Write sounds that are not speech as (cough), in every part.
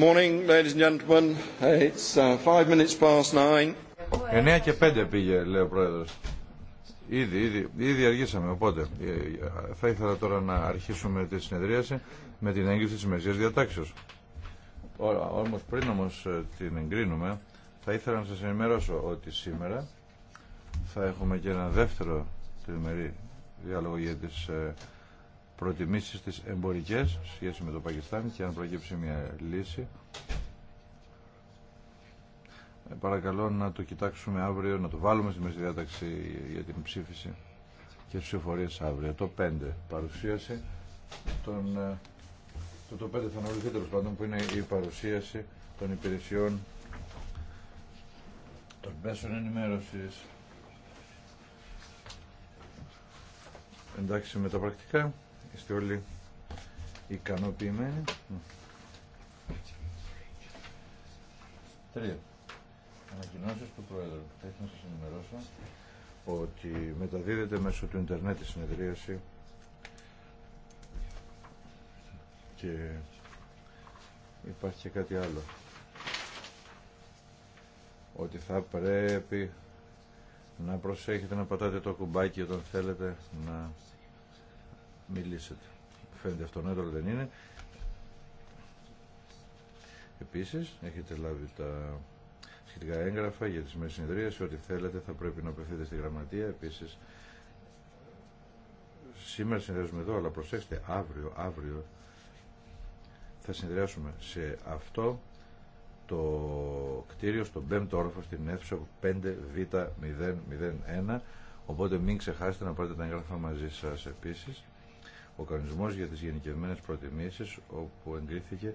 Morning, ladies and gentlemen. It's uh, και πέντε πήγε, λέει ο πρόεδρο. Ήδη, ήδη, ήδη αργήσαμε, οπότε ε, ε, θα ήθελα τώρα να αρχίσουμε τη συνεδρίαση με την έγκριση τη μεσαία διατάξεω. Ωραία, πριν όμω ε, την εγκρίνουμε, θα ήθελα να σα ενημερώσω ότι σήμερα θα έχουμε και ένα δεύτερο τριμερή διάλογο για τις Προτιμήσει τι εμπορικέ σχέση με το Πακιστάν και αν προκύψει μια λύση ε, παρακαλώ να το κοιτάξουμε αύριο, να το βάλουμε στη διάταξη για την ψήφιση και τι ψηφορίε αύριο. Το 5 παρουσίαση Τον, ε, το, το 5 θα αναλυθεί τέλο πάντων που είναι η παρουσίαση των υπηρεσιών των μέσων ενημέρωση. Εντάξει με τα πρακτικά. Είστε όλοι ικανοποιημένοι. Τρία. Ανακοινώσει του Πρόεδρου. Θα ήθελα να σα ενημερώσω ότι μεταδίδεται μέσω του Ιντερνετ η συνεδρίαση και υπάρχει και κάτι άλλο. Ότι θα πρέπει να προσέχετε να πατάτε το κουμπάκι όταν θέλετε να μιλήσετε. Φαίνεται αυτονόητο, ναι, άλλο δεν είναι. Επίσης, έχετε λάβει τα σχετικά έγγραφα για τις μέρες Ό,τι θέλετε θα πρέπει να απευθύνετε στη γραμματεία. Επίσης, σήμερα συνδέσουμε εδώ, αλλά προσέξτε, αύριο, αύριο θα συνδυάσουμε σε αυτό το κτίριο, στον 5ο όροφο, στην αίθουσα 5β001. Οπότε μην ξεχάσετε να πάρετε τα έγγραφα μαζί σας επίσης ο κανονισμό για τι γενικευμένες προτιμήσει όπου εγκρίθηκε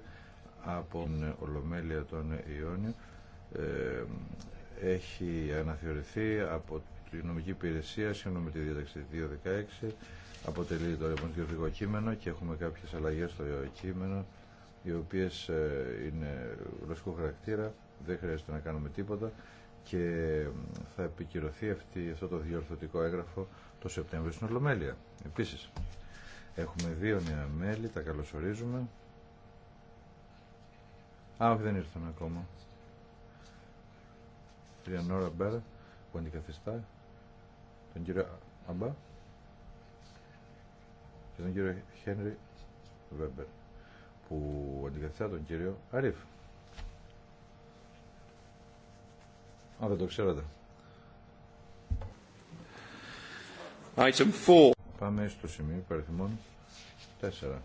από την Ολομέλεια των Ιόνιων ε, έχει αναθεωρηθεί από τη νομική υπηρεσία σύμφωνα με τη διάταξη 216 αποτελεί το διορθωτικό κείμενο και έχουμε κάποιε αλλαγέ στο κείμενο οι οποίες ε, είναι γλωσσικού χαρακτήρα δεν χρειάζεται να κάνουμε τίποτα και θα επικυρωθεί αυτή, αυτό το διορθωτικό έγγραφο το Σεπτέμβριο στην Ολομέλεια. Επίσης, Έχουμε δύο νέα μέλη, τα καλωσορίζουμε. Α, όχι, δεν ήρθαν ακόμα. Κυρία Νόρα Μπέρα, που αντικαθιστά τον κύριο Αμπά και τον κύριο Χένρι Βέμπερ, που αντικαθιστά τον κύριο Αρίφ. Α, δεν το ξέρατε. Item 4. Πάμε στο σημείο υπεριθμών 4.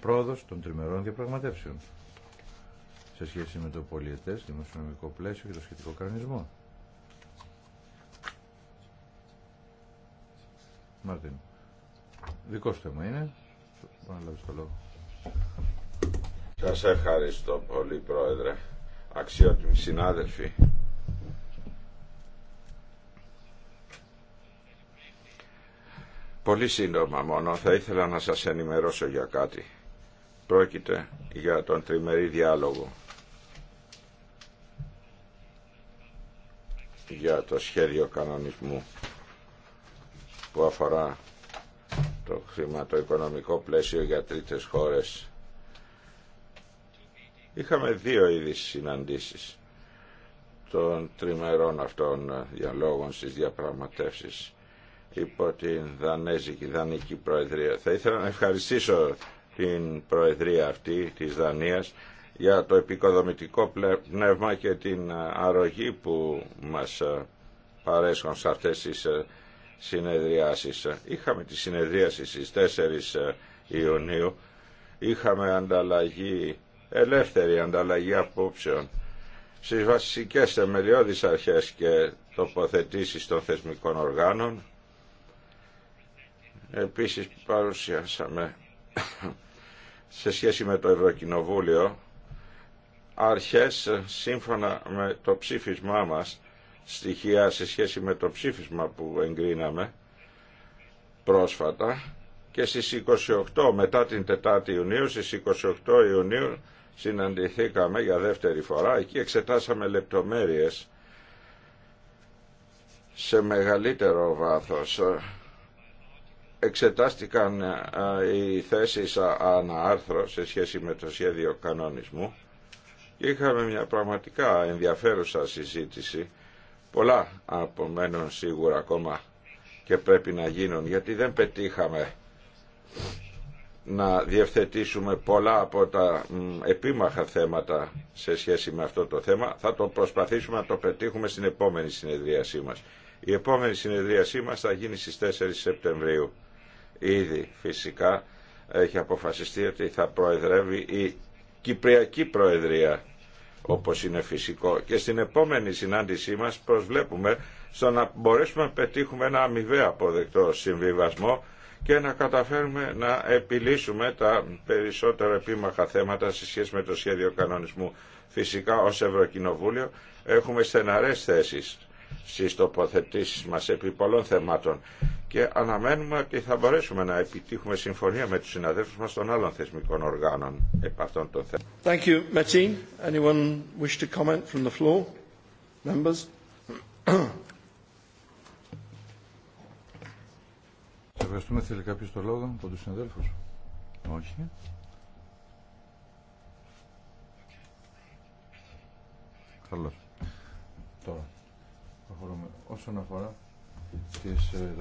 Πρόοδος των τριμερών διαπραγματεύσεων σε σχέση με το πολιετές, δημοσιονομικό πλαίσιο και το σχετικό κανονισμό. Μάρτιν, δικό σου θέμα είναι. το λόγο. Σας ευχαριστώ πολύ, Πρόεδρε. Αξιότιμοι συνάδελφοι, Πολύ σύντομα μόνο θα ήθελα να σας ενημερώσω για κάτι. Πρόκειται για τον τριμερή διάλογο. για το σχέδιο κανονισμού που αφορά το χρηματοοικονομικό πλαίσιο για τρίτες χώρες. Είχαμε δύο είδη συναντήσεις των τριμερών αυτών διαλόγων στις διαπραγματεύσεις υπό την Δανέζικη Δανική Προεδρία. Θα ήθελα να ευχαριστήσω την Προεδρία αυτή της Δανίας για το επικοδομητικό πνεύμα και την αρρωγή που μας παρέσχουν σε αυτές τις συνεδριάσεις. Είχαμε τη συνεδρίαση στις 4 Ιουνίου, είχαμε ανταλλαγή, ελεύθερη ανταλλαγή απόψεων στις βασικές θεμελιώδεις αρχές και τοποθετήσεις των θεσμικών οργάνων Επίσης παρουσιάσαμε σε σχέση με το Ευρωκοινοβούλιο αρχές σύμφωνα με το ψήφισμά μας στοιχεία σε σχέση με το ψήφισμα που εγκρίναμε πρόσφατα και στις 28 μετά την 4η Ιουνίου στις 28 Ιουνίου συναντηθήκαμε για δεύτερη φορά εκεί εξετάσαμε λεπτομέρειες σε μεγαλύτερο βάθος εξετάστηκαν ε, οι θέσεις αναάρθρο σε σχέση με το σχέδιο κανονισμού και είχαμε μια πραγματικά ενδιαφέρουσα συζήτηση. Πολλά απομένουν σίγουρα ακόμα και πρέπει να γίνουν γιατί δεν πετύχαμε να διευθετήσουμε πολλά από τα επίμαχα θέματα σε σχέση με αυτό το θέμα. Θα το προσπαθήσουμε να το πετύχουμε στην επόμενη συνεδρίασή μας. Η επόμενη συνεδρίασή μας θα γίνει στις 4 Σεπτεμβρίου. Ήδη φυσικά έχει αποφασιστεί ότι θα προεδρεύει η Κυπριακή Προεδρία όπως είναι φυσικό. Και στην επόμενη συνάντησή μας προσβλέπουμε στο να μπορέσουμε να πετύχουμε ένα αμοιβαία αποδεκτό συμβιβασμό και να καταφέρουμε να επιλύσουμε τα περισσότερα επίμαχα θέματα σε σχέση με το σχέδιο κανονισμού. Φυσικά ως Ευρωκοινοβούλιο έχουμε στεναρές θέσεις στις τοποθετήσεις μας επί πολλών θεμάτων και αναμένουμε ότι θα μπορέσουμε να επιτύχουμε συμφωνία με τους συναδέλφους μας των άλλων θεσμικών οργάνων επ' αυτών των θέσεων. Σε (clears throat) ευχαριστούμε. Θέλει κάποιος το λόγο από τους συναδέλφους. Όχι. Καλώς. Τώρα προχωρούμε. Όσον αφορά τις, ε,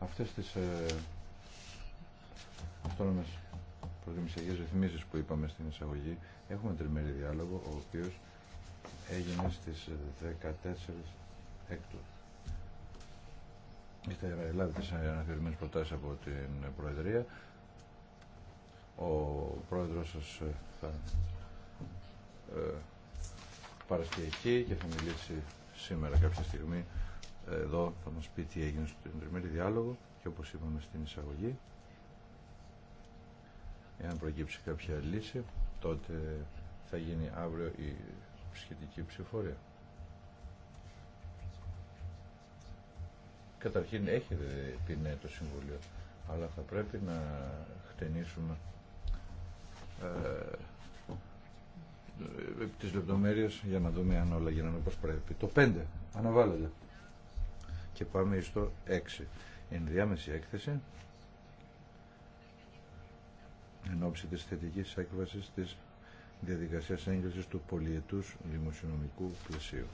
αυτές τις ε, αυτόνομες προτιμησιακές ρυθμίσεις που είπαμε στην εισαγωγή, έχουμε τριμερή διάλογο, ο οποίος έγινε στις 14 ε, έκτου. Είστε Ελλάδα τις αναφερμένες προτάσεις από την Προεδρία. Ο πρόεδρος σας ε, θα ε, παρασκευή και θα μιλήσει σήμερα κάποια στιγμή ε, εδώ θα μας πει τι έγινε στον τριμμένο διάλογο και όπως είπαμε στην εισαγωγή εάν προκύψει κάποια λύση τότε θα γίνει αύριο η σχετική ψηφορία. Καταρχήν έχει πει ναι το Συμβουλίο αλλά θα πρέπει να χτενίσουμε ε, τις λεπτομέρειες για να δούμε αν όλα γίνανε όπως πρέπει. Το 5 αναβάλλεται. Και πάμε στο 6. Ενδιάμεση έκθεση εν ώψη της θετικής έκβασης της διαδικασίας έγκρισης του πολιετούς δημοσιονομικού πλαισίου.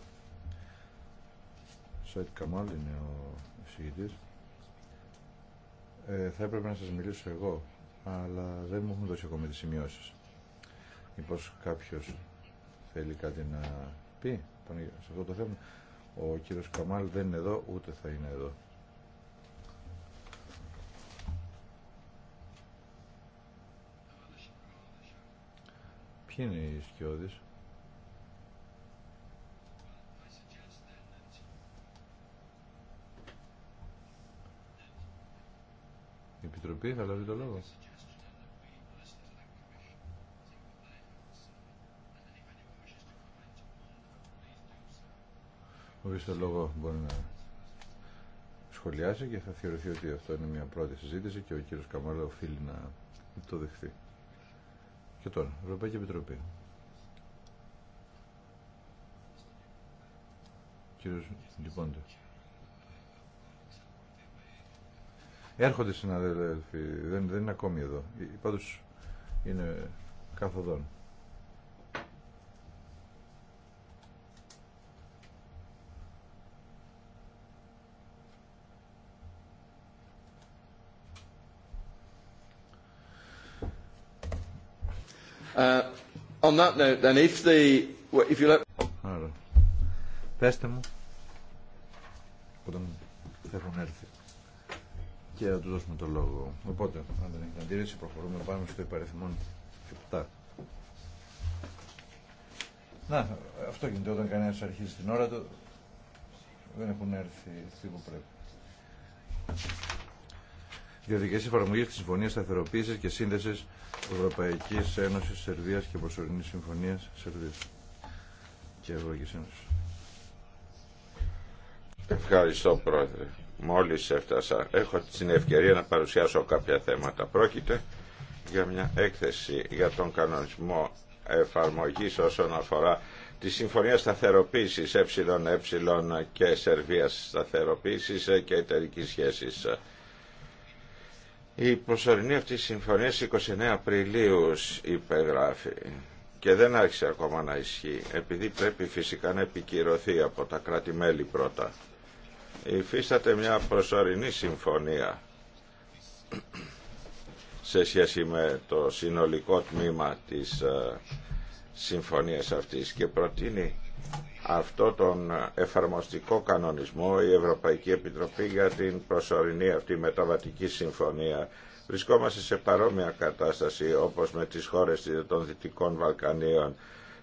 Σάιτ Καμάλ είναι ο εισηγητής. Ε, θα έπρεπε να σας μιλήσω εγώ, αλλά δεν μου έχουν δώσει ακόμη τις σημειώσεις. Μήπως κάποιος θέλει κάτι να πει σε αυτό το θέμα. Ο κύριος Καμάλ δεν είναι εδώ, ούτε θα είναι εδώ. Ποιοι είναι οι σκιώδεις. Η Επιτροπή θα λάβει το λόγο. Ο το λόγο μπορεί να σχολιάσει και θα θεωρηθεί ότι αυτό είναι μια πρώτη συζήτηση και ο κύριος Καμάλα οφείλει να το δεχθεί. Και τώρα, Ευρωπαϊκή Επιτροπή. Κύριος Λιπόντε. Έρχονται συναδέλφοι, δεν, δεν είναι ακόμη εδώ. Πάντως είναι καθοδόν. on that note, then, if the, if you let... Πέστε μου, όταν έχουν έρθει και θα του δώσουμε το λόγο. Οπότε, αν δεν έχει αντίρρηση, προχωρούμε πάνω στο υπαριθμό 7. Να, αυτό γίνεται όταν κανένα αρχίζει την ώρα του. Δεν έχουν έρθει αυτοί που πρέπει διαδικασίε εφαρμογή τη Συμφωνία Σταθεροποίηση και Σύνδεση Ευρωπαϊκή Ένωση Σερβία και Προσωρινή Συμφωνία Σερβία και Ευρωπαϊκή Ένωση. Ευχαριστώ, Πρόεδρε. Μόλι έφτασα, έχω την ευκαιρία να παρουσιάσω κάποια θέματα. Πρόκειται για μια έκθεση για τον κανονισμό εφαρμογής όσον αφορά τη Συμφωνία σταθεροποίηση ΕΕ και Σερβίας Σταθεροποίηση και εταιρική Σχέση. Η προσωρινή αυτή συμφωνία στις 29 Απριλίου υπεγράφει και δεν άρχισε ακόμα να ισχύει επειδή πρέπει φυσικά να επικυρωθεί από τα κράτη-μέλη πρώτα. Υφίσταται μια προσωρινή συμφωνία σε σχέση με το συνολικό τμήμα της ε, συμφωνίας αυτής και προτείνει αυτό τον εφαρμοστικό κανονισμό η Ευρωπαϊκή Επιτροπή για την προσωρινή αυτή μεταβατική συμφωνία. Βρισκόμαστε σε παρόμοια κατάσταση όπως με τις χώρες των Δυτικών Βαλκανίων,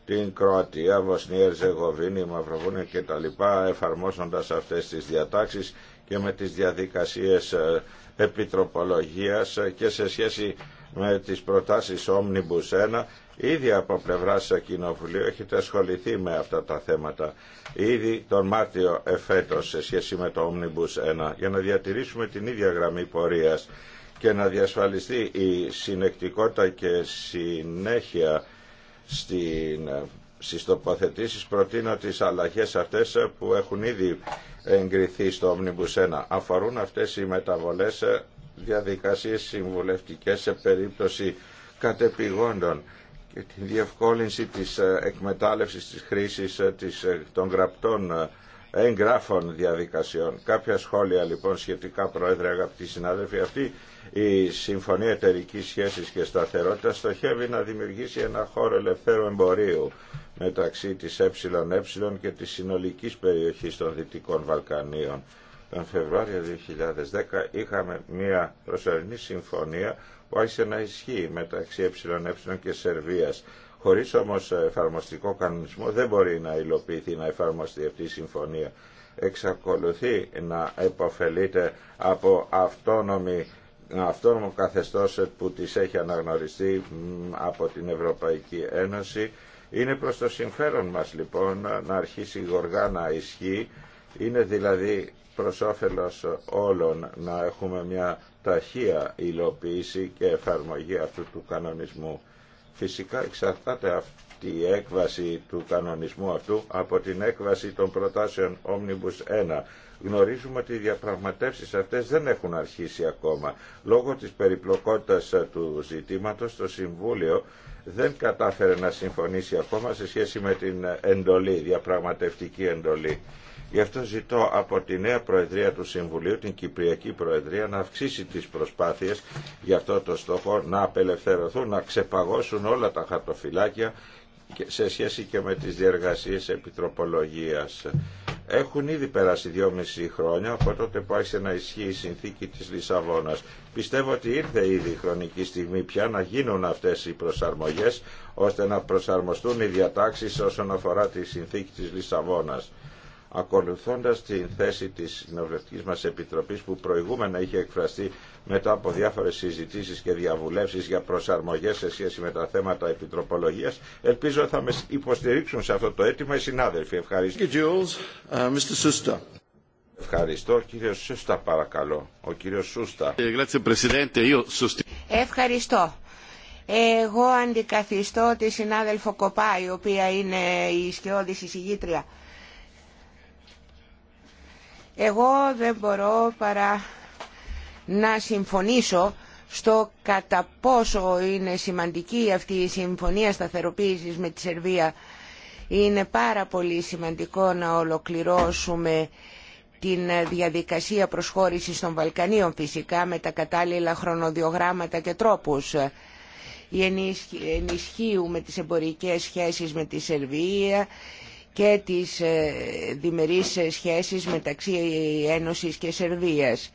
την Κροατία, Βοσνία, Ζεγοβίνη, Μαυροβούνια κτλ. εφαρμόζοντας αυτές τις διατάξεις και με τις διαδικασίες ε, επιτροπολογίας ε, και σε σχέση με τις προτάσεις Omnibus 1 Ήδη από πλευρά Κοινοβουλίου έχετε ασχοληθεί με αυτά τα θέματα. Ήδη τον Μάρτιο εφέτος σε σχέση με το Omnibus 1 για να διατηρήσουμε την ίδια γραμμή πορείας και να διασφαλιστεί η συνεκτικότητα και συνέχεια στην, στις τοποθετήσεις προτείνω τις αλλαγές αυτές που έχουν ήδη εγκριθεί στο Omnibus 1. Αφορούν αυτές οι μεταβολές διαδικασίες συμβουλευτικές σε περίπτωση κατεπηγόντων και τη διευκόλυνση της ε, εκμετάλλευσης της χρήσης ε, της, ε, των γραπτών εγγράφων διαδικασιών. Κάποια σχόλια λοιπόν σχετικά, Πρόεδρε, αγαπητοί συνάδελφοι, αυτή η Συμφωνία Εταιρική Σχέσης και Σταθερότητα στοχεύει να δημιουργήσει ένα χώρο ελευθέρου εμπορίου μεταξύ της ΕΕ και της συνολικής περιοχής των Δυτικών Βαλκανίων. Τον Φεβρουάριο 2010 είχαμε μια προσωρινή συμφωνία που άρχισε να ισχύει μεταξύ ΕΕ και Σερβίας. Χωρίς όμως εφαρμοστικό κανονισμό δεν μπορεί να υλοποιηθεί να εφαρμοστεί αυτή η συμφωνία. Εξακολουθεί να επωφελείται από αυτόνομη αυτόνομο καθεστώς που της έχει αναγνωριστεί από την Ευρωπαϊκή Ένωση. Είναι προς το συμφέρον μας λοιπόν να αρχίσει γοργά να ισχύει. Είναι δηλαδή προς όφελος όλων να έχουμε μια ταχεία υλοποίηση και εφαρμογή αυτού του κανονισμού. Φυσικά εξαρτάται αυτή η έκβαση του κανονισμού αυτού από την έκβαση των προτάσεων Omnibus 1. Γνωρίζουμε ότι οι διαπραγματεύσεις αυτές δεν έχουν αρχίσει ακόμα. Λόγω της περιπλοκότητας του ζητήματος το Συμβούλιο δεν κατάφερε να συμφωνήσει ακόμα σε σχέση με την εντολή, διαπραγματευτική εντολή. Γι' αυτό ζητώ από τη νέα Προεδρία του Συμβουλίου, την Κυπριακή Προεδρία, να αυξήσει τις προσπάθειες για αυτό το στόχο, να απελευθερωθούν, να ξεπαγώσουν όλα τα χαρτοφυλάκια σε σχέση και με τις διεργασίες επιτροπολογίας. Έχουν ήδη περάσει δυόμιση χρόνια από τότε που άρχισε να ισχύει η συνθήκη της Λισαβόνας. Πιστεύω ότι ήρθε ήδη η χρονική στιγμή πια να γίνουν αυτές οι προσαρμογές ώστε να προσαρμοστούν οι διατάξεις όσον αφορά τη συνθήκη της Λισαβόνας ακολουθώντας την θέση της Κοινοβουλευτικής μας Επιτροπής που προηγούμενα είχε εκφραστεί μετά από διάφορες συζητήσεις και διαβουλεύσεις για προσαρμογές σε σχέση με τα θέματα επιτροπολογίας. Ελπίζω θα με υποστηρίξουν σε αυτό το αίτημα οι συνάδελφοι. Ευχαριστώ. Uh, Ευχαριστώ. Κύριε Σούστα παρακαλώ. Ο κύριος Σούστα. Ε, Ευχαριστώ. Εγώ αντικαθιστώ τη συνάδελφο Κοπά, η οποία είναι η σκιώδη συγγήτρια. Εγώ δεν μπορώ παρά να συμφωνήσω στο κατά πόσο είναι σημαντική αυτή η συμφωνία σταθεροποίησης με τη Σερβία. Είναι πάρα πολύ σημαντικό να ολοκληρώσουμε την διαδικασία προσχώρησης των Βαλκανίων φυσικά με τα κατάλληλα χρονοδιογράμματα και τρόπους. Ενισχύουμε τις εμπορικές σχέσεις με τη Σερβία, και τις ε, διμερείς ε, σχέσεις μεταξύ Ένωσης και Σερβίας.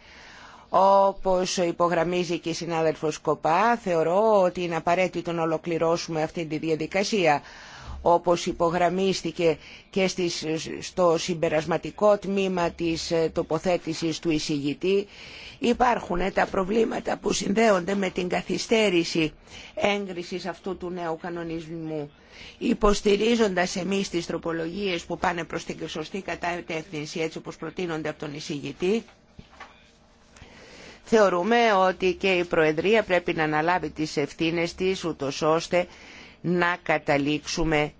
Όπως υπογραμμίζει και η συνάδελφος Κοπά, θεωρώ ότι είναι απαραίτητο να ολοκληρώσουμε αυτή τη διαδικασία όπως υπογραμμίστηκε και στο συμπερασματικό τμήμα της ε, τοποθέτησης του εισηγητή. Υπάρχουν ε, τα προβλήματα που συνδέονται με την καθυστέρηση έγκρισης αυτού του νέου κανονισμού. Υποστηρίζοντας εμείς τις τροπολογίες που πάνε προς την σωστή κατεύθυνση έτσι όπως προτείνονται από τον εισηγητή, θεωρούμε ότι και η Προεδρία πρέπει να αναλάβει τις ευθύνες της ούτως ώστε να καταλήξουμε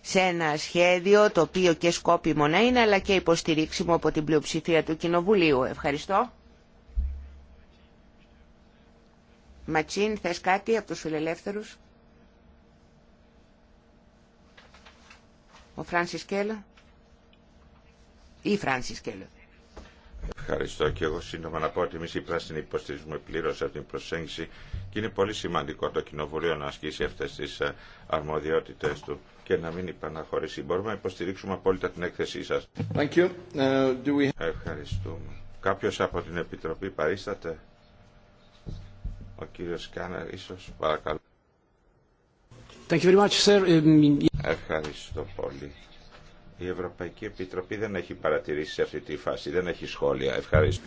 σε ένα σχέδιο το οποίο και σκόπιμο να είναι αλλά και υποστηρίξιμο από την πλειοψηφία του Κοινοβουλίου. Ευχαριστώ. Ματσίν, θες κάτι από τους φιλελεύθερους? Ο Φράνσις Κέλλο. Ή Φράνσις Ευχαριστώ και εγώ σύντομα να πω ότι εμεί οι πράσινοι υποστηρίζουμε πλήρω αυτή την προσέγγιση και είναι πολύ σημαντικό το Κοινοβουλίο να ασκήσει αυτέ τι ε, αρμοδιότητε του και να μην υπαναχωρήσει. Μπορούμε να υποστηρίξουμε απόλυτα την έκθεσή σα. Ε, Ευχαριστούμε. Κάποιο από την Επιτροπή παρίσταται. Ο κύριο Κάνερ, ίσω, παρακαλώ. Ε, Ευχαριστώ πολύ. Η Ευρωπαϊκή Επιτροπή δεν έχει παρατηρήσει σε αυτή τη φάση, δεν έχει σχόλια. Ευχαριστώ.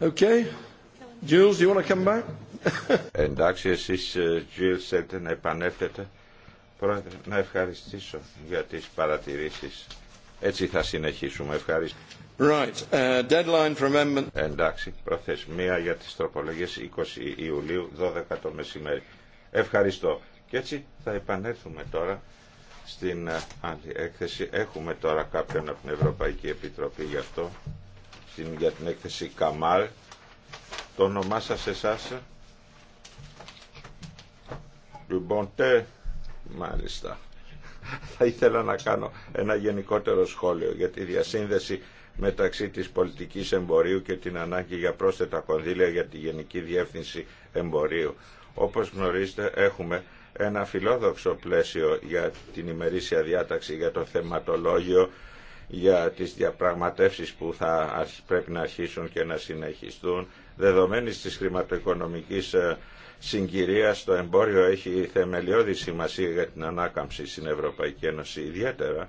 Okay. Jules, you want to come back? (laughs) Εντάξει, εσείς, ε, Jules, θέλετε να επανέλθετε. Πρόεδρε, να ευχαριστήσω για τις παρατηρήσεις. Έτσι θα συνεχίσουμε. Ευχαριστώ. Right. Uh, deadline for amendment. Εντάξει, προθεσμία για τις τροπολογίες 20 Ιουλίου, 12 το μεσημέρι. Ευχαριστώ. Και έτσι θα επανέλθουμε τώρα στην ε, άλλη έκθεση. Έχουμε τώρα κάποιον από την Ευρωπαϊκή Επιτροπή για αυτό, για την έκθεση Καμάλ. Το όνομά σας εσάς. Λουμποντέ, ε? μάλιστα. (laughs) Θα ήθελα να κάνω ένα γενικότερο σχόλιο για τη διασύνδεση μεταξύ της πολιτικής εμπορίου και την ανάγκη για πρόσθετα κονδύλια για τη Γενική Διεύθυνση Εμπορίου. Όπως γνωρίζετε έχουμε ένα φιλόδοξο πλαίσιο για την ημερήσια διάταξη, για το θεματολόγιο, για τις διαπραγματεύσεις που θα πρέπει να αρχίσουν και να συνεχιστούν. Δεδομένης της χρηματοοικονομικής ε, συγκυρίας, το εμπόριο έχει θεμελιώδη σημασία για την ανάκαμψη στην Ευρωπαϊκή Ένωση, ιδιαίτερα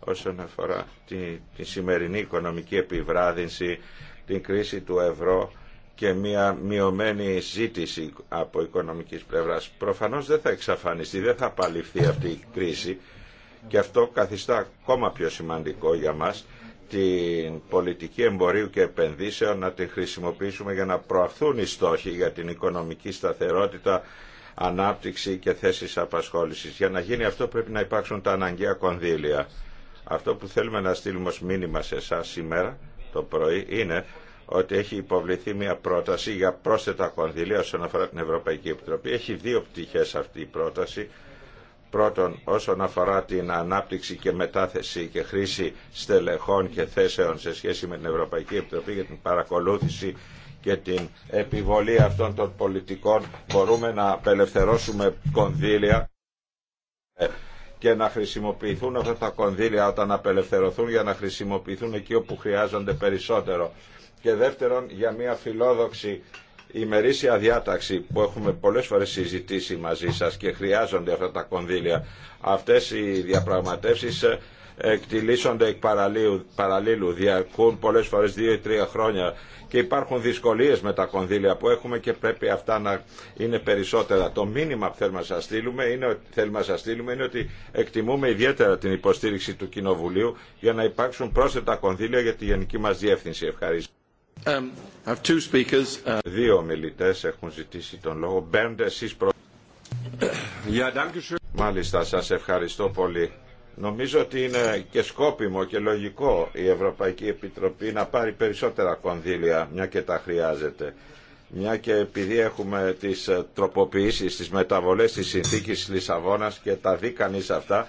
όσον αφορά τη, τη σημερινή οικονομική επιβράδυνση, την κρίση του ευρώ και μια μειωμένη ζήτηση από οικονομικής πλευράς. Προφανώς δεν θα εξαφανιστεί, δεν θα απαλληφθεί αυτή η κρίση και αυτό καθιστά ακόμα πιο σημαντικό για μας την πολιτική εμπορίου και επενδύσεων να την χρησιμοποιήσουμε για να προαχθούν οι στόχοι για την οικονομική σταθερότητα, ανάπτυξη και θέσεις απασχόλησης. Για να γίνει αυτό πρέπει να υπάρξουν τα αναγκαία κονδύλια. Αυτό που θέλουμε να στείλουμε ως μήνυμα σε εσά σήμερα το πρωί είναι ότι έχει υποβληθεί μια πρόταση για πρόσθετα κονδυλία όσον αφορά την Ευρωπαϊκή Επιτροπή. Έχει δύο πτυχές αυτή η πρόταση. Πρώτον, όσον αφορά την ανάπτυξη και μετάθεση και χρήση στελεχών και θέσεων σε σχέση με την Ευρωπαϊκή Επιτροπή για την παρακολούθηση και την επιβολή αυτών των πολιτικών, μπορούμε να απελευθερώσουμε κονδύλια και να χρησιμοποιηθούν αυτά τα κονδύλια όταν απελευθερωθούν για να χρησιμοποιηθούν εκεί όπου χρειάζονται περισσότερο και δεύτερον για μια φιλόδοξη ημερήσια διάταξη που έχουμε πολλές φορές συζητήσει μαζί σας και χρειάζονται αυτά τα κονδύλια. Αυτές οι διαπραγματεύσεις ε, εκτιλήσονται εκ παραλίλου, διαρκούν πολλές φορές δύο ή τρία χρόνια και υπάρχουν δυσκολίες με τα κονδύλια που έχουμε και πρέπει αυτά να είναι περισσότερα. Το μήνυμα που θέλουμε να σας στείλουμε είναι, θέλουμε σας στείλουμε είναι ότι εκτιμούμε ιδιαίτερα την υποστήριξη του Κοινοβουλίου για να υπάρξουν πρόσθετα κονδύλια για τη γενική μας διεύθυνση. Ευχαριστώ. Um, uh, Δύο μιλητές έχουν ζητήσει τον λόγο. Μπέρντε εσείς Μάλιστα, σας ευχαριστώ πολύ. Νομίζω ότι είναι και σκόπιμο και λογικό η Ευρωπαϊκή Επιτροπή να πάρει περισσότερα κονδύλια, μια και τα χρειάζεται. Μια και επειδή έχουμε τις τροποποιήσεις, τις μεταβολές της συνθήκης Λισαβόνας και τα δίκανης αυτά,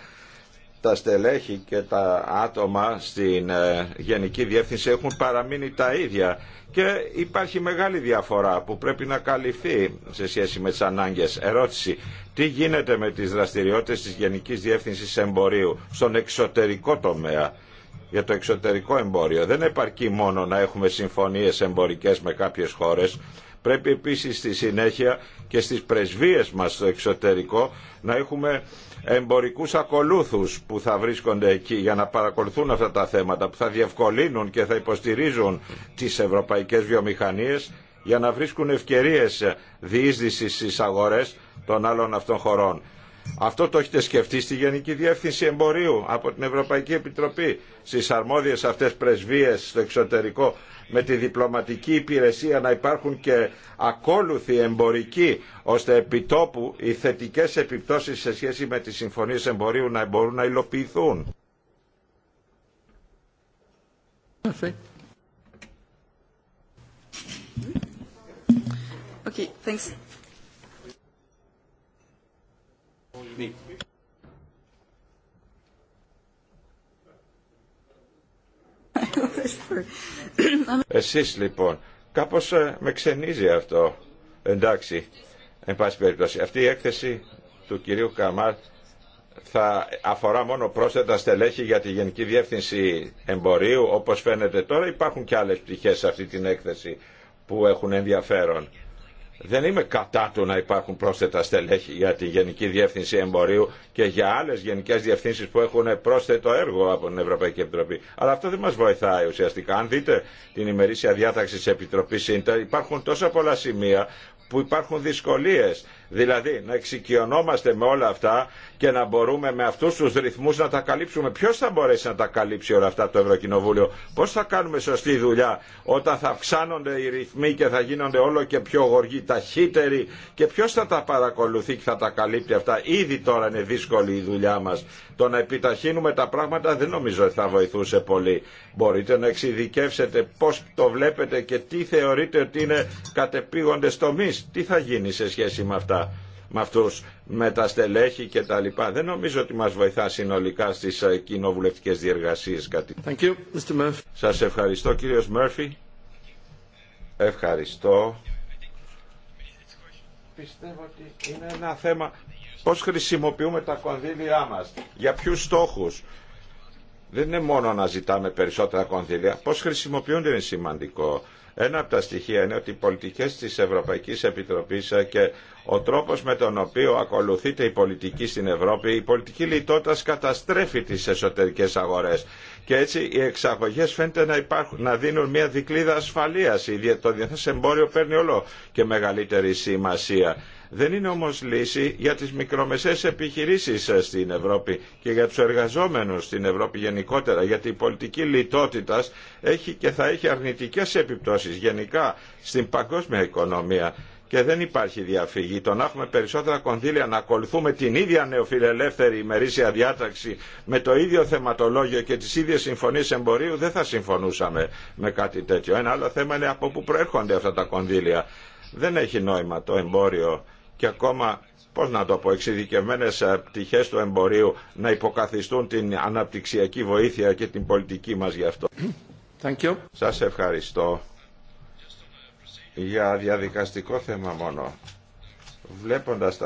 τα στελέχη και τα άτομα στην ε, Γενική Διεύθυνση έχουν παραμείνει τα ίδια και υπάρχει μεγάλη διαφορά που πρέπει να καλυφθεί σε σχέση με τις ανάγκες. Ερώτηση, τι γίνεται με τις δραστηριότητες της Γενικής Διεύθυνσης Εμπορίου στον εξωτερικό τομέα για το εξωτερικό εμπόριο. Δεν επαρκεί μόνο να έχουμε συμφωνίες εμπορικές με κάποιες χώρες Πρέπει επίσης στη συνέχεια και στις πρεσβείες μας στο εξωτερικό να έχουμε εμπορικούς ακολούθους που θα βρίσκονται εκεί για να παρακολουθούν αυτά τα θέματα, που θα διευκολύνουν και θα υποστηρίζουν τις ευρωπαϊκές βιομηχανίες για να βρίσκουν ευκαιρίες διείσδυσης στις αγορές των άλλων αυτών χωρών. Αυτό το έχετε σκεφτεί στη Γενική Διεύθυνση Εμπορίου από την Ευρωπαϊκή Επιτροπή, στις αρμόδιες αυτές πρεσβείες στο εξωτερικό, με τη διπλωματική υπηρεσία να υπάρχουν και ακόλουθοι εμπορικοί ώστε επιτόπου οι θετικές επιπτώσεις σε σχέση με τις συμφωνίες εμπορίου να μπορούν να υλοποιηθούν. Okay, thanks. Εσείς λοιπόν, κάπως ε, με ξενίζει αυτό. Εντάξει, εν πάση περιπτώσει. Αυτή η έκθεση του κυρίου Καμάρ θα αφορά μόνο πρόσθετα στελέχη για τη Γενική Διεύθυνση Εμπορίου. Όπως φαίνεται τώρα υπάρχουν και άλλες πτυχές σε αυτή την έκθεση που έχουν ενδιαφέρον δεν είμαι κατά του να υπάρχουν πρόσθετα στελέχη για τη Γενική Διεύθυνση Εμπορίου και για άλλε γενικέ διευθύνσει που έχουν πρόσθετο έργο από την Ευρωπαϊκή Επιτροπή. Αλλά αυτό δεν μα βοηθάει ουσιαστικά. Αν δείτε την ημερήσια διάταξη τη Επιτροπή ΣΥΝΤΑ, υπάρχουν τόσα πολλά σημεία που υπάρχουν δυσκολίε Δηλαδή να εξοικειωνόμαστε με όλα αυτά και να μπορούμε με αυτούς τους ρυθμούς να τα καλύψουμε. Ποιος θα μπορέσει να τα καλύψει όλα αυτά το Ευρωκοινοβούλιο. Πώς θα κάνουμε σωστή δουλειά όταν θα αυξάνονται οι ρυθμοί και θα γίνονται όλο και πιο γοργοί, ταχύτεροι και ποιος θα τα παρακολουθεί και θα τα καλύπτει αυτά. Ήδη τώρα είναι δύσκολη η δουλειά μας. Το να επιταχύνουμε τα πράγματα δεν νομίζω ότι θα βοηθούσε πολύ. Μπορείτε να εξειδικεύσετε πώς το βλέπετε και τι θεωρείτε ότι είναι κατεπήγοντες τομείς. Τι θα γίνει σε σχέση με αυτά με αυτούς, με τα στελέχη και τα λοιπά. Δεν νομίζω ότι μας βοηθά συνολικά στις ε, κοινοβουλευτικές διεργασίες κάτι. Thank Σας ευχαριστώ κύριος Μέρφυ. Ευχαριστώ. Πιστεύω ότι είναι ένα θέμα πώς χρησιμοποιούμε τα κονδύλια μας, για ποιους στόχους. Δεν είναι μόνο να ζητάμε περισσότερα κονδύλια. Πώς χρησιμοποιούνται είναι σημαντικό. Ένα από τα στοιχεία είναι ότι οι πολιτικές της Ευρωπαϊκής Επιτροπής ε, και ο τρόπος με τον οποίο ακολουθείται η πολιτική στην Ευρώπη, η πολιτική λιτότητα καταστρέφει τις εσωτερικές αγορές. Και έτσι οι εξαγωγές φαίνεται να, υπάρχουν, να δίνουν μια δικλίδα ασφαλείας. Το διεθνές εμπόριο παίρνει όλο και μεγαλύτερη σημασία δεν είναι όμως λύση για τις μικρομεσαίες επιχειρήσεις ε, στην Ευρώπη και για τους εργαζόμενους στην Ευρώπη γενικότερα, γιατί η πολιτική λιτότητας έχει και θα έχει αρνητικές επιπτώσεις γενικά στην παγκόσμια οικονομία και δεν υπάρχει διαφυγή. Το να έχουμε περισσότερα κονδύλια, να ακολουθούμε την ίδια νεοφιλελεύθερη ημερήσια διάταξη με το ίδιο θεματολόγιο και τι ίδιε συμφωνίε εμπορίου, δεν θα συμφωνούσαμε με κάτι τέτοιο. Ένα άλλο θέμα είναι από πού προέρχονται αυτά τα κονδύλια. Δεν έχει νόημα το εμπόριο και ακόμα πώς να το πω, εξειδικευμένες ε, πτυχές του εμπορίου να υποκαθιστούν την αναπτυξιακή βοήθεια και την πολιτική μας γι' αυτό. Thank Σας ευχαριστώ. Για διαδικαστικό θέμα μόνο. Βλέποντας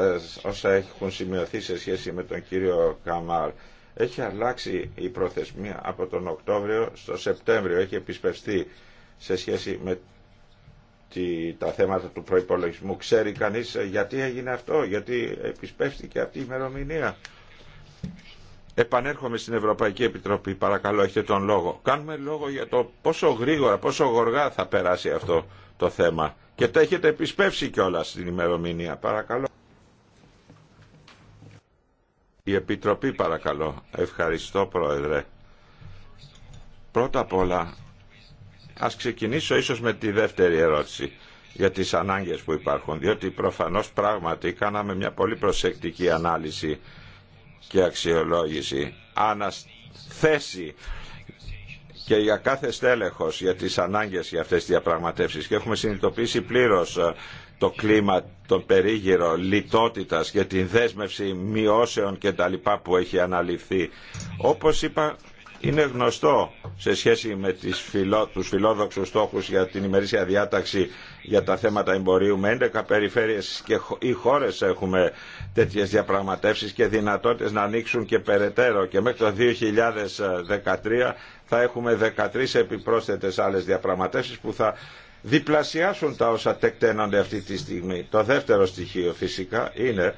όσα έχουν σημειωθεί σε σχέση με τον κύριο Καμάρ, έχει αλλάξει η προθεσμία από τον Οκτώβριο στο Σεπτέμβριο, έχει επισπευστεί σε σχέση με τη, τα θέματα του προϋπολογισμού. Ξέρει κανείς ε, γιατί έγινε αυτό, γιατί επισπεύστηκε αυτή η ημερομηνία. Επανέρχομαι στην Ευρωπαϊκή Επιτροπή, παρακαλώ, έχετε τον λόγο. Κάνουμε λόγο για το πόσο γρήγορα, πόσο γοργά θα περάσει αυτό το θέμα. Και το έχετε επισπεύσει κιόλα στην ημερομηνία, παρακαλώ. Η Επιτροπή, παρακαλώ. Ευχαριστώ, Πρόεδρε. Πρώτα απ' όλα, Ας ξεκινήσω ίσως με τη δεύτερη ερώτηση για τις ανάγκες που υπάρχουν, διότι προφανώς πράγματι κάναμε μια πολύ προσεκτική ανάλυση και αξιολόγηση, αναθέση και για κάθε στέλεχος για τις ανάγκες για αυτές τις διαπραγματεύσεις και έχουμε συνειδητοποιήσει πλήρως ε, το κλίμα, τον περίγυρο λιτότητας και την δέσμευση μειώσεων και τα λοιπά που έχει αναλυφθεί. Όπως είπα είναι γνωστό σε σχέση με τις φιλο, τους φιλόδοξους στόχους για την ημερήσια διάταξη για τα θέματα εμπορίου. Με 11 περιφέρειες και οι χώρες έχουμε τέτοιες διαπραγματεύσεις και δυνατότητες να ανοίξουν και περαιτέρω. Και μέχρι το 2013 θα έχουμε 13 επιπρόσθετες άλλες διαπραγματεύσεις που θα διπλασιάσουν τα όσα τεκταίνονται αυτή τη στιγμή. Το δεύτερο στοιχείο φυσικά είναι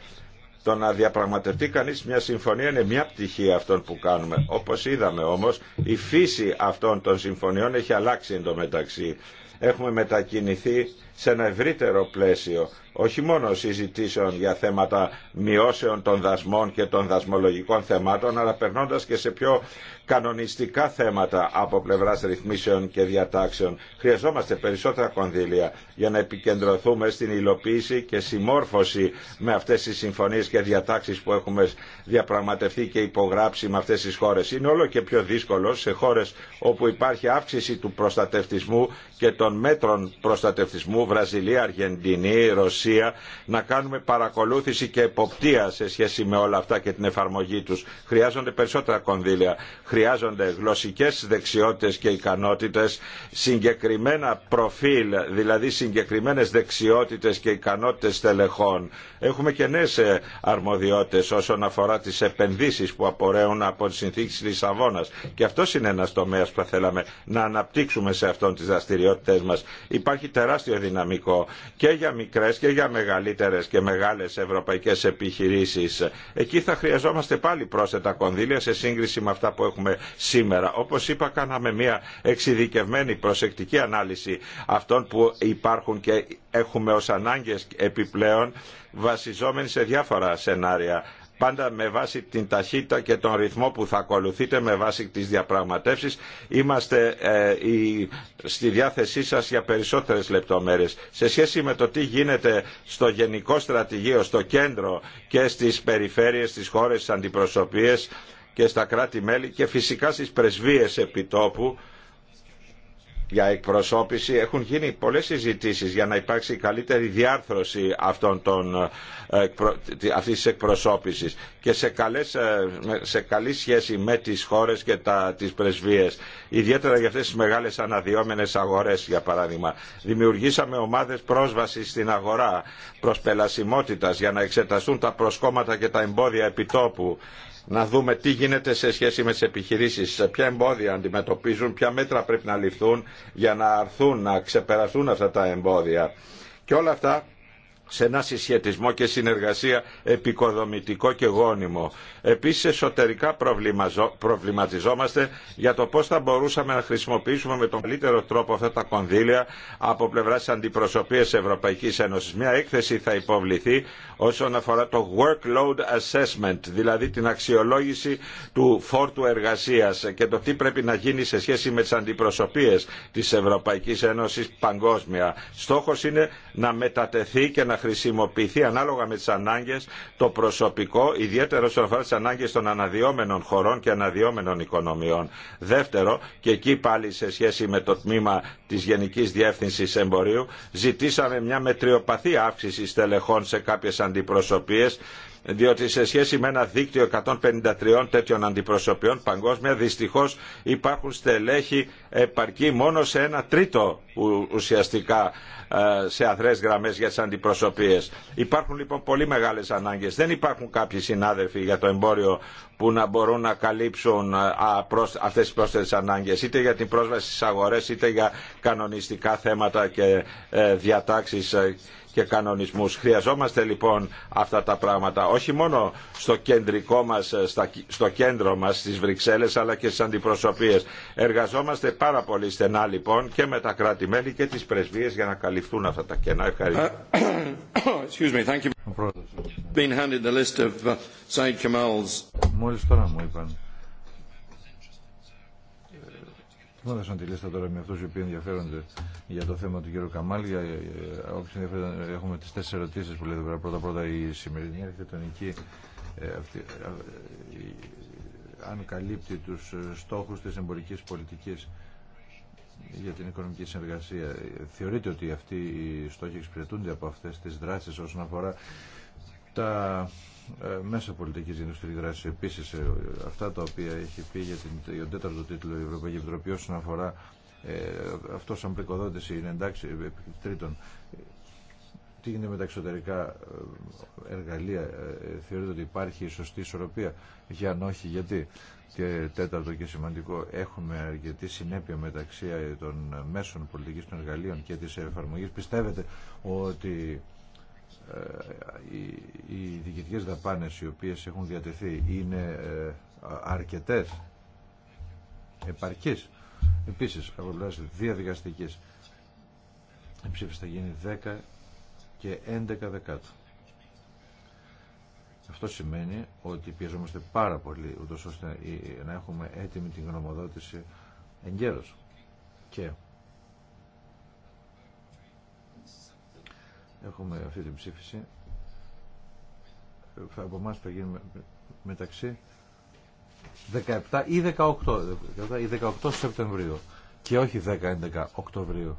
το να διαπραγματευτεί κανείς μια συμφωνία είναι μια πτυχή αυτών που κάνουμε. Όπως είδαμε όμως, η φύση αυτών των συμφωνιών έχει αλλάξει εντωμεταξύ. Έχουμε μετακινηθεί σε ένα ευρύτερο πλαίσιο όχι μόνο συζητήσεων για θέματα μειώσεων των δασμών και των δασμολογικών θεμάτων, αλλά περνώντας και σε πιο κανονιστικά θέματα από πλευράς ρυθμίσεων και διατάξεων. Χρειαζόμαστε περισσότερα κονδύλια για να επικεντρωθούμε στην υλοποίηση και συμμόρφωση με αυτές τις συμφωνίες και διατάξεις που έχουμε διαπραγματευτεί και υπογράψει με αυτές τις χώρες. Είναι όλο και πιο δύσκολο σε χώρες όπου υπάρχει αύξηση του προστατευτισμού και των μέτρων προστατευτισμού Βραζιλία, Αργεντινή, Ρωσία να κάνουμε παρακολούθηση και εποπτεία σε σχέση με όλα αυτά και την εφαρμογή τους. Χρειάζονται περισσότερα κονδύλια, χρειάζονται γλωσσικές δεξιότητες και ικανότητες, συγκεκριμένα προφίλ, δηλαδή συγκεκριμένες δεξιότητες και ικανότητες τελεχών. Έχουμε και νέες ε, αρμοδιότητες όσον αφορά τις επενδύσεις που απορρέουν από τις συνθήκες Λισαβόνας. Και αυτό είναι ένα τομέα που θα θέλαμε να αναπτύξουμε σε αυτόν τις δραστηριότητε μας. Υπάρχει τεράστιο δυναμικό δυναμικό και για μικρές και για μεγαλύτερες και μεγάλες ευρωπαϊκές επιχειρήσεις. Εκεί θα χρειαζόμαστε πάλι πρόσθετα κονδύλια σε σύγκριση με αυτά που έχουμε σήμερα. Όπως είπα κάναμε μια εξειδικευμένη προσεκτική ανάλυση αυτών που υπάρχουν και έχουμε ως ανάγκες επιπλέον βασιζόμενοι σε διάφορα σενάρια πάντα με βάση την ταχύτητα και τον ρυθμό που θα ακολουθείτε με βάση τις διαπραγματεύσεις. Είμαστε ε, στη διάθεσή σας για περισσότερες λεπτομέρειες. Σε σχέση με το τι γίνεται στο γενικό στρατηγείο, στο κέντρο και στις περιφέρειες, στις χώρες, στις αντιπροσωπείες και στα κράτη-μέλη και φυσικά στις πρεσβείες επιτόπου, για εκπροσώπηση έχουν γίνει πολλές συζητήσεις για να υπάρξει καλύτερη διάρθρωση αυτών των, ε, αυτής της εκπροσώπησης και σε, καλές, ε, σε καλή σχέση με τις χώρες και τα, τις πρεσβείες. Ιδιαίτερα για αυτές τις μεγάλες αναδυόμενες αγορές για παράδειγμα. Δημιουργήσαμε ομάδες πρόσβασης στην αγορά, πελασιμότητας για να εξεταστούν τα προσκόμματα και τα εμπόδια επιτόπου να δούμε τι γίνεται σε σχέση με τις επιχειρήσεις, ποια εμπόδια αντιμετωπίζουν, ποια μέτρα πρέπει να ληφθούν για να αρθούν, να ξεπεραστούν αυτά τα εμπόδια. Και όλα αυτά σε ένα συσχετισμό και συνεργασία επικοδομητικό και γόνιμο. Επίσης εσωτερικά προβληματιζόμαστε για το πώς θα μπορούσαμε να χρησιμοποιήσουμε με τον καλύτερο τρόπο αυτά τα κονδύλια από πλευρά πλευράς αντιπροσωπείας Ευρωπαϊκής Ένωσης. Μια έκθεση θα υποβληθεί όσον αφορά το workload assessment, δηλαδή την αξιολόγηση του φόρτου εργασίας και το τι πρέπει να γίνει σε σχέση με τις αντιπροσωπείες της Ευρωπαϊκής Ένωσης παγκόσμια. Στόχος είναι να μετατεθεί και να να χρησιμοποιηθεί ανάλογα με τις ανάγκες το προσωπικό, ιδιαίτερα όσον αφορά τις ανάγκες των αναδυόμενων χωρών και αναδυόμενων οικονομιών. Δεύτερο, και εκεί πάλι σε σχέση με το τμήμα της Γενικής διεύθυνση Εμπορίου, ζητήσαμε μια μετριοπαθή αύξηση στελεχών σε κάποιες αντιπροσωπείες διότι σε σχέση με ένα δίκτυο 153 τέτοιων αντιπροσωπιών παγκόσμια δυστυχώς υπάρχουν στελέχη επαρκή μόνο σε ένα τρίτο ουσιαστικά ε, σε αθρές γραμμές για τις αντιπροσωπείες. Υπάρχουν λοιπόν πολύ μεγάλες ανάγκες. Δεν υπάρχουν κάποιοι συνάδελφοι για το εμπόριο που να μπορούν να καλύψουν ε, αυτές τις πρόσθετες ανάγκες είτε για την πρόσβαση στις αγορές είτε για κανονιστικά θέματα και ε, διατάξεις και κανονισμούς. Χρειαζόμαστε λοιπόν αυτά τα πράγματα όχι μόνο στο κεντρικό μας, στο κέντρο μας στις Βρυξέλλες αλλά και στις αντιπροσωπείες. Εργαζόμαστε πάρα πολύ στενά λοιπόν και με τα κράτη-μέλη και τις πρεσβείες για να καλυφθούν αυτά τα κενά. Ευχαριστώ. Μόλις τώρα μου είπαν Θα σαν τη λίστα τώρα με αυτού οι οποίοι ενδιαφέρονται για το θέμα του κ. Καμάλ. Για, έχουμε τι τέσσερι ερωτήσει που λέτε πέρα. Πρώτα-πρώτα η σημερινή αρχιτεκτονική. Ε, αυτή, ε, ε, αν καλύπτει τους ε, στόχους της εμπορικής πολιτικής για την οικονομική συνεργασία. Θεωρείτε ότι αυτοί οι στόχοι εξυπηρετούνται από αυτές τις δράσεις όσον αφορά τα ε, μέσα πολιτική γενική δράση. Επίση, ε, αυτά τα οποία έχει πει για τον τέταρτο τίτλο η Ευρωπαϊκή Επιτροπή όσον αφορά ε, αυτό σαν πρικοδότηση είναι εντάξει. Τρίτον, τι γίνεται με τα εξωτερικά εργαλεία, θεωρείτε ότι υπάρχει η σωστή ισορροπία, για αν όχι γιατί. Και τέταρτο και σημαντικό, έχουμε αρκετή συνέπεια μεταξύ των μέσων πολιτικής των εργαλείων και της εφαρμογής. Πιστεύετε ότι ε, οι διοικητικές δαπάνες οι οποίες έχουν διατεθεί είναι ε, αρκετές επαρκείς, επίσης από πλευράς διαδικαστικής η ψήφιση θα γίνει 10 και 11 δεκάτου αυτό σημαίνει ότι πιεζόμαστε πάρα πολύ ούτως ώστε να έχουμε έτοιμη την γνωμοδότηση εγκαίρως και Έχουμε αυτή την ψήφιση. Από εμά θα γίνει μεταξύ 17 ή 18, ή 18 Σεπτεμβρίου και όχι 10-11 Οκτωβρίου.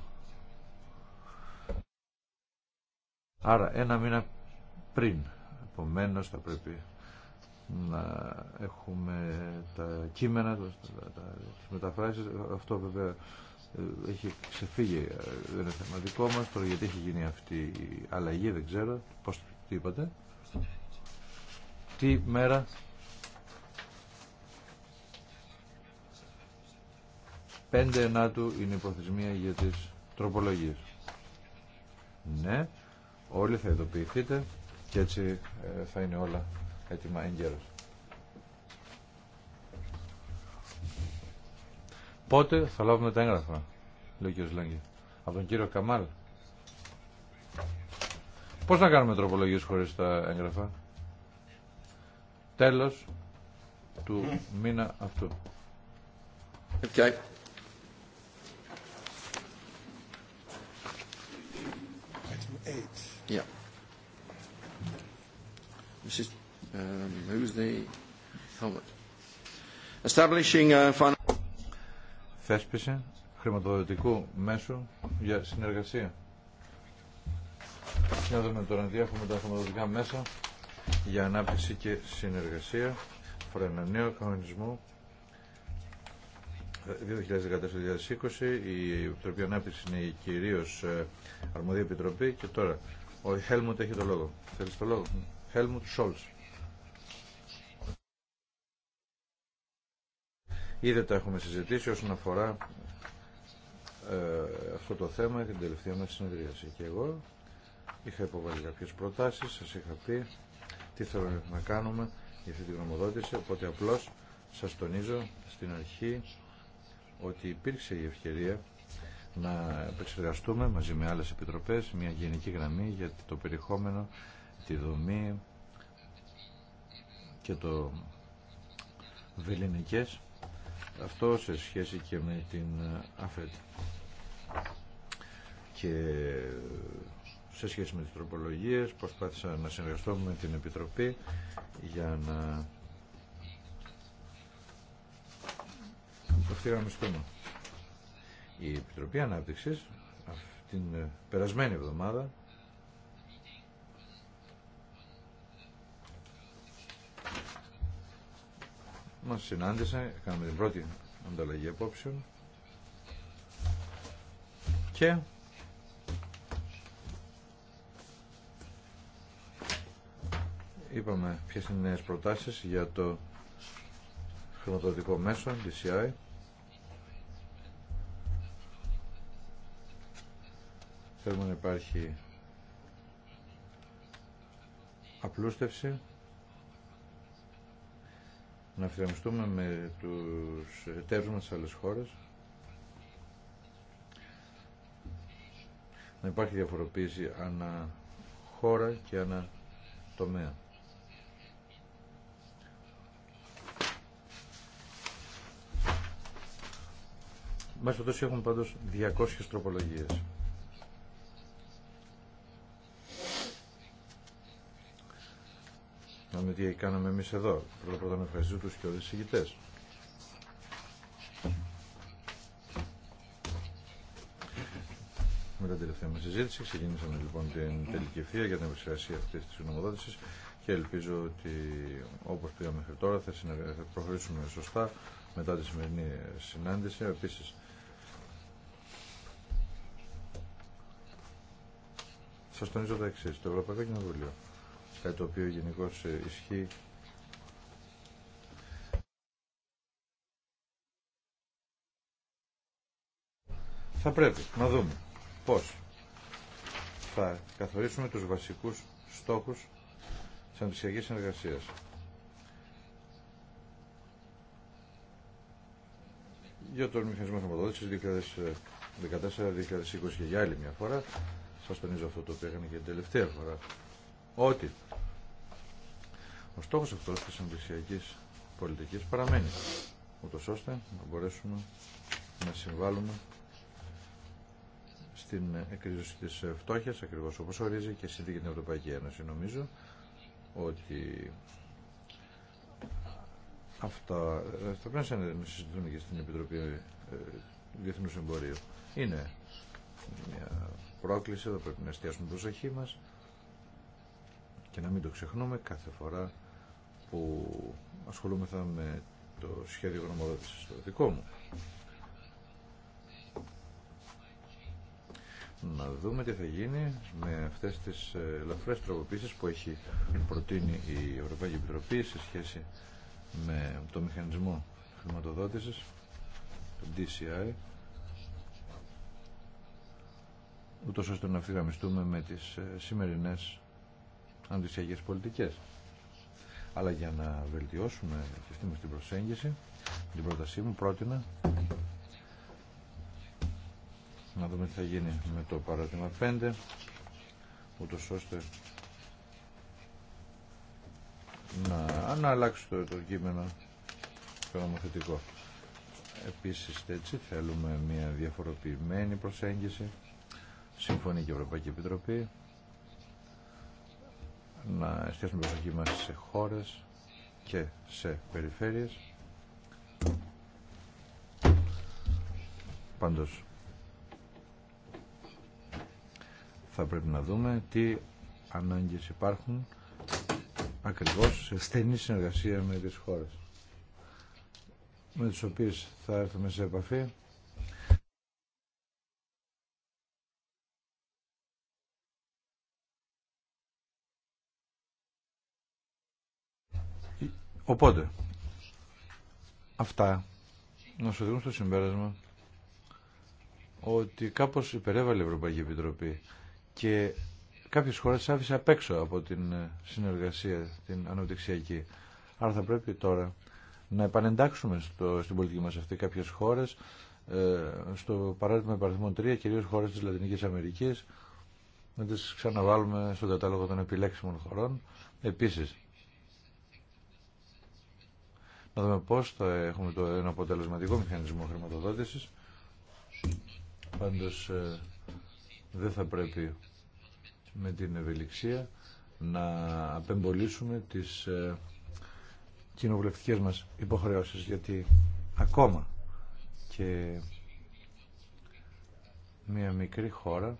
Άρα ένα μήνα πριν. Επομένω θα πρέπει να έχουμε τα κείμενα, τις μεταφράσεις. Αυτό βέβαια ε, έχει ξεφύγει, ε, δεν είναι θέμα δικό μας, τώρα γιατί έχει γίνει αυτή η αλλαγή, δεν ξέρω, Πώ το είπατε. Τι μέρα. 5 ενάτου είναι η για τις τροπολογίες. Ναι, όλοι θα ειδοποιηθείτε και έτσι ε, θα είναι όλα έτοιμα εγκαίρως. Πότε θα λάβουμε τα έγγραφα, λέει ο κ. Λάγκη, από τον κύριο Καμάλ. Πώς να κάνουμε τροπολογίες χωρίς τα έγγραφα. Τέλος του μήνα αυτού. Okay. Yeah. This who's uh, the... Establishing a θέσπιση χρηματοδοτικού μέσου για συνεργασία. Να δούμε τώρα τι έχουμε τα χρηματοδοτικά μέσα για ανάπτυξη και συνεργασία. Φορά ένα νέο κανονισμό 2014-2020. Η Επιτροπή Ανάπτυξη είναι κυρίω ε, αρμοδία επιτροπή και τώρα ο Χέλμουντ έχει το λόγο. Θέλει το λόγο. Χέλμουντ Σόλτ. Ήδη τα έχουμε συζητήσει όσον αφορά ε, αυτό το θέμα την τελευταία μας συνεδρίαση. Και εγώ είχα υποβάλει κάποιες προτάσεις, σας είχα πει τι θέλω να κάνουμε για αυτή την γνωμοδότηση, οπότε απλώς σας τονίζω στην αρχή ότι υπήρξε η ευκαιρία να επεξεργαστούμε μαζί με άλλες επιτροπές μια γενική γραμμή για το περιεχόμενο, τη δομή και το βεληνικές αυτό σε σχέση και με την ε, ΑΦΕΤ και σε σχέση με τις τροπολογίες προσπάθησα να συνεργαστώ με την Επιτροπή για να ευθυγραμμιστούμε. Η Επιτροπή Ανάπτυξης την ε, περασμένη εβδομάδα μας συνάντησε, κάναμε την πρώτη ανταλλαγή απόψεων και είπαμε ποιες είναι οι νέες προτάσεις για το χρηματοδοτικό μέσο, DCI. Θέλουμε να υπάρχει απλούστευση να φρεμιστούμε με τους εταίρους μας άλλες χώρες, να υπάρχει διαφοροποίηση ανά χώρα και ανά τομέα. Μέσα τόσο έχουμε πάντως 200 τροπολογίες. να τι κάναμε εμείς εδώ. Πρώτα πρώτα να ευχαριστήσω τους και οδησηγητές. Με τα τελευταία μας συζήτηση ξεκινήσαμε λοιπόν την τελική ευθεία για την επεξεργασία αυτής της γνωμοδότησης και ελπίζω ότι όπως πήγαμε μέχρι τώρα θα, προχωρήσουμε σωστά μετά τη σημερινή συνάντηση. Επίσης, σας τονίζω τα εξής. Το Ευρωπαϊκό Κοινοβούλιο το οποίο γενικώ ε, ισχύει. Θα πρέπει να δούμε πώς θα καθορίσουμε τους βασικούς στόχους της αντισιακής συνεργασίας. για τον μηχανισμό χρηματοδότηση 2014-2020 και για άλλη μια φορά. Σα τονίζω αυτό το οποίο έκανε και την τελευταία φορά ότι ο στόχος αυτός της εμπλησιακής πολιτικής παραμένει ούτως ώστε να μπορέσουμε να συμβάλλουμε στην εκρίζωση της φτώχειας ακριβώς όπως ορίζει και συνθήκη την Ευρωπαϊκή Ένωση νομίζω ότι αυτά θα πρέπει να συζητούν και στην Επιτροπή ε, Διεθνούς Εμπορίου είναι μια πρόκληση, θα πρέπει να εστιάσουμε προσοχή μας και να μην το ξεχνούμε κάθε φορά που ασχολούμεθα με το σχέδιο γνωμοδότησης το δικό μου. Να δούμε τι θα γίνει με αυτές τις ε, ελαφρές τροποποίησεις που έχει προτείνει η Ευρωπαϊκή Επιτροπή σε σχέση με το μηχανισμό χρηματοδότησης, το DCI, ούτως ώστε να ευθυγραμμιστούμε με τις ε, σημερινές αντισιακές πολιτικές. Αλλά για να βελτιώσουμε και αυτή την προσέγγιση, την πρότασή μου πρότεινα να δούμε τι θα γίνει με το παράδειγμα 5, ούτως ώστε να, να αλλάξει το, το κείμενο το νομοθετικό. Επίσης έτσι θέλουμε μια διαφοροποιημένη προσέγγιση, συμφωνεί και η Ευρωπαϊκή Επιτροπή, να εστιάσουμε προσοχή μας σε χώρες και σε περιφέρειες. Πάντως, θα πρέπει να δούμε τι ανάγκες υπάρχουν ακριβώς σε στενή συνεργασία με τις χώρες με τις οποίες θα έρθουμε σε επαφή Οπότε, αυτά να σου δούμε στο συμπέρασμα ότι κάπως υπερέβαλε η Ευρωπαϊκή Επιτροπή και κάποιες χώρες άφησε απ' έξω από την ε, συνεργασία, την αναπτυξιακή. Άρα θα πρέπει τώρα να επανεντάξουμε στο, στην πολιτική μας αυτή κάποιες χώρες, ε, στο παράδειγμα υπαριθμών 3, κυρίως χώρες της Λατινικής Αμερικής, να τις ξαναβάλουμε στον κατάλογο των επιλέξιμων χωρών. Επίσης, να δούμε πώ θα έχουμε το, ένα αποτελεσματικό μηχανισμό χρηματοδότησης. Πάντως ε, δεν θα πρέπει με την ευελιξία να απεμπολίσουμε τις ε, κοινοβουλευτικές μας υποχρεώσεις γιατί ακόμα και μια μικρή χώρα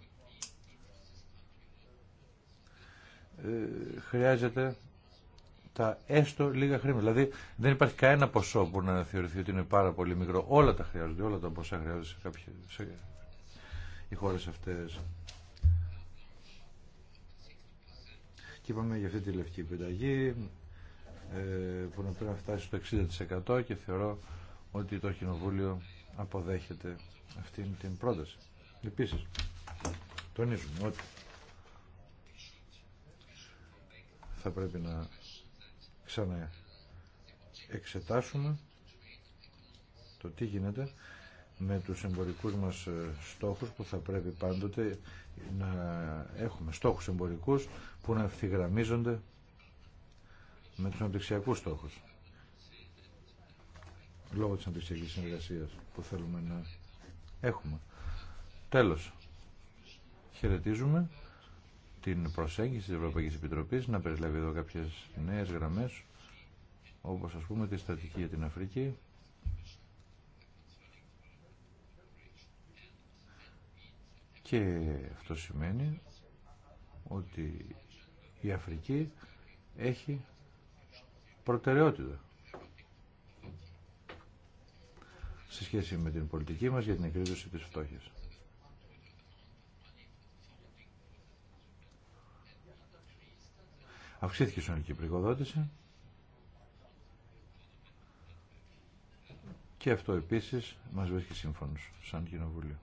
ε, χρειάζεται τα έστω λίγα χρήματα. Δηλαδή δεν υπάρχει κανένα ποσό που να θεωρηθεί ότι είναι πάρα πολύ μικρό. Όλα τα χρειάζονται, όλα τα ποσά χρειάζονται σε κάποιες, σε... οι χώρες αυτές. Και είπαμε για αυτή τη λευκή πενταγή ε, που να πρέπει να φτάσει στο 60% και θεωρώ ότι το Κοινοβούλιο αποδέχεται αυτή την πρόταση. Επίσης, τονίζουμε ότι θα πρέπει να ξαναεξετάσουμε το τι γίνεται με τους εμπορικούς μας ε, στόχους που θα πρέπει πάντοτε να έχουμε στόχους εμπορικούς που να ευθυγραμμίζονται με τους αναπτυξιακούς στόχους λόγω της αναπτυξιακής συνεργασίας που θέλουμε να έχουμε. Τέλος, χαιρετίζουμε την προσέγγιση της Ευρωπαϊκής Επιτροπής να περιλάβει εδώ κάποιες νέες γραμμές όπως ας πούμε τη στρατηγική για την Αφρική και αυτό σημαίνει ότι η Αφρική έχει προτεραιότητα σε σχέση με την πολιτική μας για την εκρίζωση της φτώχειας. Αυξήθηκε η σωνική πρικοδότηση και αυτό επίσης μας βρίσκει σύμφωνος σαν κοινοβούλιο.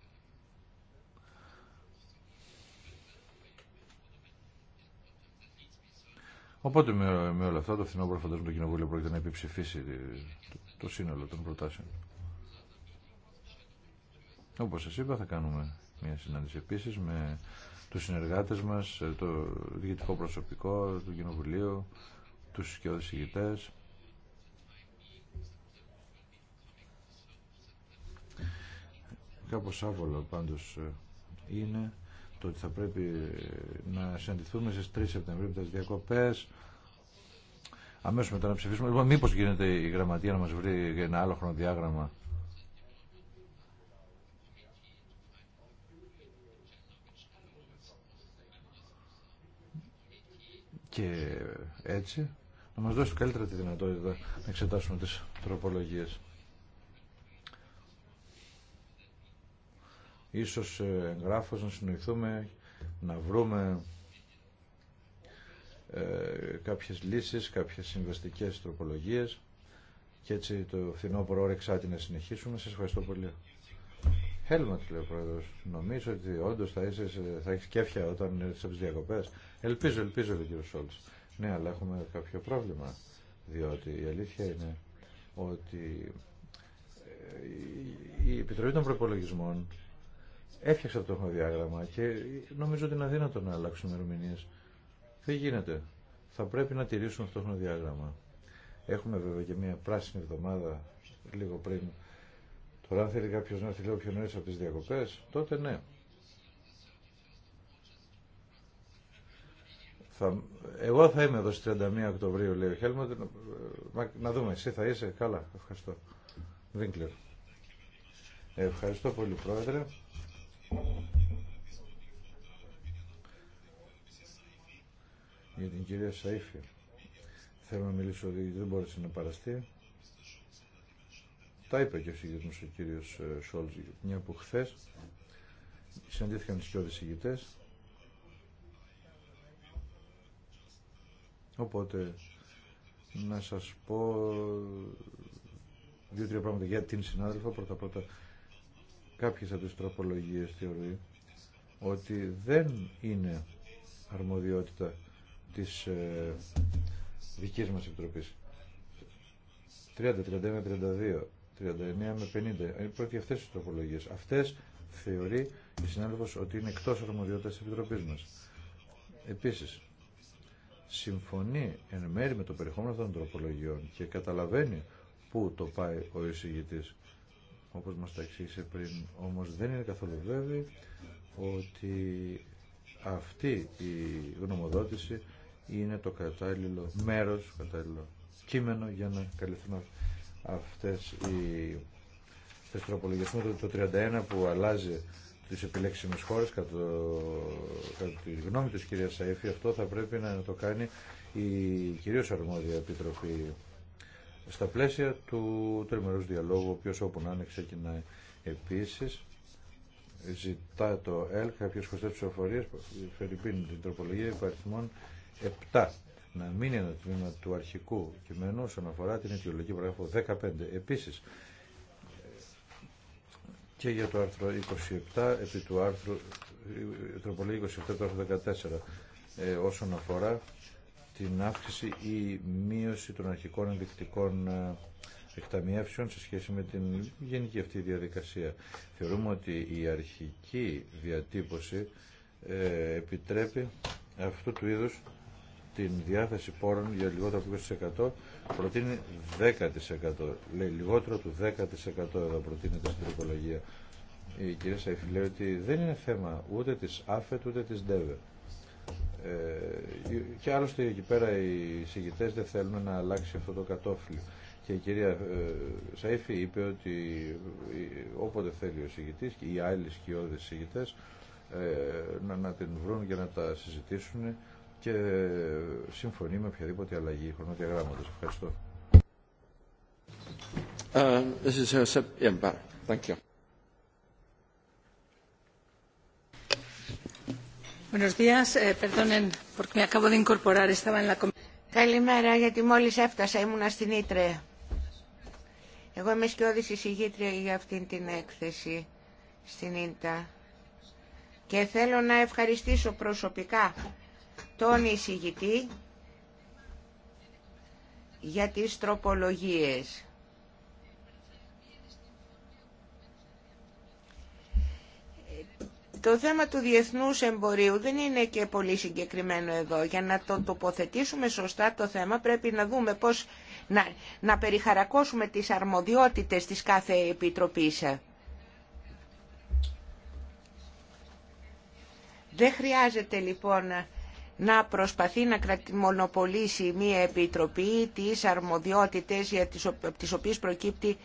Οπότε με, με όλα αυτά το φθινόπωρο φαντάζομαι το κοινοβούλιο πρόκειται να επιψηφίσει το, το σύνολο των προτάσεων. Όπως σας είπα θα κάνουμε μια συνάντηση επίσης με τους συνεργάτες μας, ε, το διοικητικό προσωπικό του Κοινοβουλίου, τους σκιώδης ηγητές. Κάπως άβολο πάντως ε, είναι το ότι θα πρέπει ε, να συναντηθούμε στις 3 Σεπτεμβρίου με τις διακοπές αμέσως μετά να ψηφίσουμε. Λοιπόν, μήπως γίνεται η γραμματεία να μας βρει ένα άλλο χρονοδιάγραμμα και έτσι να μας δώσει καλύτερα τη δυνατότητα να εξετάσουμε τις τροπολογίες. Ίσως ε, εγγράφως να συνοηθούμε, να βρούμε ε, κάποιες λύσεις, κάποιες συμβαστικές τροπολογίες και έτσι το φθηνό την να συνεχίσουμε. Σας ευχαριστώ πολύ. Χέλμοντ, λέει ο πρόεδρο, νομίζω ότι όντω θα, θα έχει κέφια όταν έρθει από τι διακοπέ. Ελπίζω, ελπίζω, λέει ο κύριο Σόλτ. Ναι, αλλά έχουμε κάποιο πρόβλημα. Διότι η αλήθεια είναι ότι ε, η Επιτροπή των Προπολογισμών έφτιαξε αυτό το χρονοδιάγραμμα και νομίζω ότι είναι αδύνατο να αλλάξουν ημερομηνίε. Δεν γίνεται. Θα πρέπει να τηρήσουν αυτό το χρονοδιάγραμμα. Έχουμε βέβαια και μια πράσινη εβδομάδα λίγο πριν αν θέλει κάποιος να έρθει λίγο πιο νωρίς από τις διακοπέ. τότε ναι. Θα, εγώ θα είμαι εδώ στις 31 Οκτωβρίου, λέει ο Χέλμοντ. Να, ε, να δούμε, εσύ θα είσαι. Καλά, ευχαριστώ. Βίγκλερ. Ευχαριστώ πολύ, Πρόεδρε. Για την κυρία Σαΐφη. Θέλω να μιλήσω ότι δεν μπόρεσε να παραστεί. Τα είπε και ο συγκεκριτή ο κύριο ε, Σόλτζη. μια που χθε συναντήθηκαν τις πιο Οπότε, να σα πω δύο-τρία πράγματα για την συνάδελφο. Πρώτα-πρώτα, κάποιε από τι τροπολογίε θεωρεί ότι δεν είναι αρμοδιότητα της ε, δικής μας Επιτροπής. 30, 31, 32 39 με 50. Πρώτοι αυτές τις τροπολογίες. Αυτές θεωρεί η συνάδελφο ότι είναι εκτό αρμοδιότητα τη Επιτροπής μα. Επίση, συμφωνεί εν μέρη με το περιεχόμενο των τροπολογιών και καταλαβαίνει πού το πάει ο εισηγητής. όπω μα τα εξήγησε πριν, όμω δεν είναι καθόλου βέβαιη ότι αυτή η γνωμοδότηση είναι το κατάλληλο μέρος, το κατάλληλο κείμενο για να καλυφθούν αυτές οι τροπολογίες το 31 που αλλάζει τις επιλέξιμες χώρες κατά, το, κατά τη γνώμη της κυρία Σαΐφη αυτό θα πρέπει να το κάνει η κυρίως αρμόδια επιτροπή στα πλαίσια του τριμερούς διαλόγου ο οποίος όπου να είναι ξεκινάει επίσης ζητά το ΕΛ κάποιες χωστές ψηφοφορίες την τροπολογία υπαριθμών 7 να μείνει ένα τμήμα του αρχικού κειμένου όσον αφορά την αιτιολογική παράγραφο 15. Επίσης, και για το άρθρο 27 επί του άρθρου τροπολογία 27 του άρθρου 14 ε, όσον αφορά την αύξηση ή μείωση των αρχικών ενδεικτικών ε, εκταμιεύσεων σε σχέση με την γενική αυτή διαδικασία. Θεωρούμε ότι η αρχική διατύπωση ε, επιτρέπει αυτού του είδους την διάθεση πόρων για λιγότερο από 20% προτείνει 10%. Λέει λιγότερο του 10% εδώ προτείνεται στην τροπολογία. Η κυρία Σαϊφή λέει ότι δεν είναι θέμα ούτε της ΑΦΕΤ ούτε της ΔΕΒΕ. Ε, και άλλωστε εκεί πέρα οι συγκητές δεν θέλουν να αλλάξει αυτό το κατόφλι. Και η κυρία ε, είπε ότι ε, όποτε θέλει ο συγκητής και οι άλλοι σκιώδες συγκητές ε, να, να την βρουν και να τα συζητήσουν και συμφωνεί με οποιαδήποτε αλλαγή χρονοδιαγράμματος. Ευχαριστώ. Καλημέρα, γιατί μόλις έφτασα, ήμουνα στην Ήτρε. Εγώ είμαι σκιώδης εισηγήτρια για αυτήν την έκθεση στην Ίντα. Και θέλω να ευχαριστήσω προσωπικά τον εισηγητή για τις τροπολογίες. Το θέμα του διεθνούς εμπορίου δεν είναι και πολύ συγκεκριμένο εδώ. Για να το τοποθετήσουμε σωστά το θέμα πρέπει να δούμε πώς να, περιχαρακώσουμε τις αρμοδιότητες της κάθε επιτροπής. Δεν χρειάζεται λοιπόν να προσπαθεί να μονοπολίσει μία επιτροπή τις αρμοδιότητες για τις, από τις οποίες προκύπτει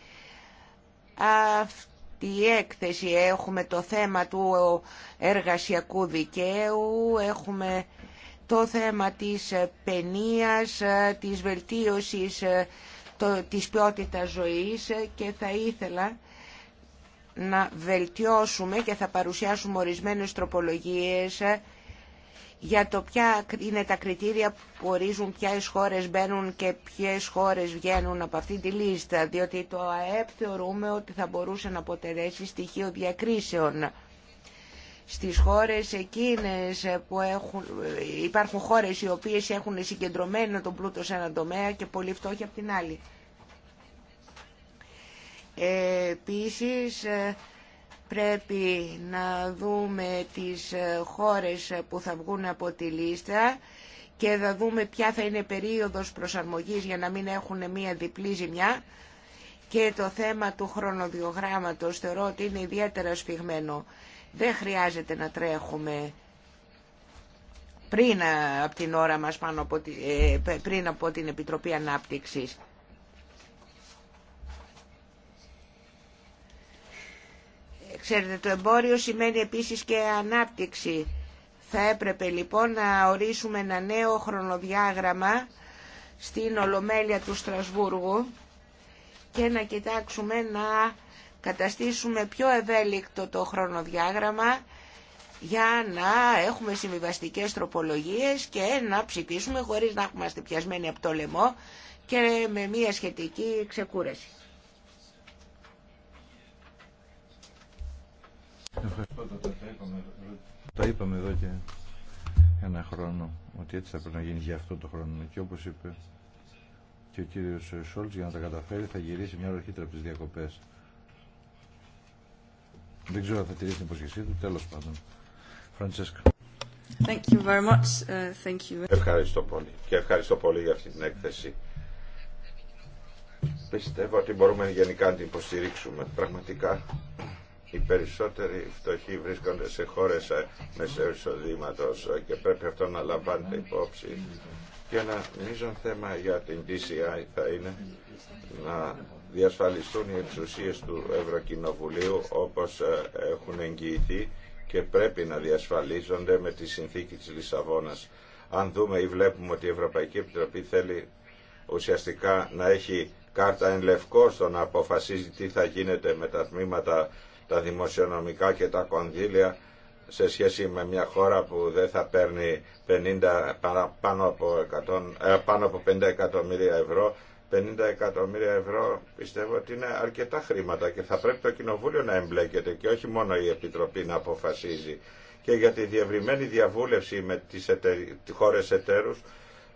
αυτή η έκθεση. Έχουμε το θέμα του εργασιακού δικαίου, έχουμε το θέμα της παινίας, της βελτίωσης της ποιότητας ζωής και θα ήθελα να βελτιώσουμε και θα παρουσιάσουμε ορισμένες τροπολογίες για το ποια είναι τα κριτήρια που ορίζουν ποιες χώρες μπαίνουν και ποιες χώρες βγαίνουν από αυτή τη λίστα, διότι το ΑΕΠ θεωρούμε ότι θα μπορούσε να αποτελέσει στοιχείο διακρίσεων. Στις χώρες εκείνες που έχουν, υπάρχουν χώρες οι οποίες έχουν συγκεντρωμένο τον πλούτο σε έναν τομέα και πολύ φτώχεια από την άλλη. Ε, επίσης, ε, πρέπει να δούμε τις ε, χώρες που θα βγουν από τη λίστα και θα δούμε ποια θα είναι περίοδος προσαρμογής για να μην έχουν μία διπλή ζημιά και το θέμα του χρονοδιογράμματος θεωρώ ότι είναι ιδιαίτερα σφιγμένο. Δεν χρειάζεται να τρέχουμε πριν ε, από την ώρα μας πάνω από, ε, πριν από την Επιτροπή Ανάπτυξης. Ξέρετε, το εμπόριο σημαίνει επίσης και ανάπτυξη. Θα έπρεπε λοιπόν να ορίσουμε ένα νέο χρονοδιάγραμμα στην Ολομέλεια του Στρασβούργου και να κοιτάξουμε να καταστήσουμε πιο ευέλικτο το χρονοδιάγραμμα για να έχουμε συμβιβαστικές τροπολογίες και να ψηφίσουμε χωρίς να έχουμε αστεπιασμένοι από το λαιμό και με μια σχετική ξεκούραση. Ευχαριστώ. Τα είπαμε εδώ και ένα χρόνο ότι έτσι θα πρέπει να γίνει για αυτό το χρόνο. Και όπως είπε και ο κύριος Σόλτς για να τα καταφέρει θα γυρίσει μια ροχήτρα από τις διακοπές. Δεν ξέρω αν θα τηρήσει την υποσχεσή του, τέλος πάντων. Φραντσέσκα. Uh, ευχαριστώ πολύ και ευχαριστώ πολύ για αυτή την έκθεση. Πιστεύω ότι μπορούμε γενικά να την υποστηρίξουμε. Πραγματικά οι περισσότεροι φτωχοί βρίσκονται σε χώρες ε, μεσαίου εισοδήματος ε, και πρέπει αυτό να λαμβάνεται υπόψη. Και ένα μείζον θέμα για την DCI θα είναι να διασφαλιστούν οι εξουσίες του Ευρωκοινοβουλίου όπως ε, έχουν εγγυηθεί και πρέπει να διασφαλίζονται με τη συνθήκη της Λισαβόνας. Αν δούμε ή βλέπουμε ότι η Ευρωπαϊκή Επιτροπή θέλει ουσιαστικά να έχει κάρτα εν λευκό στο να αποφασίζει τι θα γίνεται με τα τμήματα τα δημοσιονομικά και τα κονδύλια σε σχέση με μια χώρα που δεν θα παίρνει 50, πάνω, από 100, ε, πάνω από 50 εκατομμύρια ευρώ 50 εκατομμύρια ευρώ πιστεύω ότι είναι αρκετά χρήματα και θα πρέπει το Κοινοβούλιο να εμπλέκεται και όχι μόνο η Επιτροπή να αποφασίζει. Και για τη διευρυμένη διαβούλευση με τις χώρε χώρες εταίρους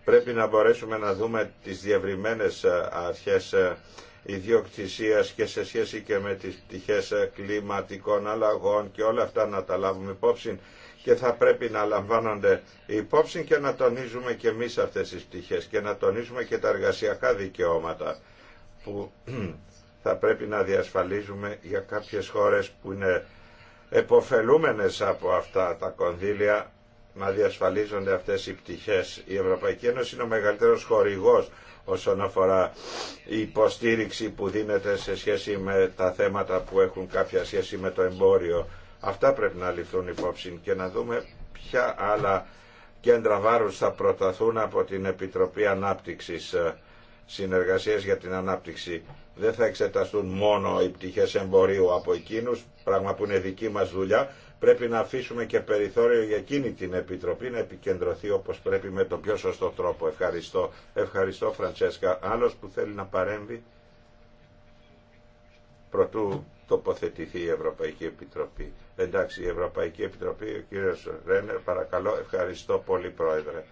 πρέπει να μπορέσουμε να δούμε τις διευρυμένες ε, αρχές ε, ιδιοκτησίας και σε σχέση και με τις πτυχές ε, κλιματικών αλλαγών και όλα αυτά να τα λάβουμε υπόψη και θα πρέπει να λαμβάνονται υπόψη και να τονίζουμε και εμείς αυτές τις πτυχές και να τονίζουμε και τα εργασιακά δικαιώματα που (clears throat) θα πρέπει να διασφαλίζουμε για κάποιες χώρες που είναι εποφελούμενες από αυτά τα κονδύλια να διασφαλίζονται αυτές οι πτυχές. Η Ευρωπαϊκή Ένωση είναι ο μεγαλύτερος χορηγός όσον αφορά η υποστήριξη που δίνεται σε σχέση με τα θέματα που έχουν κάποια σχέση με το εμπόριο. Αυτά πρέπει να ληφθούν υπόψη και να δούμε ποια άλλα κέντρα βάρους θα προταθούν από την Επιτροπή Ανάπτυξης ε, Συνεργασίας για την Ανάπτυξη. Δεν θα εξεταστούν μόνο οι πτυχές εμπορίου από εκείνους, πράγμα που είναι δική μας δουλειά, πρέπει να αφήσουμε και περιθώριο για εκείνη την Επιτροπή να επικεντρωθεί όπως πρέπει με τον πιο σωστό τρόπο. Ευχαριστώ. Ευχαριστώ Φραντσέσκα. Άλλος που θέλει να παρέμβει προτού τοποθετηθεί η Ευρωπαϊκή Επιτροπή. Εντάξει, η Ευρωπαϊκή Επιτροπή, ο κύριος Ρένερ, παρακαλώ, ευχαριστώ πολύ Πρόεδρε.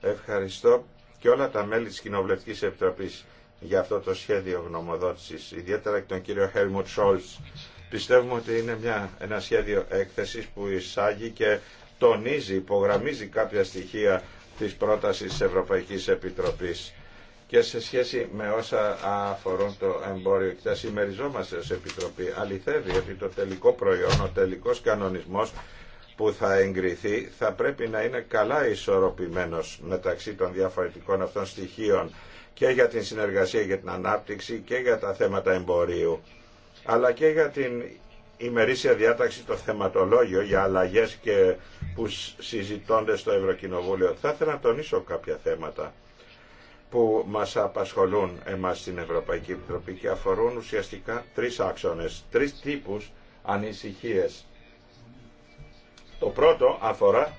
Ευχαριστώ και όλα τα μέλη της Κοινοβουλευτικής Επιτροπής για αυτό το σχέδιο γνωμοδότησης, ιδιαίτερα και τον κύριο Χέλμουτ Σόλτς Πιστεύουμε ότι είναι μια, ένα σχέδιο έκθεσης που εισάγει και τονίζει, υπογραμμίζει κάποια στοιχεία της πρότασης της Ευρωπαϊκής Επιτροπής και σε σχέση με όσα αφορούν το εμπόριο και τα συμμεριζόμαστε ως Επιτροπή. Αληθεύει ότι το τελικό προϊόν, ο τελικός κανονισμός που θα εγκριθεί θα πρέπει να είναι καλά ισορροπημένος μεταξύ των διαφορετικών αυτών στοιχείων και για την συνεργασία για την ανάπτυξη και για τα θέματα εμπορίου αλλά και για την ημερήσια διάταξη το θεματολόγιο για αλλαγές και που συζητώνται στο Ευρωκοινοβούλιο. Θα ήθελα να τονίσω κάποια θέματα που μας απασχολούν εμάς στην Ευρωπαϊκή Επιτροπή και αφορούν ουσιαστικά τρεις άξονες, τρεις τύπους ανησυχίες. Το πρώτο αφορά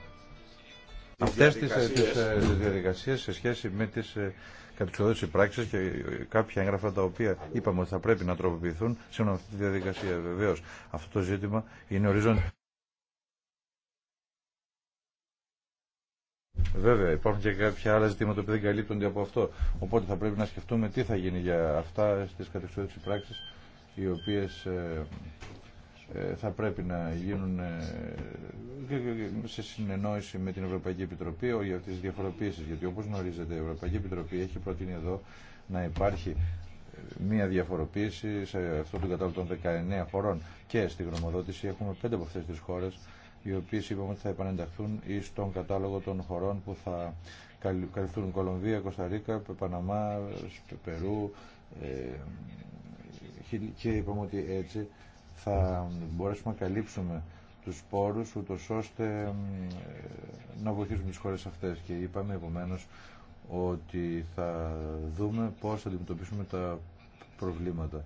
Αυτές τις διαδικασίες, ε, τις διαδικασίες σε σχέση με τις ε, κατεξοδότηση πράξη και κάποια έγγραφα τα οποία είπαμε ότι θα πρέπει να τροποποιηθούν σύμφωνα με αυτή τη διαδικασία. Βεβαίω αυτό το ζήτημα είναι οριζόντιο. Βέβαια, υπάρχουν και κάποια άλλα ζητήματα που δεν καλύπτονται από αυτό. Οπότε θα πρέπει να σκεφτούμε τι θα γίνει για αυτά στι κατευθυντικέ πράξει, οι οποίε ε, ε, θα πρέπει να γίνουν ε, σε συνεννόηση με την Ευρωπαϊκή Επιτροπή για τις διαφοροποίησεις. Γιατί όπως γνωρίζετε η Ευρωπαϊκή Επιτροπή έχει προτείνει εδώ να υπάρχει ε, μία διαφοροποίηση σε αυτό το κατάλληλο των 19 χωρών και στη γνωμοδότηση έχουμε πέντε από αυτές τις χώρες οι οποίες είπαμε ότι θα επανενταχθούν ή στον κατάλογο των χωρών που θα καλυφθούν Κολομβία, Κωνσταντίνα, Παναμά, Περού ε, και είπαμε ότι έτσι θα μπορέσουμε να καλύψουμε τους πόρους ούτως ώστε ε, να βοηθήσουμε τις χώρες αυτές και είπαμε επομένως ότι θα δούμε πώς θα αντιμετωπίσουμε τα προβλήματα.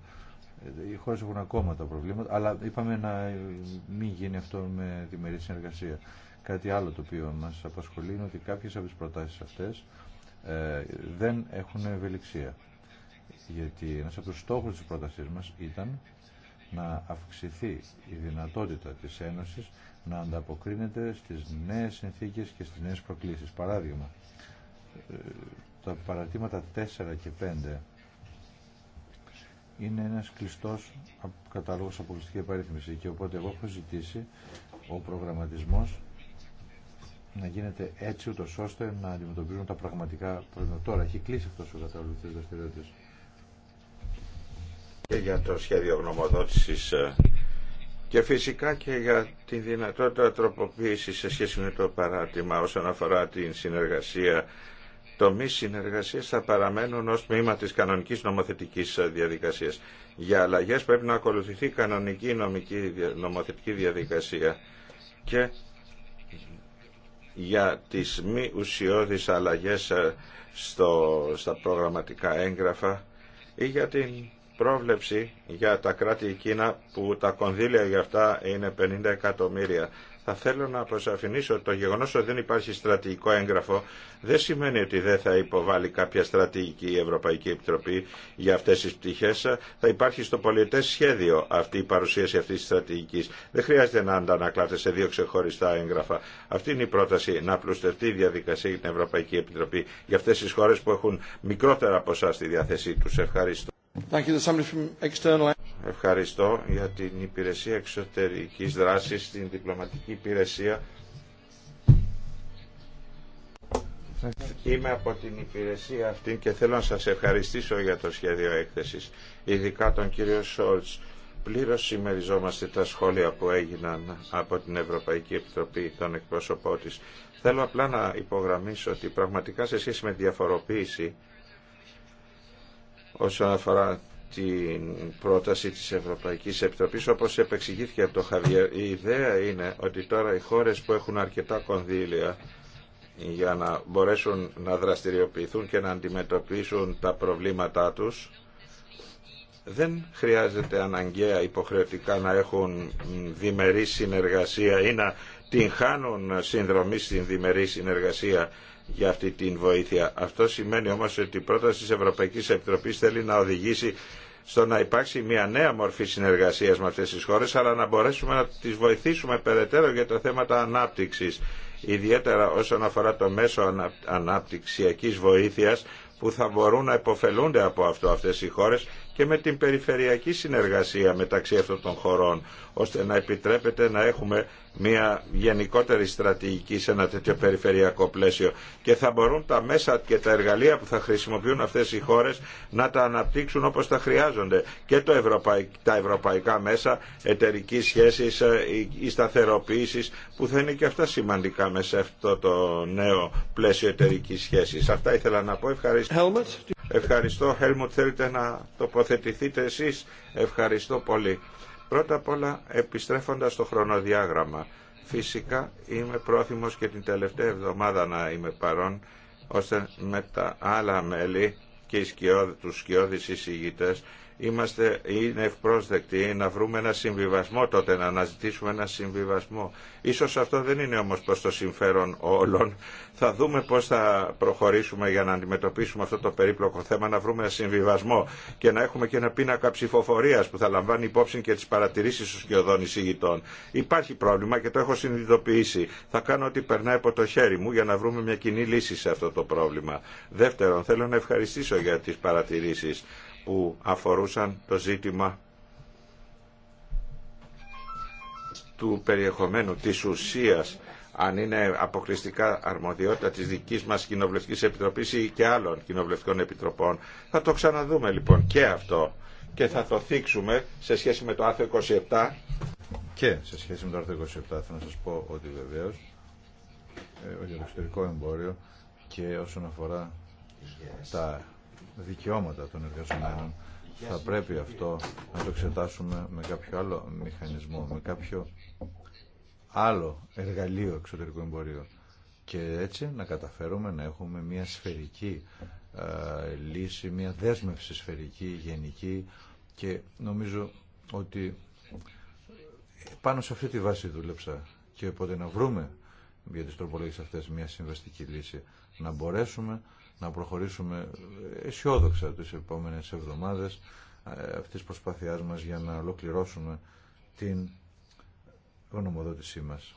Ε, οι χώρες έχουν ακόμα τα προβλήματα, αλλά είπαμε να ε, μην γίνει αυτό με διμερή συνεργασία. Κάτι άλλο το οποίο μας απασχολεί είναι ότι κάποιες από τις προτάσεις αυτές δεν έχουν ευελιξία. Γιατί ένας από τους στόχους της πρότασής μας ήταν να αυξηθεί η δυνατότητα της Ένωσης να ανταποκρίνεται στις νέες συνθήκες και στις νέες προκλήσεις. Παράδειγμα, ε, τα παρατήματα 4 και 5 είναι ένας κλειστός κατάλογος από πολιτική επαρρύθμιση και οπότε εγώ έχω ζητήσει ο προγραμματισμός να γίνεται έτσι ούτως ώστε να αντιμετωπίζουν τα πραγματικά προβλήματα. Τώρα έχει κλείσει αυτός ο κατάλογος της δραστηριότητας και για το σχέδιο γνωμοδότησης ε, και φυσικά και για τη δυνατότητα τροποποίησης σε σχέση με το παράτημα όσον αφορά την συνεργασία. Το μη συνεργασία θα παραμένουν ως τμήμα της κανονικής νομοθετικής διαδικασίας. Για αλλαγές πρέπει να ακολουθηθεί κανονική νομική, νομοθετική διαδικασία και για τις μη ουσιώδεις αλλαγές ε, στο, στα προγραμματικά έγγραφα ή για την πρόβλεψη για τα κράτη εκείνα που τα κονδύλια για αυτά είναι 50 εκατομμύρια. Θα θέλω να προσαφηνήσω ότι το γεγονό ότι δεν υπάρχει στρατηγικό έγγραφο δεν σημαίνει ότι δεν θα υποβάλει κάποια στρατηγική η Ευρωπαϊκή Επιτροπή για αυτέ τι πτυχέ. Θα υπάρχει στο πολιτέ σχέδιο αυτή η παρουσίαση αυτή τη στρατηγική. Δεν χρειάζεται να αντανακλάτε σε δύο ξεχωριστά έγγραφα. Αυτή είναι η πρόταση να πλουστευτεί η διαδικασία για την Ευρωπαϊκή Επιτροπή για αυτέ τι χώρε που έχουν μικρότερα ποσά στη διάθεσή του. Ευχαριστώ. Ευχαριστώ για την υπηρεσία εξωτερικής δράσης, την διπλωματική υπηρεσία. Είμαι από την υπηρεσία αυτή και θέλω να σας ευχαριστήσω για το σχέδιο έκθεσης, ειδικά τον κύριο Σόλτς. Πλήρως συμμεριζόμαστε τα σχόλια που έγιναν από την Ευρωπαϊκή Επιτροπή, τον εκπρόσωπό της. Θέλω απλά να υπογραμμίσω ότι πραγματικά σε σχέση με διαφοροποίηση όσον αφορά την πρόταση της Ευρωπαϊκής Επιτροπής όπως επεξηγήθηκε από το Χαβιέρ η ιδέα είναι ότι τώρα οι χώρες που έχουν αρκετά κονδύλια για να μπορέσουν να δραστηριοποιηθούν και να αντιμετωπίσουν τα προβλήματά τους δεν χρειάζεται αναγκαία υποχρεωτικά να έχουν διμερή συνεργασία ή να την χάνουν συνδρομή στην διμερή συνεργασία για αυτή την βοήθεια. Αυτό σημαίνει όμως ότι η πρόταση της Ευρωπαϊκής Επιτροπής θέλει να οδηγήσει στο να υπάρξει μια νέα μορφή συνεργασίας με αυτές τις χώρες, αλλά να μπορέσουμε να τις βοηθήσουμε περαιτέρω για τα θέματα ανάπτυξης, ιδιαίτερα όσον αφορά το μέσο αναπτυξιακής βοήθειας, που θα μπορούν να υποφελούνται από αυτό αυτές οι χώρες και με την περιφερειακή συνεργασία μεταξύ αυτών των χωρών, ώστε να επιτρέπεται να έχουμε μια γενικότερη στρατηγική σε ένα τέτοιο περιφερειακό πλαίσιο και θα μπορούν τα μέσα και τα εργαλεία που θα χρησιμοποιούν αυτές οι χώρες να τα αναπτύξουν όπως τα χρειάζονται και το ευρωπαϊκ, τα ευρωπαϊκά μέσα εταιρική σχέσης ή ε, σταθεροποίησης που θα είναι και αυτά σημαντικά μέσα σε αυτό το νέο πλαίσιο εταιρική σχέσης. Αυτά ήθελα να πω. Ευχαριστώ. Ευχαριστώ. Helmut, θέλετε να τοποθετηθείτε εσείς. Ευχαριστώ πολύ. Πρώτα απ' όλα επιστρέφοντας στο χρονοδιάγραμμα. Φυσικά είμαι πρόθυμος και την τελευταία εβδομάδα να είμαι παρόν ώστε με τα άλλα μέλη και τους σκιώδεις εισηγητές είμαστε, είναι ευπρόσδεκτοι να βρούμε ένα συμβιβασμό τότε, να αναζητήσουμε ένα συμβιβασμό. Ίσως αυτό δεν είναι όμως προς το συμφέρον όλων. Θα δούμε πώς θα προχωρήσουμε για να αντιμετωπίσουμε αυτό το περίπλοκο θέμα, να βρούμε ένα συμβιβασμό και να έχουμε και ένα πίνακα ψηφοφορίας που θα λαμβάνει υπόψη και τις παρατηρήσεις των σκιωδών εισηγητών. Υπάρχει πρόβλημα και το έχω συνειδητοποιήσει. Θα κάνω ό,τι περνάει από το χέρι μου για να βρούμε μια κοινή λύση σε αυτό το πρόβλημα. Δεύτερον, θέλω να ευχαριστήσω για τις παρατηρήσεις που αφορούσαν το ζήτημα του περιεχομένου, της ουσίας, αν είναι αποκλειστικά αρμοδιότητα της δικής μας Κοινοβουλευτικής Επιτροπής ή και άλλων Κοινοβουλευτικών Επιτροπών. Θα το ξαναδούμε λοιπόν και αυτό και θα το θίξουμε σε σχέση με το άρθρο 27. Και σε σχέση με το άρθρο 27 θα να σας πω ότι βεβαίως ε, για το εξωτερικό εμπόριο και όσον αφορά τα δικαιώματα των εργαζομένων. Θα πρέπει αυτό να το εξετάσουμε με κάποιο άλλο μηχανισμό, με κάποιο άλλο εργαλείο εξωτερικού εμπορίου και έτσι να καταφέρουμε να έχουμε μια σφαιρική ε, λύση, μια δέσμευση σφαιρική, γενική και νομίζω ότι πάνω σε αυτή τη βάση δούλεψα και οπότε να βρούμε για τις τροπολογίες αυτές μια συμβαστική λύση να μπορέσουμε να προχωρήσουμε αισιόδοξα τις επόμενες εβδομάδες ε, αυτής προσπάθειάς μας για να ολοκληρώσουμε την γνωμοδότησή μας.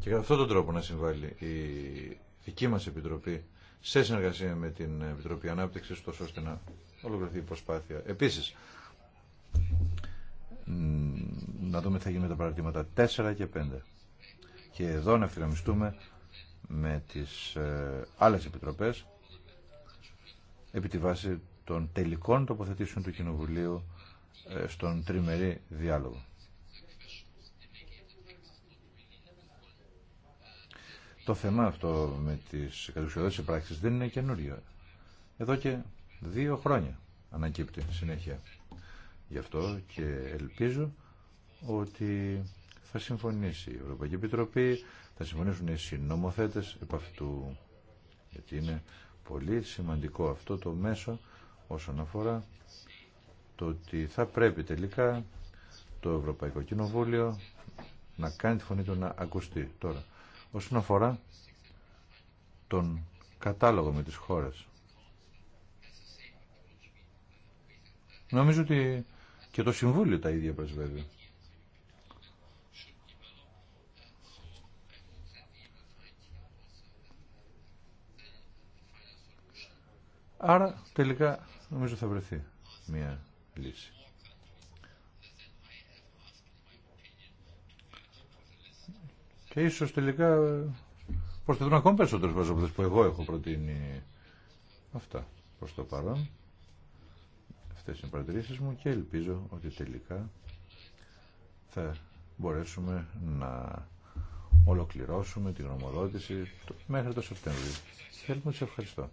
Και κατά αυτόν τον τρόπο να συμβάλλει η δική μας Επιτροπή σε συνεργασία με την Επιτροπή Ανάπτυξης, τόσο ώστε να ολοκληρωθεί η προσπάθεια. Επίσης, να δούμε τι θα γίνει με τα παραδείγματα 4 και 5. Και εδώ να ευθυγραμμιστούμε με τις ε, άλλες επιτροπές επί τη βάση των τελικών τοποθετήσεων του Κοινοβουλίου ε, στον τριμερή διάλογο. Το θέμα αυτό με τις κατουσιοδότητες πράξεις δεν είναι καινούριο. Εδώ και Δύο χρόνια ανακύπτει συνέχεια. Γι' αυτό και ελπίζω ότι θα συμφωνήσει η Ευρωπαϊκή Επιτροπή, θα συμφωνήσουν οι συνομοθέτες επ' αυτού. Γιατί είναι πολύ σημαντικό αυτό το μέσο όσον αφορά το ότι θα πρέπει τελικά το Ευρωπαϊκό Κοινοβούλιο να κάνει τη φωνή του να ακουστεί τώρα. Όσον αφορά τον κατάλογο με τις χώρες Νομίζω ότι και το Συμβούλιο τα ίδια πρεσβεύει. Άρα τελικά νομίζω θα βρεθεί μια λύση. Και ίσως τελικά προσθέτουν ακόμα περισσότερες προσωπικές που εγώ έχω προτείνει αυτά προς το παρόν. Αυτές είναι μου και ελπίζω ότι τελικά θα μπορέσουμε να ολοκληρώσουμε την γνωμοδότηση μέχρι το Σεπτέμβριο. Θέλουμε λοιπόν, να σε ευχαριστώ,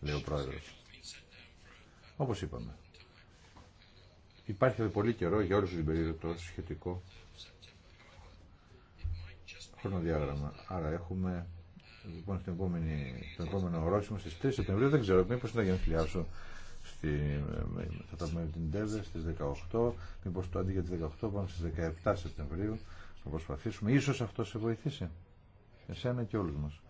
λέει ο Πρόεδρος. Όπως είπαμε, υπάρχει πολύ καιρό για όλους την περίοδο το σχετικό χρονοδιάγραμμα. Άρα έχουμε λοιπόν επόμενη, το επόμενο ορόσημο στις 3 Σεπτεμβρίου, δεν ξέρω μήπως να γενεθλιάσω στη, θα τα πούμε την ΤΕΒΕ στις 18, μήπως το αντί για τις 18 πάμε στις 17 Σεπτεμβρίου, να προσπαθήσουμε. Ίσως αυτό σε βοηθήσει, εσένα και όλους μας.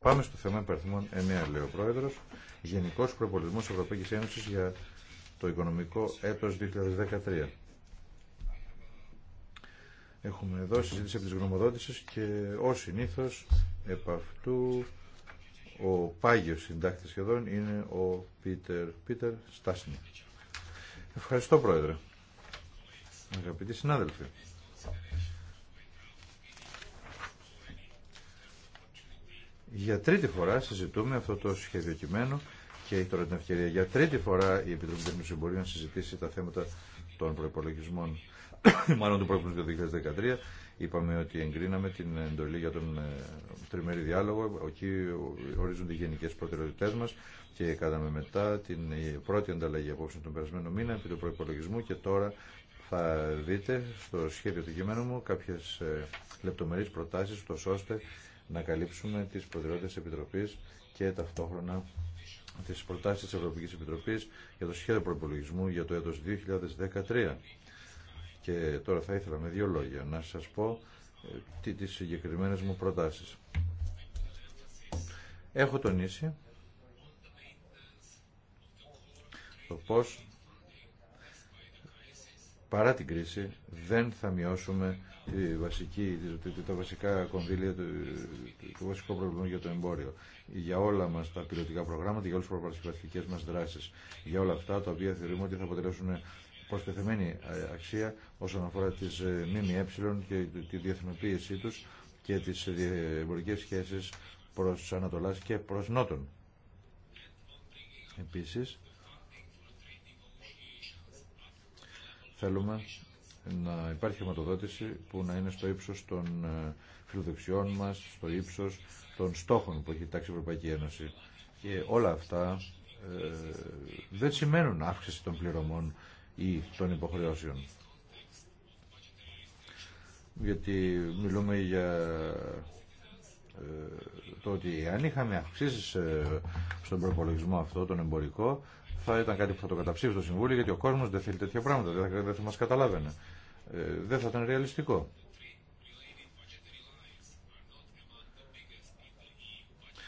Πάμε στο θέμα υπαριθμών 9, λέει ο Πρόεδρος. Γενικός Προπολισμός Ευρωπαϊκής Ένωσης για το οικονομικό έτος 2013. Έχουμε εδώ συζήτηση από τις γνωμοδότησες και ως συνήθως επ' αυτού ο πάγιος συντάκτης σχεδόν είναι ο Πίτερ, Πίτερ Στάσινη. Ευχαριστώ Πρόεδρε. Αγαπητοί συνάδελφοι. Για τρίτη φορά συζητούμε αυτό το σχέδιο κειμένο και έχει τώρα την ευκαιρία για τρίτη φορά η Επιτροπή Τεχνικού μπορεί να συζητήσει τα θέματα των προπολογισμών μάλλον του προηγούμενου του 2013, είπαμε ότι εγκρίναμε την εντολή για τον ε, τριμερή διάλογο. Εκεί ορίζονται οι γενικέ προτεραιότητέ μα και κάναμε μετά την ε, πρώτη ανταλλαγή απόψε τον περασμένο μήνα επί του προπολογισμού και τώρα θα δείτε στο σχέδιο του κειμένου μου κάποιε λεπτομερεί προτάσει, ώστε να καλύψουμε τι προτεραιότητε τη Επιτροπή και ταυτόχρονα τι προτάσει τη Ευρωπαϊκή Επιτροπή για το σχέδιο προπολογισμού για το έτο 2013. Και τώρα θα ήθελα με δύο λόγια να σας πω ε, τι, τις συγκεκριμένες μου προτάσεις. Έχω τονίσει το πώς παρά την κρίση δεν θα μειώσουμε τη βασική, τα βασικά κονδύλια του, του βασικού προβλήματο για το εμπόριο. Για όλα μας τα πιλωτικά προγράμματα, για όλες τις προπαρασκευαστικές μας δράσεις. Για όλα αυτά τα οποία θεωρούμε ότι θα αποτελέσουν προστεθεμένη ε, αξία όσον αφορά τις ε, ΜΜΕ και τη διεθνοποίησή τους και τις ε, εμπορικές σχέσεις προς Ανατολάς και προς Νότον. Επίσης, θέλουμε να υπάρχει χρηματοδότηση που να είναι στο ύψος των φιλοδοξιών μας, στο ύψος των στόχων που έχει τάξει η Ευρωπαϊκή Ένωση. Και όλα αυτά ε, δεν σημαίνουν αύξηση των πληρωμών ή των υποχρεώσεων. Γιατί μιλούμε για ε, το ότι αν είχαμε αυξήσει ε, στον προπολογισμό αυτό, τον εμπορικό, θα ήταν κάτι που θα το καταψήφισε το Συμβούλιο, γιατί ο κόσμο δεν θέλει τέτοια πράγματα, δεν θα, δεν θα μα καταλάβαινε. Ε, δεν θα ήταν ρεαλιστικό.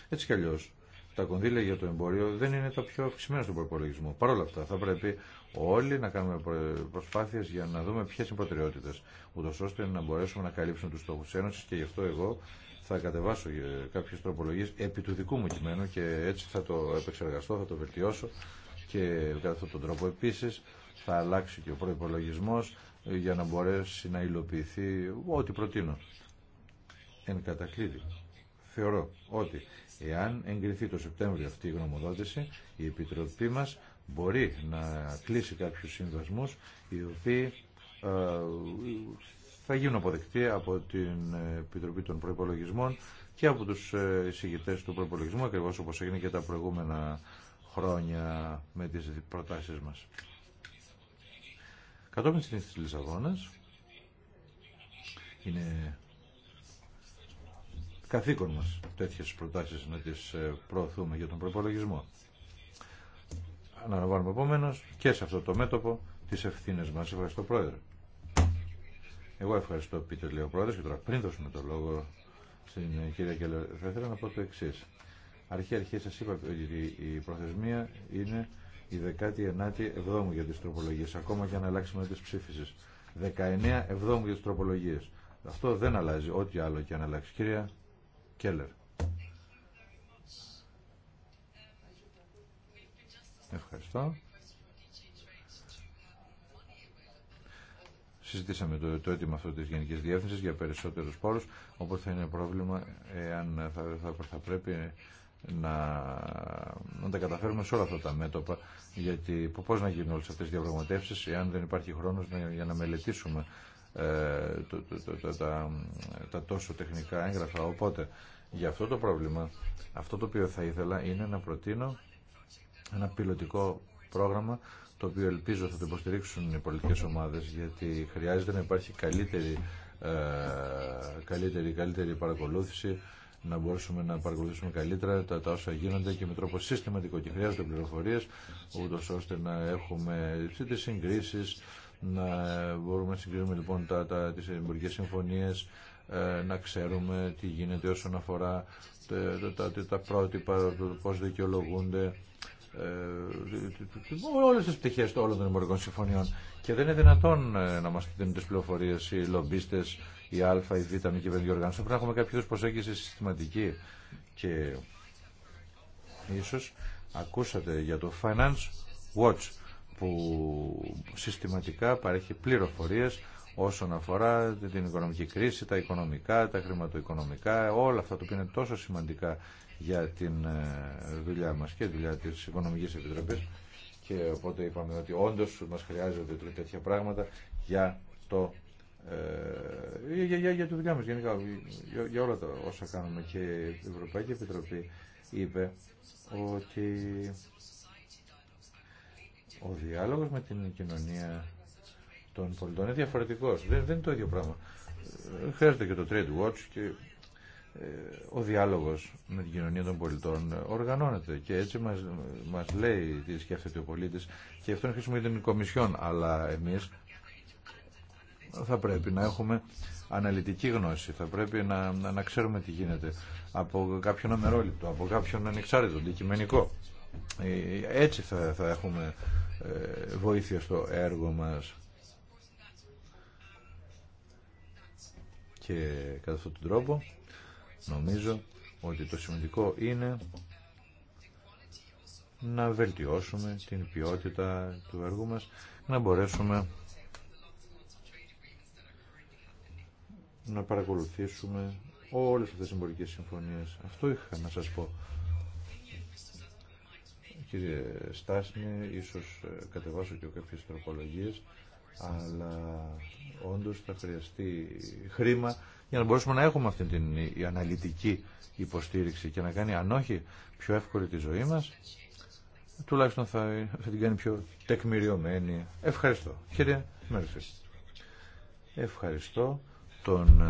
Έτσι κι αλλιώ, τα κονδύλια για το εμπόριο δεν είναι τα πιο αυξημένα στον προπολογισμό. Παρ' όλα αυτά, θα πρέπει όλοι να κάνουμε προσπάθειες για να δούμε ποιες είναι οι προτεραιότητες, ούτως ώστε να μπορέσουμε να καλύψουμε τους στόχους της Ένωσης και γι' αυτό εγώ θα κατεβάσω ε, κάποιες τροπολογίες επί του δικού μου κειμένου και έτσι θα το επεξεργαστώ, θα το βελτιώσω και κατά αυτόν τον τρόπο επίσης θα αλλάξει και ο προπολογισμό ε, για να μπορέσει να υλοποιηθεί ό,τι προτείνω. Εν κατακλείδη. Θεωρώ ότι εάν εγκριθεί το Σεπτέμβριο αυτή η γνωμοδότηση, η Επιτροπή μας μπορεί να κλείσει κάποιους συνδεσμούς οι οποίοι ε, θα γίνουν αποδεκτοί από την Επιτροπή των Προϋπολογισμών και από τους ε, εισηγητές του Προϋπολογισμού, ακριβώς όπως έγινε και τα προηγούμενα χρόνια με τις προτάσεις μας. Κατόπιν στην της είναι καθήκον μας τέτοιες προτάσεις να τις ε, προωθούμε για τον προπολογισμό αναλαμβάνουμε επομένω και σε αυτό το μέτωπο τι ευθύνε μα. Ευχαριστώ, Πρόεδρε. Εγώ ευχαριστώ, Πίτερ, λέει ο και τώρα πριν δώσουμε το λόγο στην κυρία Κέλλερ, θα ήθελα να πω το εξή. Αρχή-αρχή σα είπα ότι η προθεσμία είναι η 19η Εβδόμου για τι τροπολογίε, ακόμα και αν αλλάξουμε τι ψήφισε. 19 Εβδόμου για τι τροπολογίε. Αυτό δεν αλλάζει, ό,τι άλλο και αν αλλάξει. Κυρία Κέλλερ. Συζητήσαμε το, το αίτημα αυτό της Γενικής Διεύθυνσης για περισσότερους πόρους, οπότε θα είναι πρόβλημα εάν θα, θα, πρέπει να, να τα καταφέρουμε σε όλα αυτά τα μέτωπα, γιατί πώς να γίνουν όλες αυτές τις διαπραγματεύσεις εάν δεν υπάρχει χρόνος να, για να μελετήσουμε ε, το, το, τα, τα τόσο τεχνικά έγγραφα. Οπότε, για αυτό το πρόβλημα, αυτό το οποίο θα ήθελα είναι να προτείνω ένα πιλωτικό πρόγραμμα το οποίο ελπίζω θα το υποστηρίξουν οι πολιτικές ομάδες γιατί χρειάζεται να υπάρχει καλύτερη, ε, καλύτερη, καλύτερη παρακολούθηση να μπορούμε να παρακολουθήσουμε καλύτερα τα, τα όσα γίνονται και με τρόπο συστηματικό και χρειάζονται πληροφορίε, ούτω ώστε να έχουμε τι συγκρίσει, να μπορούμε να συγκρίνουμε λοιπόν τα, τα, τις εμπορικέ συμφωνίες, ε, να ξέρουμε τι γίνεται όσον αφορά ε, τα, τα, τα πρότυπα, πώ δικαιολογούνται, ε, όλες τις πτυχές όλων των εμπορικών συμφωνιών και δεν είναι δυνατόν ε, να μας δίνουν τις πληροφορίες οι λομπίστες, η Α, η Β, η κυβερνητική οργάνωση. Πρέπει να έχουμε κάποιο προσέγγιση συστηματική και ίσως ακούσατε για το Finance Watch που συστηματικά παρέχει πληροφορίες όσον αφορά την οικονομική κρίση, τα οικονομικά, τα χρηματοοικονομικά, όλα αυτά που είναι τόσο σημαντικά για την ε, δουλειά μας και δουλειά της Οικονομικής Επιτροπής και οπότε είπαμε ότι όντως μας χρειάζονται τέτοια πράγματα για το ε, για, για, τη δουλειά μας γενικά, για, όλα τα όσα κάνουμε και η Ευρωπαϊκή Επιτροπή είπε ότι ο διάλογος με την κοινωνία των πολιτών είναι διαφορετικός. Δεν, δεν είναι το ίδιο πράγμα. Ε, χρειάζεται και το Trade Watch και ε, ο διάλογος με την κοινωνία των πολιτών ε, οργανώνεται και έτσι μας, μας λέει τι σκέφτεται ο πολίτης και αυτό είναι χρήσιμο για την Κομισιόν αλλά εμείς θα πρέπει να έχουμε αναλυτική γνώση, θα πρέπει να, να ξέρουμε τι γίνεται από κάποιον αμερόληπτο, από κάποιον ανεξάρτητο, αντικειμενικό. Ε, έτσι θα, έχουμε βοήθεια στο έργο μας. Και κατά αυτόν τον τρόπο Νομίζω ότι το σημαντικό είναι να βελτιώσουμε την ποιότητα του έργου μας, να μπορέσουμε να παρακολουθήσουμε όλες αυτές τις εμπορικές συμφωνίες. Αυτό είχα να σας πω. Κύριε Στάσνη, ίσως ε, κατεβάσω και κάποιες τροπολογίες, αλλά όντως θα χρειαστεί χρήμα για να μπορέσουμε να έχουμε αυτή την αναλυτική υποστήριξη και να κάνει αν όχι πιο εύκολη τη ζωή μας τουλάχιστον θα, θα την κάνει πιο τεκμηριωμένη. Ευχαριστώ. Κύριε Μέρφυ. Ευχαριστώ τον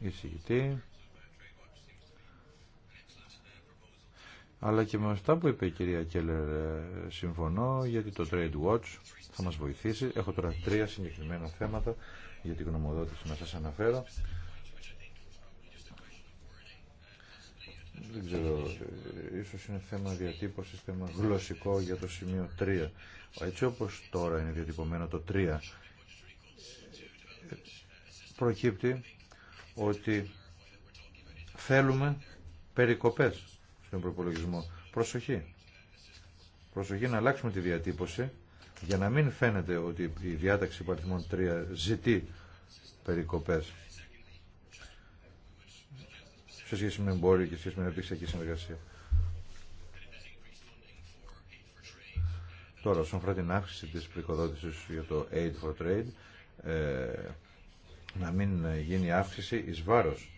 ε, εισηγητή αλλά και με αυτά που είπε η κυρία Κέλλερ ε, συμφωνώ γιατί το Trade Watch θα μας βοηθήσει. Έχω τώρα τρία συγκεκριμένα θέματα για την γνωμοδότηση να σας αναφέρω. Δεν ε, ίσως είναι θέμα διατύπωσης, θέμα γλωσσικό για το σημείο 3. Έτσι όπως τώρα είναι διατυπωμένο το 3, προκύπτει ότι θέλουμε περικοπές στον προπολογισμό. Προσοχή. Προσοχή να αλλάξουμε τη διατύπωση για να μην φαίνεται ότι η διάταξη αριθμών 3 ζητεί περικοπές σε σχέση με εμπόριο και σε σχέση με επίσημη συνεργασία. Τώρα, όσον αφορά την αύξηση της πληκοδότησης για το Aid for Trade, ε, να μην γίνει αύξηση εις βάρος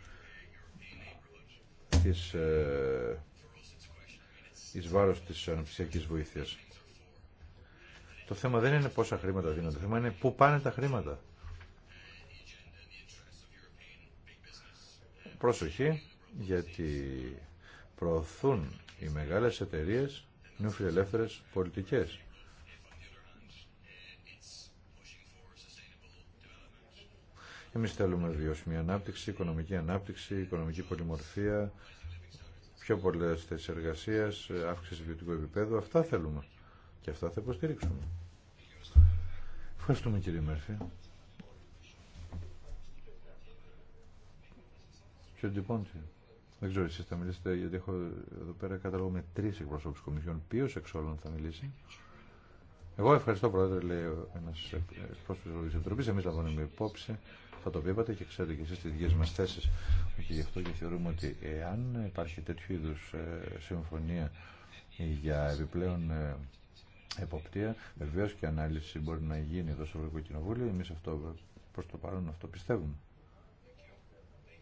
ε, εις βάρος της αναψυχιακής ε, βοήθειας. Το θέμα δεν είναι πόσα χρήματα δίνονται, το θέμα είναι πού πάνε τα χρήματα. Προσοχή, γιατί προωθούν οι μεγάλες εταιρείες νεοφιλελεύθερες πολιτικές. Εμείς θέλουμε βιώσιμη ανάπτυξη, οικονομική ανάπτυξη, οικονομική πολυμορφία, πιο πολλέ θέσει εργασία, αύξηση ιδιωτικού επίπεδου. Αυτά θέλουμε. Και αυτά θα υποστηρίξουμε. Ευχαριστούμε κύριε Μέρφυ. Ποιο τυπώνει. δεν ξέρω εσεί θα μιλήσετε, γιατί έχω εδώ πέρα κατάλογο με τρεις εκπροσώπους κομισιών. Ποιο εξ όλων θα μιλήσει. Εγώ ευχαριστώ, Πρόεδρε, λέει ένας εκπρόσωπο τη Επιτροπή. Εμεί Εμείς λαμβάνουμε υπόψη θα το βλέπατε και ξέρετε και εσείς τις δικές μας θέσεις και γι' αυτό και θεωρούμε ότι εάν υπάρχει τέτοιου είδους ε, συμφωνία για επιπλέον ε, εποπτεία, βεβαίω και ανάλυση μπορεί να γίνει εδώ στο Ευρωπαϊκό Κοινοβούλιο. Εμείς αυτό προς το παρόν αυτό πιστεύουμε.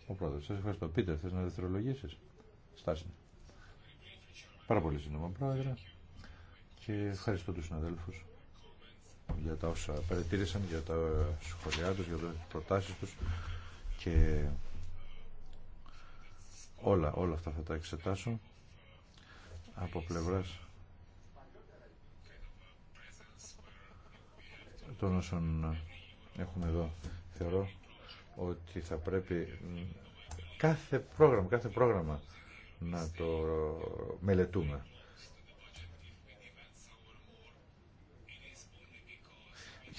Ο πρόεδρος, σας ευχαριστώ. Πίτερ, θες να δευτερολογήσεις. Στάση. Πάρα πολύ σύντομα, πρόεδρε. Και ευχαριστώ τους συναδέλφους για τα όσα παρατήρησαν, για τα σχολιά τους, για τις προτάσεις τους και όλα, όλα αυτά θα τα εξετάσω από πλευράς των όσων έχουμε εδώ θεωρώ ότι θα πρέπει κάθε πρόγραμμα, κάθε πρόγραμμα να το μελετούμε.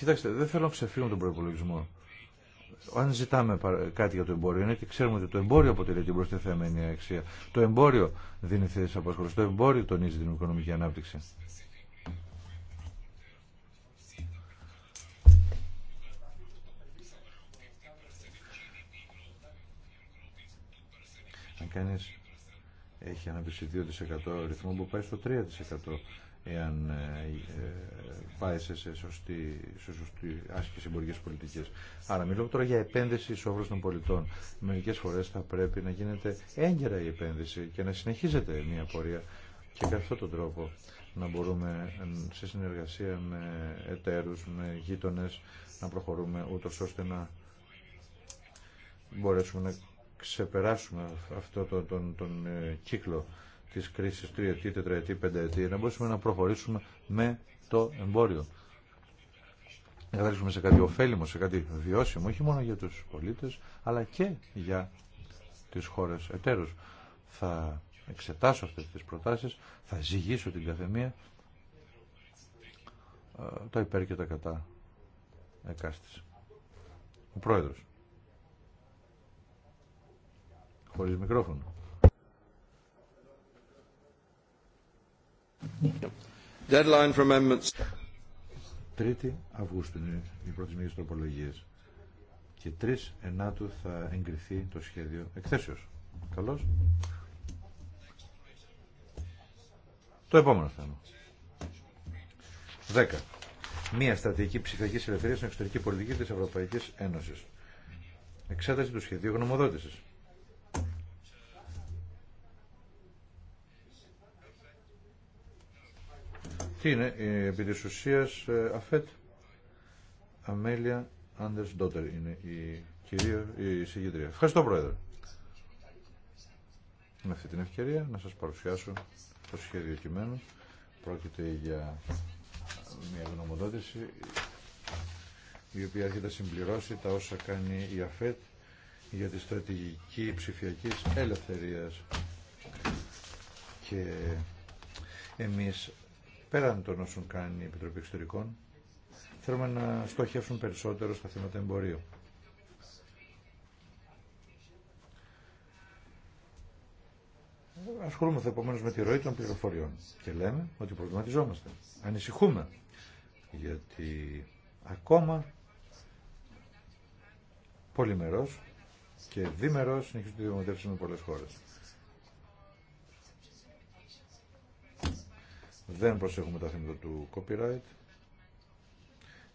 Κοιτάξτε, δεν θέλω να ξεφύγω τον προπολογισμό. Αν ζητάμε κάτι για το εμπόριο, είναι ότι ξέρουμε ότι το εμπόριο αποτελεί την προστιθέμενη αξία. Το εμπόριο δίνει θέσει απασχόληση. Το εμπόριο τονίζει την οικονομική ανάπτυξη. Αν κανεί έχει αναπτύξει 2% ρυθμό που πάει στο 3% εάν ε, ε, πάει σε, σωστή, σε άσκηση εμπορικές πολιτικές. Άρα μιλώ τώρα για επένδυση εις των πολιτών. Μερικές φορές θα πρέπει να γίνεται έγκαιρα η επένδυση και να συνεχίζεται μια πορεία και κατά αυτόν τον τρόπο να μπορούμε σε συνεργασία με εταίρους, με γείτονες να προχωρούμε ούτω ώστε να μπορέσουμε να ξεπεράσουμε αυτό τον, τον ε, κύκλο της κρίσης τριετή, τετραετή, πενταετή, να μπορέσουμε να προχωρήσουμε με το εμπόριο. Να καταλήξουμε σε κάτι ωφέλιμο, σε κάτι βιώσιμο, όχι μόνο για τους πολίτες, αλλά και για τις χώρες εταίρους. Θα εξετάσω αυτές τις προτάσεις, θα ζυγίσω την καθεμία, ε, τα υπέρ και τα κατά εκάστης. Ο πρόεδρος. Χωρίς μικρόφωνο. Deadline for amendments. 3η Αυγούστου είναι οι πρωτη και 3 Ενάτου θα εγκριθεί το σχέδιο εκθέσεως. Καλώς. Το επόμενο θέμα. 10. Μία στρατηγική ψηφιακή ελευθερία στην εξωτερική πολιτική της Ευρωπαϊκής Ένωσης. Εξέταση του σχεδίου γνωμοδότησης. Τι είναι, ε, επί της ουσίας, ε, ΑΦΕΤ, Αμέλια Άντερς Ντότερ είναι η κυρία, η συγκεντρία. Ευχαριστώ Πρόεδρε. Με αυτή την ευκαιρία να σας παρουσιάσω το σχέδιο κειμένου. Πρόκειται για μια γνωμοδότηση η οποία έρχεται να συμπληρώσει τα όσα κάνει η ΑΦΕΤ για τη στρατηγική ψηφιακής ελευθερίας. Και εμείς πέραν των όσων κάνει η Επιτροπή Εξωτερικών, θέλουμε να στοχεύσουν περισσότερο στα θέματα εμπορίου. Ασχολούμαστε επομένω με τη ροή των πληροφοριών και λέμε ότι προβληματιζόμαστε. Ανησυχούμε γιατί ακόμα πολυμερός και διμερός συνεχίζουν τη διαμοντεύση με πολλές χώρες. δεν προσέχουμε τα θέματα του copyright.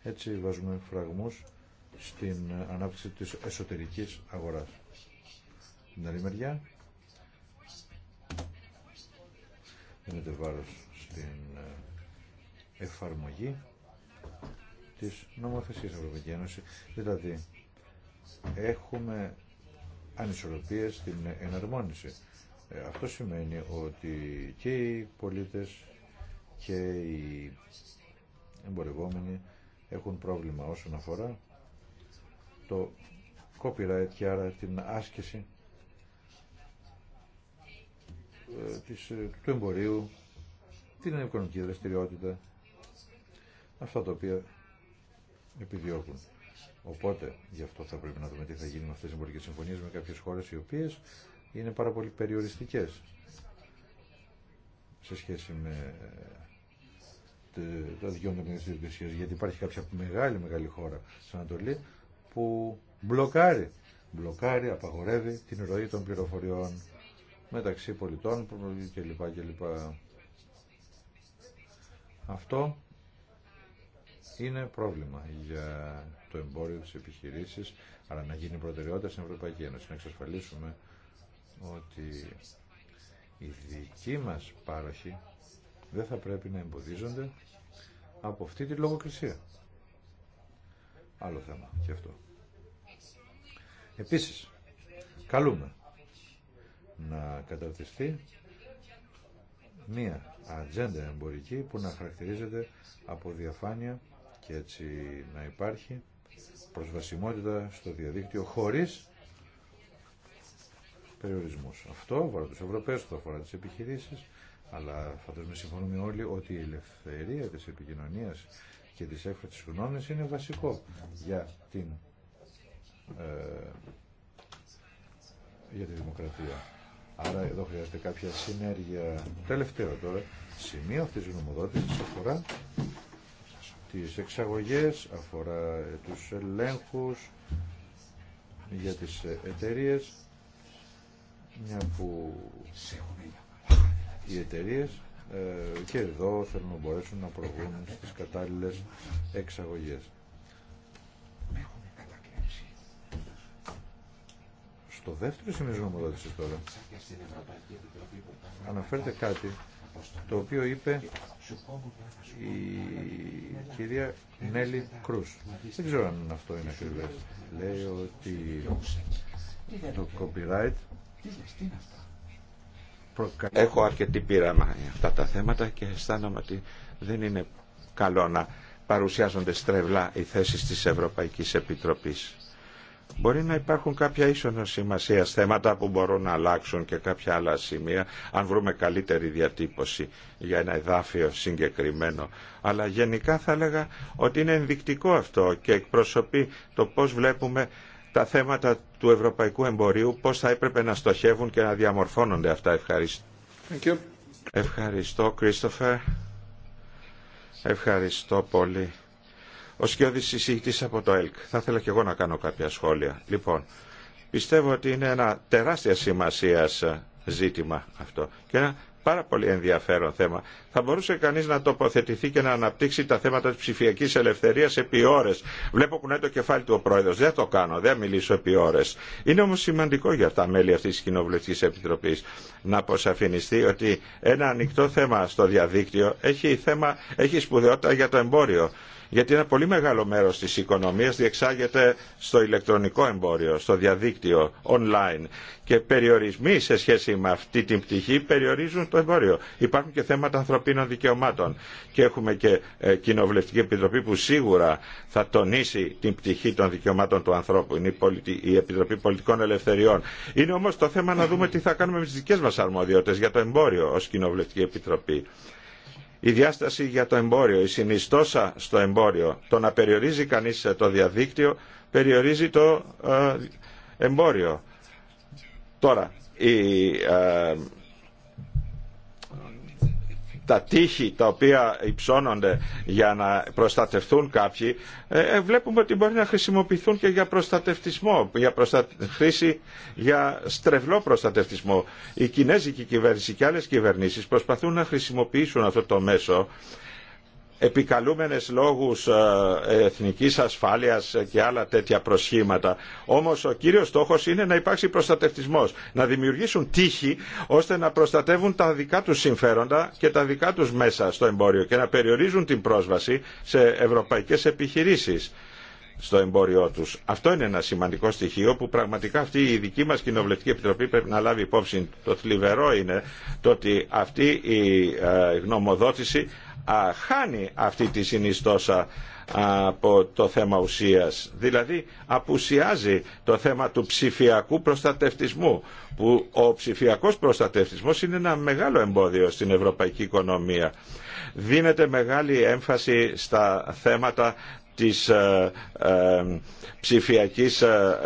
Έτσι βάζουμε φραγμούς στην ανάπτυξη της εσωτερικής αγοράς. Την άλλη μεριά, δίνεται στην ε, εφαρμογή της νομοθεσίας Ευρωπαϊκή Ένωση. Δηλαδή, έχουμε ανισορροπίες στην εναρμόνιση. Ε, αυτό σημαίνει ότι και οι πολίτες και οι εμπορευόμενοι έχουν πρόβλημα όσον αφορά το copyright και άρα την άσκηση ε, ε, του εμπορίου, την οικονομική δραστηριότητα, αυτά τα οποία επιδιώκουν. Οπότε, γι' αυτό θα πρέπει να δούμε τι θα γίνει με αυτές τις εμπορικές συμφωνίες με κάποιες χώρες οι οποίες είναι πάρα πολύ περιοριστικές σε σχέση με ε, ε, τα δικαιώματα τη γιατί υπάρχει κάποια μεγάλη μεγάλη χώρα στην Ανατολή που μπλοκάρει, μπλοκάρει, απαγορεύει την ροή των πληροφοριών μεταξύ πολιτών κλπ. κλπ. Αυτό είναι πρόβλημα για το εμπόριο τη επιχειρήση, αλλά να γίνει προτεραιότητα στην Ευρωπαϊκή Ένωση, να εξασφαλίσουμε ότι η δική μας πάροχη δεν θα πρέπει να εμποδίζονται από αυτή τη λογοκρισία. Άλλο θέμα και αυτό. Επίσης, καλούμε να καταρτιστεί μία ατζέντα εμπορική που να χαρακτηρίζεται από διαφάνεια και έτσι να υπάρχει προσβασιμότητα στο διαδίκτυο χωρίς περιορισμούς. Αυτό αφορά τους Ευρωπαίους, αυτό αφορά τις επιχειρήσεις, αλλά φαντάζομαι συμφωνούμε όλοι ότι η ελευθερία της επικοινωνίας και της έκφρασης γνώμης είναι βασικό για την ε, για τη δημοκρατία. Άρα εδώ χρειάζεται κάποια συνέργεια. Τελευταίο τώρα, σημείο αυτής της νομοδότησης αφορά τις εξαγωγές, αφορά ε, τους ελέγχους για τις ε, εταιρείες, μια που οι εταιρείε ε, και εδώ θέλουν να μπορέσουν να προβούν στις κατάλληλες εξαγωγές. Στο δεύτερο σημείο ρώτησε τώρα αναφέρεται κάτι το οποίο είπε η κυρία Νέλη Κρούς. Δεν ξέρω αν αυτό είναι ακριβές. Λέει ότι το copyright Έχω αρκετή πείραμα για αυτά τα θέματα και αισθάνομαι ότι δεν είναι καλό να παρουσιάζονται στρεβλά οι θέσεις της Ευρωπαϊκής Επιτροπής. Μπορεί να υπάρχουν κάποια ίσονο σημασία θέματα που μπορούν να αλλάξουν και κάποια άλλα σημεία αν βρούμε καλύτερη διατύπωση για ένα εδάφιο συγκεκριμένο. Αλλά γενικά θα έλεγα ότι είναι ενδεικτικό αυτό και εκπροσωπεί το πώς βλέπουμε τα θέματα του ευρωπαϊκού εμπορίου, πώς θα έπρεπε να στοχεύουν και να διαμορφώνονται αυτά. Ευχαριστώ. Thank Ευχαριστώ, Κρίστοφερ. Ευχαριστώ πολύ. Ο Σκιώδης συζητητής από το ΕΛΚ. Θα ήθελα και εγώ να κάνω κάποια σχόλια. Λοιπόν, πιστεύω ότι είναι ένα τεράστια σημασία ε, ζήτημα αυτό και ένα πάρα πολύ ενδιαφέρον θέμα. Θα μπορούσε κανεί να τοποθετηθεί και να αναπτύξει τα θέματα τη ψηφιακή ελευθερία επί ώρε. Βλέπω κουνάει το κεφάλι του ο πρόεδρο. Δεν το κάνω, δεν μιλήσω επί ώρε. Είναι όμω σημαντικό για τα μέλη αυτή τη κοινοβουλευτική επιτροπή να αποσαφινιστεί ότι ένα ανοιχτό θέμα στο διαδίκτυο έχει, θέμα, έχει σπουδαιότητα για το εμπόριο γιατί ένα πολύ μεγάλο μέρος της οικονομίας διεξάγεται στο ηλεκτρονικό εμπόριο, στο διαδίκτυο, online και περιορισμοί σε σχέση με αυτή την πτυχή περιορίζουν το εμπόριο. Υπάρχουν και θέματα ανθρωπίνων δικαιωμάτων και έχουμε και ε, Κοινοβουλευτική Επιτροπή που σίγουρα θα τονίσει την πτυχή των δικαιωμάτων του ανθρώπου. Είναι η Επιτροπή Πολιτικών Ελευθεριών. Είναι όμως το θέμα να δούμε τι θα κάνουμε με τις δικές μας αρμοδιότητες για το εμπόριο ως Κοινοβουλευτική Επιτροπή. Η διάσταση για το εμπόριο, η συνιστόσα στο εμπόριο, το να περιορίζει κανείς το διαδίκτυο, περιορίζει το ε, εμπόριο. Τώρα, η ε, τα τείχη τα οποία υψώνονται για να προστατευθούν κάποιοι, ε, ε, βλέπουμε ότι μπορεί να χρησιμοποιηθούν και για προστατευτισμό, για προστα... χρήση για στρεβλό προστατευτισμό. Η Κινέζικη κυβέρνηση και άλλες κυβερνήσεις προσπαθούν να χρησιμοποιήσουν αυτό το μέσο επικαλούμενες λόγους ε, εθνικής ασφάλειας και άλλα τέτοια προσχήματα. Όμως ο κύριος στόχος είναι να υπάρξει προστατευτισμός, να δημιουργήσουν τύχη ώστε να προστατεύουν τα δικά τους συμφέροντα και τα δικά τους μέσα στο εμπόριο και να περιορίζουν την πρόσβαση σε ευρωπαϊκές επιχειρήσεις στο εμπόριό τους. Αυτό είναι ένα σημαντικό στοιχείο που πραγματικά αυτή η δική μας Κοινοβουλευτική Επιτροπή πρέπει να λάβει υπόψη. Το θλιβερό είναι το ότι αυτή η ε, γνωμοδότηση χάνει αυτή τη συνιστόσα από το θέμα ουσίας. Δηλαδή απουσιάζει το θέμα του ψηφιακού προστατευτισμού που ο ψηφιακός προστατευτισμός είναι ένα μεγάλο εμπόδιο στην ευρωπαϊκή οικονομία. Δίνεται μεγάλη έμφαση στα θέματα της ε, ε, ψηφιακής ε,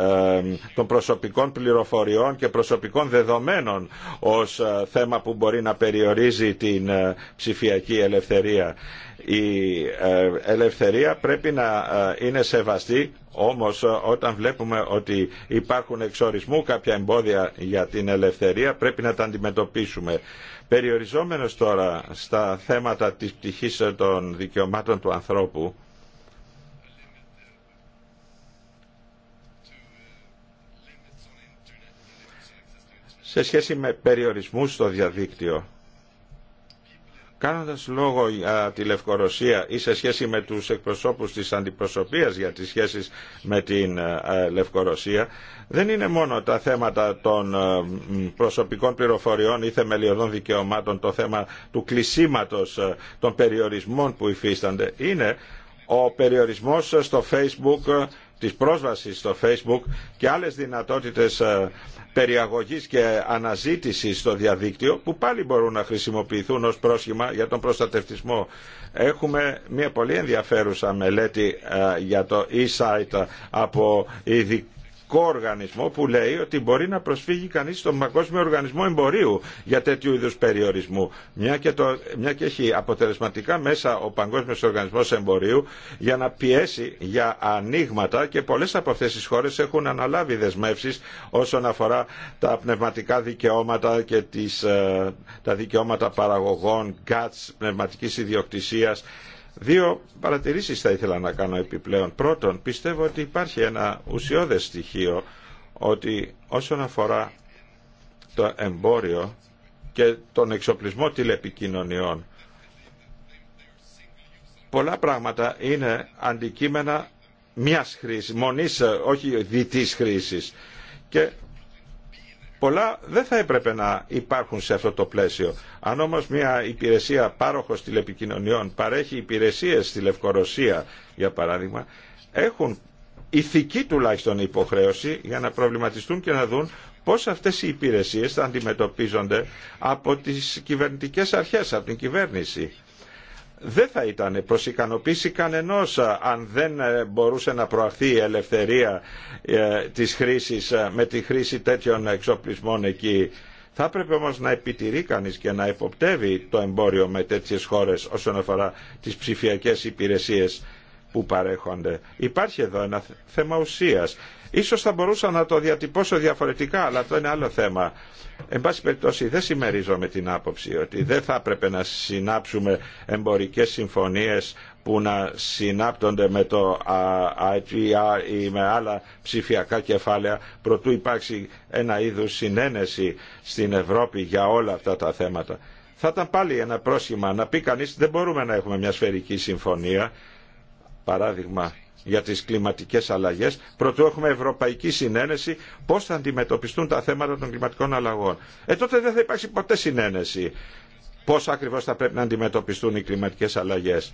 των προσωπικών πληροφοριών και προσωπικών δεδομένων ως θέμα που μπορεί να περιορίζει την ψηφιακή ελευθερία. Η ελευθερία πρέπει να είναι σεβαστή όμως όταν βλέπουμε ότι υπάρχουν εξορισμού κάποια εμπόδια για την ελευθερία πρέπει να τα αντιμετωπίσουμε. Περιοριζόμενος τώρα στα θέματα της πτυχής των δικαιωμάτων του ανθρώπου σε σχέση με περιορισμούς στο διαδίκτυο. Κάνοντας λόγο για τη Λευκορωσία ή σε σχέση με τους εκπροσώπους της αντιπροσωπείας για τις σχέσεις με την ε, Λευκορωσία, δεν είναι μόνο τα θέματα των ε, προσωπικών πληροφοριών ή θεμελιωδών δικαιωμάτων, το θέμα του κλεισίματος ε, των περιορισμών που υφίστανται. Είναι ο περιορισμός στο Facebook της πρόσβασης στο facebook και άλλες δυνατότητες ε, περιαγωγής και αναζήτησης στο διαδίκτυο που πάλι μπορούν να χρησιμοποιηθούν ως πρόσχημα για τον προστατευτισμό. Έχουμε μια πολύ ενδιαφέρουσα μελέτη ε, για το e-site από ειδικά οργανισμό που λέει ότι μπορεί να προσφύγει κανείς στον Παγκόσμιο Οργανισμό Εμπορίου για τέτοιου είδους περιορισμού. Μια και, το, μια και έχει αποτελεσματικά μέσα ο Παγκόσμιος Οργανισμός Εμπορίου για να πιέσει για ανοίγματα και πολλές από αυτές τις χώρες έχουν αναλάβει δεσμεύσεις όσον αφορά τα πνευματικά δικαιώματα και τις, ε, τα δικαιώματα παραγωγών, γκάτς, πνευματικής ιδιοκτησίας Δύο παρατηρήσεις θα ήθελα να κάνω επιπλέον. Πρώτον, πιστεύω ότι υπάρχει ένα ουσιώδες στοιχείο ότι όσον αφορά το εμπόριο και τον εξοπλισμό τηλεπικοινωνιών, πολλά πράγματα είναι αντικείμενα μιας χρήσης, μονής, όχι διτής χρήσης. Και Πολλά δεν θα έπρεπε να υπάρχουν σε αυτό το πλαίσιο. Αν όμω μια υπηρεσία πάροχος τηλεπικοινωνιών παρέχει υπηρεσίες στη Λευκορωσία, για παράδειγμα, έχουν ηθική τουλάχιστον υποχρέωση για να προβληματιστούν και να δουν πώς αυτές οι υπηρεσίες θα αντιμετωπίζονται από τις κυβερνητικές αρχές, από την κυβέρνηση δεν θα ήταν προς ικανοποίηση κανενός ε, αν δεν ε, μπορούσε να προαχθεί η ελευθερία ε, της χρήσης με τη χρήση τέτοιων εξοπλισμών εκεί. Θα έπρεπε όμως να επιτηρεί κανείς και να εποπτεύει το εμπόριο με τέτοιες χώρες όσον αφορά τις ψηφιακές υπηρεσίες που παρέχονται. Υπάρχει εδώ ένα θέμα ουσίας Ίσως θα μπορούσα να το διατυπώσω διαφορετικά, αλλά αυτό είναι άλλο θέμα. Εν πάση περιπτώσει δεν με την άποψη ότι δεν θα έπρεπε να συνάψουμε εμπορικές συμφωνίες που να συνάπτονται με το IGR ή με άλλα ψηφιακά κεφάλαια προτού υπάρξει ένα είδους συνένεση στην Ευρώπη για όλα αυτά τα θέματα. Θα ήταν πάλι ένα πρόσχημα να πει κανείς δεν μπορούμε να έχουμε μια σφαιρική συμφωνία. Παράδειγμα, για τις κλιματικές αλλαγές, προτού έχουμε ευρωπαϊκή συνένεση πώς θα αντιμετωπιστούν τα θέματα των κλιματικών αλλαγών. Ε, τότε δεν θα υπάρξει ποτέ συνένεση πώς ακριβώς θα πρέπει να αντιμετωπιστούν οι κλιματικές αλλαγές.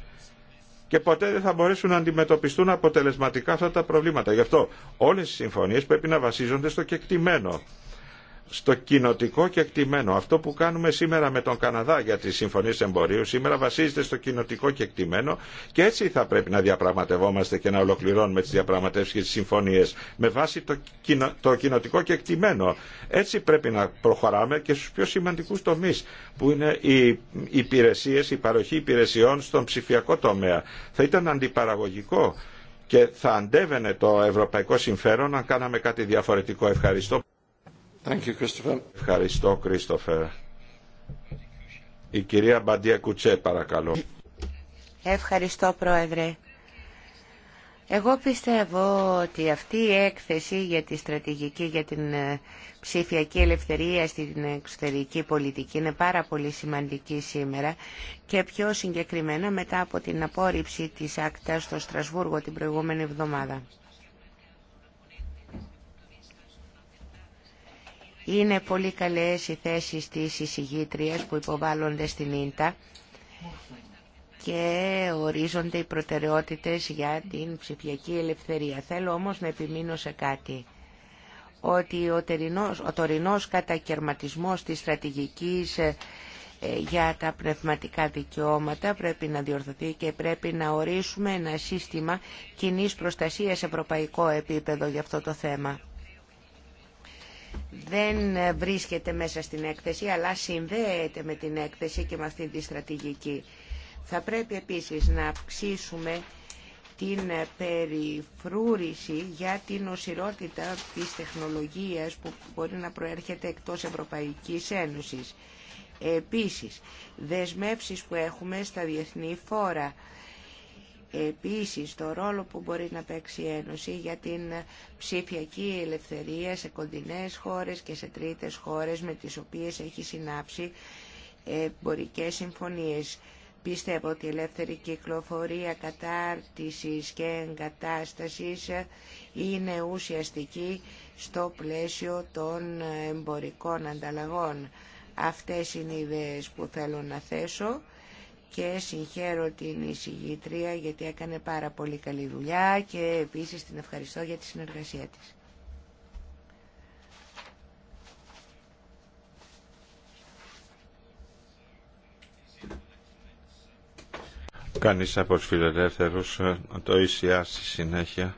Και ποτέ δεν θα μπορέσουν να αντιμετωπιστούν αποτελεσματικά αυτά τα προβλήματα. Γι' αυτό όλες οι συμφωνίες πρέπει να βασίζονται στο κεκτημένο στο κοινοτικό και εκτιμένο. Αυτό που κάνουμε σήμερα με τον Καναδά για τις συμφωνίες εμπορίου σήμερα βασίζεται στο κοινοτικό και εκτιμένο και έτσι θα πρέπει να διαπραγματευόμαστε και να ολοκληρώνουμε τις διαπραγματεύσεις και τις συμφωνίες με βάση το, το κοινοτικό και εκτιμένο. Έτσι πρέπει να προχωράμε και στους πιο σημαντικούς τομείς που είναι οι υπηρεσίες, η παροχή υπηρεσιών στον ψηφιακό τομέα. Θα ήταν αντιπαραγωγικό και θα αντέβαινε το ευρωπαϊκό συμφέρον αν κάναμε κάτι διαφορετικό. Ευχαριστώ. Ευχαριστώ, Κρίστοφερ. Η κυρία Μπαντία Κουτσέ, παρακαλώ. Ευχαριστώ, Πρόεδρε. Εγώ πιστεύω ότι αυτή η έκθεση για τη στρατηγική για την ε, ψηφιακή ελευθερία στην εξωτερική πολιτική είναι πάρα πολύ σημαντική σήμερα και πιο συγκεκριμένα μετά από την απόρριψη της ΑΚΤΑ στο Στρασβούργο την προηγούμενη εβδομάδα. Είναι πολύ καλές οι θέσεις της εισηγήτριας που υποβάλλονται στην ίντα και ορίζονται οι προτεραιότητες για την ψηφιακή ελευθερία. Θέλω όμως να επιμείνω σε κάτι ότι ο, τερινός, ο τωρινός κατακαιρματισμός της στρατηγικής ε, για τα πνευματικά δικαιώματα πρέπει να διορθωθεί και πρέπει να ορίσουμε ένα σύστημα κοινής προστασίας σε ευρωπαϊκό επίπεδο για αυτό το θέμα δεν βρίσκεται μέσα στην έκθεση αλλά συνδέεται με την έκθεση και με αυτή τη στρατηγική. Θα πρέπει επίσης να αυξήσουμε την περιφρούρηση για την οσιρότητα της τεχνολογίας που μπορεί να προέρχεται εκτός Ευρωπαϊκής Ένωσης. Επίσης, δεσμεύσεις που έχουμε στα διεθνή φόρα Επίσης, το ρόλο που μπορεί να παίξει η Ένωση για την ψηφιακή ελευθερία σε κοντινές χώρες και σε τρίτες χώρες με τις οποίες έχει συνάψει εμπορικές συμφωνίες. Πιστεύω ότι η ελεύθερη κυκλοφορία κατάρτισης και εγκατάστασης είναι ουσιαστική στο πλαίσιο των εμπορικών ανταλλαγών. Αυτές είναι οι ιδέες που θέλω να θέσω και συγχαίρω την εισηγήτρια γιατί έκανε πάρα πολύ καλή δουλειά και επίσης την ευχαριστώ για τη συνεργασία της. Κανείς από τους φιλελεύθερους το ECR στη συνέχεια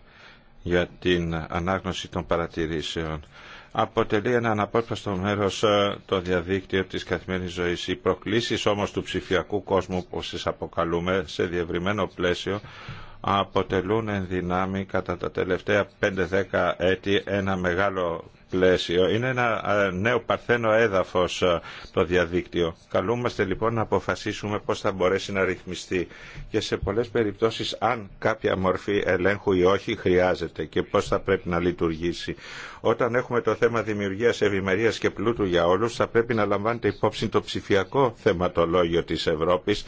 για την ανάγνωση των παρατηρήσεων αποτελεί ένα αναπόσπαστο μέρος ε, το διαδίκτυο της καθημερινής ζωής. Οι προκλήσει όμω του ψηφιακού κόσμου που σας αποκαλούμε σε διευρυμένο πλαίσιο αποτελούν εν δυνάμει κατά τα τελευταία 5-10 έτη ένα μεγάλο πλαίσιο. Είναι ένα ε, νέο παρθένο έδαφος ε, το διαδίκτυο. Καλούμαστε λοιπόν να αποφασίσουμε πώς θα μπορέσει να ρυθμιστεί και σε πολλές περιπτώσεις αν κάποια μορφή ελέγχου ή όχι χρειάζεται και πώς θα πρέπει να λειτουργήσει. Όταν έχουμε το θέμα δημιουργίας ευημερία και πλούτου για όλους θα πρέπει να λαμβάνεται υπόψη το ψηφιακό θεματολόγιο της Ευρώπης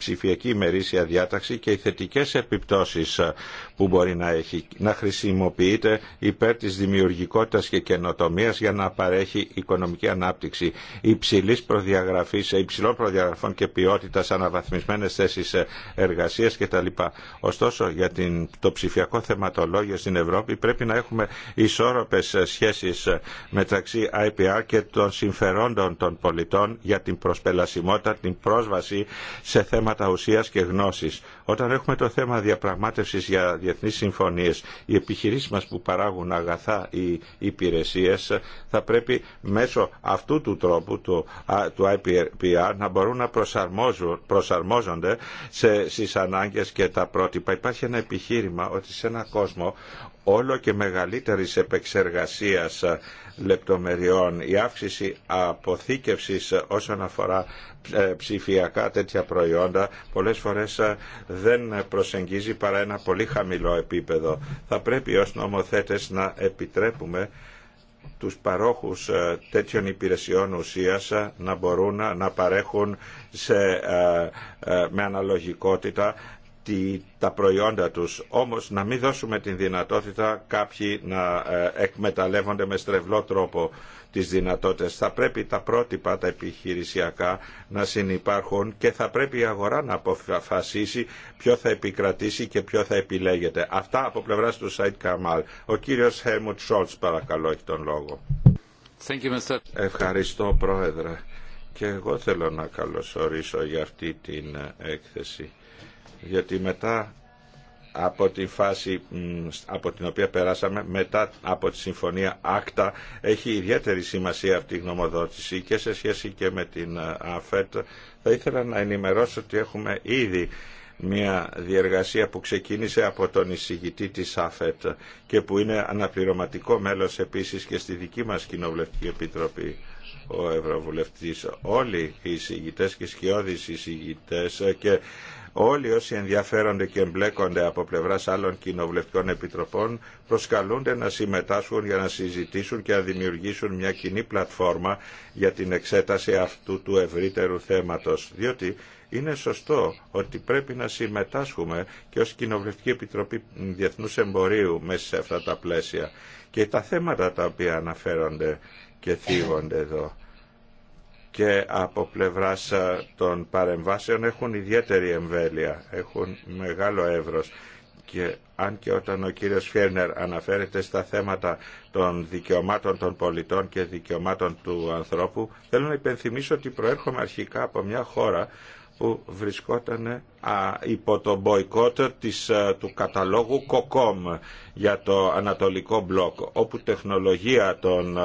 ψηφιακή ημερήσια διάταξη και οι θετικές επιπτώσεις ε, που μπορεί να έχει, να χρησιμοποιείται υπέρ της δημιουργικότητας και καινοτομίας για να παρέχει οικονομική ανάπτυξη υψηλής προδιαγραφής, ε, υψηλών προδιαγραφών και ποιότητας αναβαθμισμένες θέσεις ε, εργασίας κτλ. Ωστόσο για την, το ψηφιακό θεματολόγιο στην Ευρώπη πρέπει να έχουμε ισόρροπες σχέσεις μεταξύ IPR και των συμφερόντων των πολιτών για την προσπελασιμότητα, την πρόσβαση σε θέματα θέματα ουσίας και γνώσης. Όταν έχουμε το θέμα διαπραγμάτευσης για διεθνείς συμφωνίες, οι επιχειρήσεις μας που παράγουν αγαθά οι υπηρεσίες θα πρέπει μέσω αυτού του τρόπου του, του IPR να μπορούν να προσαρμόζονται σε, στις ανάγκες και τα πρότυπα. Υπάρχει ένα επιχείρημα ότι σε ένα κόσμο όλο και μεγαλύτερης επεξεργασίας λεπτομεριών, η αύξηση αποθήκευσης όσον αφορά ε, ψηφιακά τέτοια προϊόντα πολλές φορές ε, δεν προσεγγίζει παρά ένα πολύ χαμηλό επίπεδο. Θα πρέπει ως νομοθέτες να επιτρέπουμε τους παρόχους ε, τέτοιων υπηρεσιών ουσίας να μπορούν να παρέχουν σε, με αναλογικότητα τα προϊόντα τους, όμως να μην δώσουμε την δυνατότητα κάποιοι να ε, εκμεταλλεύονται με στρεβλό τρόπο τις δυνατότητες. Θα πρέπει τα πρότυπα, τα επιχειρησιακά να συνεπάρχουν και θα πρέπει η αγορά να αποφασίσει ποιο θα επικρατήσει και ποιο θα επιλέγεται. Αυτά από πλευράς του Σαϊτ Καμάλ. Ο κύριος Χέρμουτ Σόλτς παρακαλώ έχει τον λόγο. Ευχαριστώ Πρόεδρε. Και εγώ θέλω να καλωσορίσω για αυτή την ε, έκθεση γιατί μετά από τη φάση από την οποία περάσαμε μετά από τη συμφωνία ΑΚΤΑ έχει ιδιαίτερη σημασία αυτή η γνωμοδότηση και σε σχέση και με την ε, ΑΦΕΤ θα ήθελα να ενημερώσω ότι έχουμε ήδη μια διεργασία που ξεκίνησε από τον εισηγητή της ΑΦΕΤ και που είναι αναπληρωματικό μέλος επίσης και στη δική μας Κοινοβουλευτική Επιτροπή ο Ευρωβουλευτής όλοι οι εισηγητές και σκιώδεις εισηγητές και Όλοι όσοι ενδιαφέρονται και εμπλέκονται από πλευρά άλλων κοινοβουλευτικών επιτροπών προσκαλούνται να συμμετάσχουν για να συζητήσουν και να δημιουργήσουν μια κοινή πλατφόρμα για την εξέταση αυτού του ευρύτερου θέματος. Διότι είναι σωστό ότι πρέπει να συμμετάσχουμε και ως Κοινοβουλευτική Επιτροπή Διεθνούς Εμπορίου μέσα σε αυτά τα πλαίσια και τα θέματα τα οποία αναφέρονται και θίγονται εδώ και από πλευράς ε, των παρεμβάσεων έχουν ιδιαίτερη εμβέλεια, έχουν μεγάλο εύρος και αν και όταν ο κύριος Φιέρνερ αναφέρεται στα θέματα των δικαιωμάτων των πολιτών και δικαιωμάτων του ανθρώπου, θέλω να υπενθυμίσω ότι προέρχομαι αρχικά από μια χώρα που βρισκόταν υπό το μποϊκότ του καταλόγου COCOM για το Ανατολικό Μπλοκ, όπου τεχνολογία των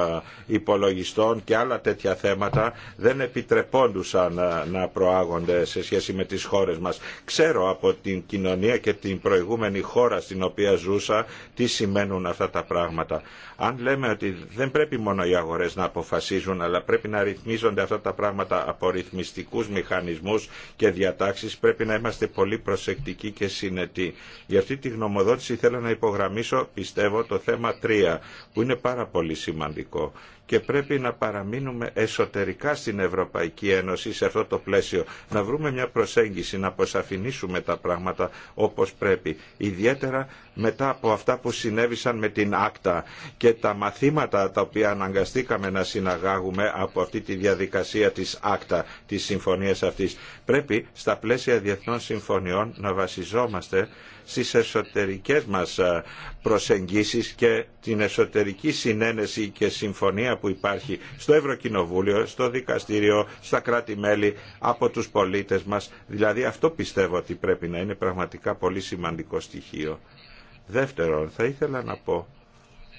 υπολογιστών και άλλα τέτοια θέματα δεν επιτρεπόντουσαν να προάγονται σε σχέση με τις χώρες μας. Ξέρω από την κοινωνία και την προηγούμενη χώρα στην οποία ζούσα τι σημαίνουν αυτά τα πράγματα. Αν λέμε ότι δεν πρέπει μόνο οι αγορές να αποφασίζουν, αλλά πρέπει να ρυθμίζονται αυτά τα πράγματα από ρυθμιστικούς μηχανισμούς και διατάξεις, πρέπει να είμαστε πολύ προσεκτικοί και συνετοί. Για αυτή τη γνωμοδότηση θέλω να υπογραμμίσω, πιστεύω, το θέμα 3, που είναι πάρα πολύ σημαντικό και πρέπει να παραμείνουμε εσωτερικά στην Ευρωπαϊκή Ένωση σε αυτό το πλαίσιο. Να βρούμε μια προσέγγιση, να αποσαφηνίσουμε τα πράγματα όπως πρέπει. Ιδιαίτερα μετά από αυτά που συνέβησαν με την Άκτα και τα μαθήματα τα οποία αναγκαστήκαμε να συναγάγουμε από αυτή τη διαδικασία της Άκτα, της συμφωνίας αυτής. Πρέπει στα πλαίσια διεθνών συμφωνιών να βασιζόμαστε στις εσωτερικές μας προσεγγίσεις και την εσωτερική συνένεση και συμφωνία που υπάρχει στο Ευρωκοινοβούλιο, στο Δικαστήριο, στα κράτη-μέλη, από τους πολίτες μας. Δηλαδή αυτό πιστεύω ότι πρέπει να είναι πραγματικά πολύ σημαντικό στοιχείο. Δεύτερον, θα ήθελα να πω,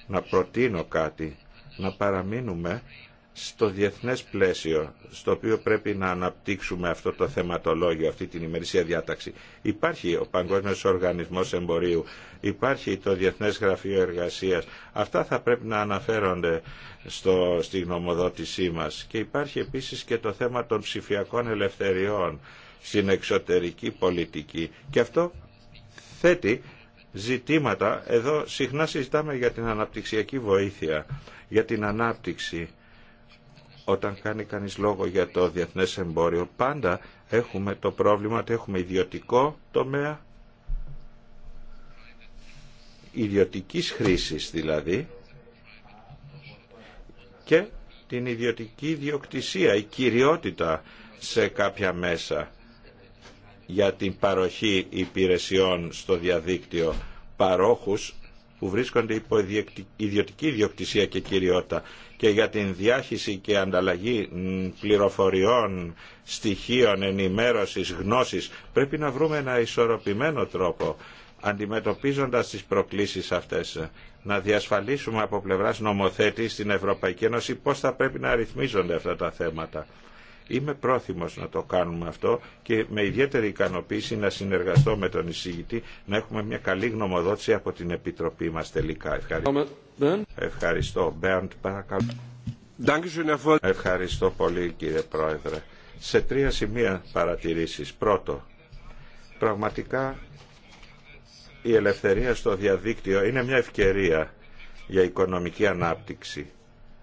να προτείνω κάτι, να παραμείνουμε στο διεθνές πλαίσιο στο οποίο πρέπει να αναπτύξουμε αυτό το θεματολόγιο, αυτή την ημερήσια διάταξη. Υπάρχει ο Παγκόσμιος Οργανισμός Εμπορίου, υπάρχει το Διεθνές Γραφείο Εργασίας. Αυτά θα πρέπει να αναφέρονται στο, στη γνωμοδότησή μας. Και υπάρχει επίσης και το θέμα των ψηφιακών ελευθεριών στην εξωτερική πολιτική. Και αυτό θέτει ζητήματα, εδώ συχνά συζητάμε για την αναπτυξιακή βοήθεια, για την ανάπτυξη όταν κάνει κανείς λόγο για το διεθνές εμπόριο, πάντα έχουμε το πρόβλημα ότι έχουμε ιδιωτικό τομέα ιδιωτικής χρήσης δηλαδή και την ιδιωτική ιδιοκτησία, η κυριότητα σε κάποια μέσα για την παροχή υπηρεσιών στο διαδίκτυο παρόχους που βρίσκονται υπό ιδιωτική ιδιοκτησία και κυριότητα και για την διάχυση και ανταλλαγή πληροφοριών, στοιχείων, ενημέρωσης, γνώσης, πρέπει να βρούμε ένα ισορροπημένο τρόπο αντιμετωπίζοντας τις προκλήσεις αυτές να διασφαλίσουμε από πλευράς νομοθέτη στην Ευρωπαϊκή Ένωση πώς θα πρέπει να ρυθμίζονται αυτά τα θέματα. Είμαι πρόθυμος να το κάνουμε αυτό και με ιδιαίτερη ικανοποίηση να συνεργαστώ με τον εισηγητή να έχουμε μια καλή γνωμοδότηση από την Επιτροπή μας τελικά. Ευχαριστώ. Ευχαριστώ. Ευχαριστώ πολύ κύριε Πρόεδρε. Σε τρία σημεία παρατηρήσεις. Πρώτο, πραγματικά η ελευθερία στο διαδίκτυο είναι μια ευκαιρία για οικονομική ανάπτυξη,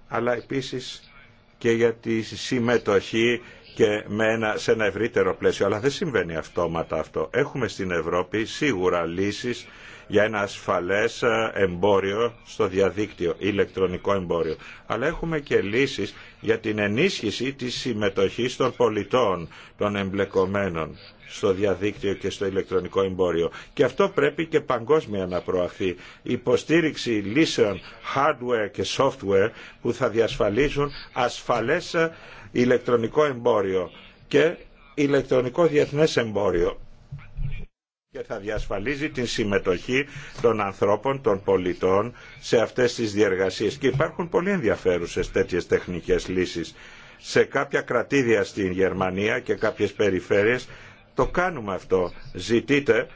αλλά επίσης και για τη συμμετοχή και με ένα, σε ένα ευρύτερο πλαίσιο. Αλλά δεν συμβαίνει αυτόματα αυτό. Έχουμε στην Ευρώπη σίγουρα λύσεις για ένα ασφαλές ε, εμπόριο στο διαδίκτυο, ηλεκτρονικό εμπόριο. Αλλά έχουμε και λύσεις για την ενίσχυση της συμμετοχής των πολιτών, των εμπλεκομένων στο διαδίκτυο και στο ηλεκτρονικό εμπόριο. Και αυτό πρέπει και παγκόσμια να προαχθεί. υποστήριξη λύσεων hardware και software που θα διασφαλίζουν ασφαλές ε, ηλεκτρονικό εμπόριο και ηλεκτρονικό διεθνές εμπόριο και θα διασφαλίζει την συμμετοχή των ανθρώπων, των πολιτών σε αυτές τις διεργασίες. Και υπάρχουν πολύ ενδιαφέρουσες τέτοιες τεχνικές λύσεις. Σε κάποια κρατήδια στην Γερμανία και κάποιες περιφέρειες το κάνουμε αυτό. Ζητείτε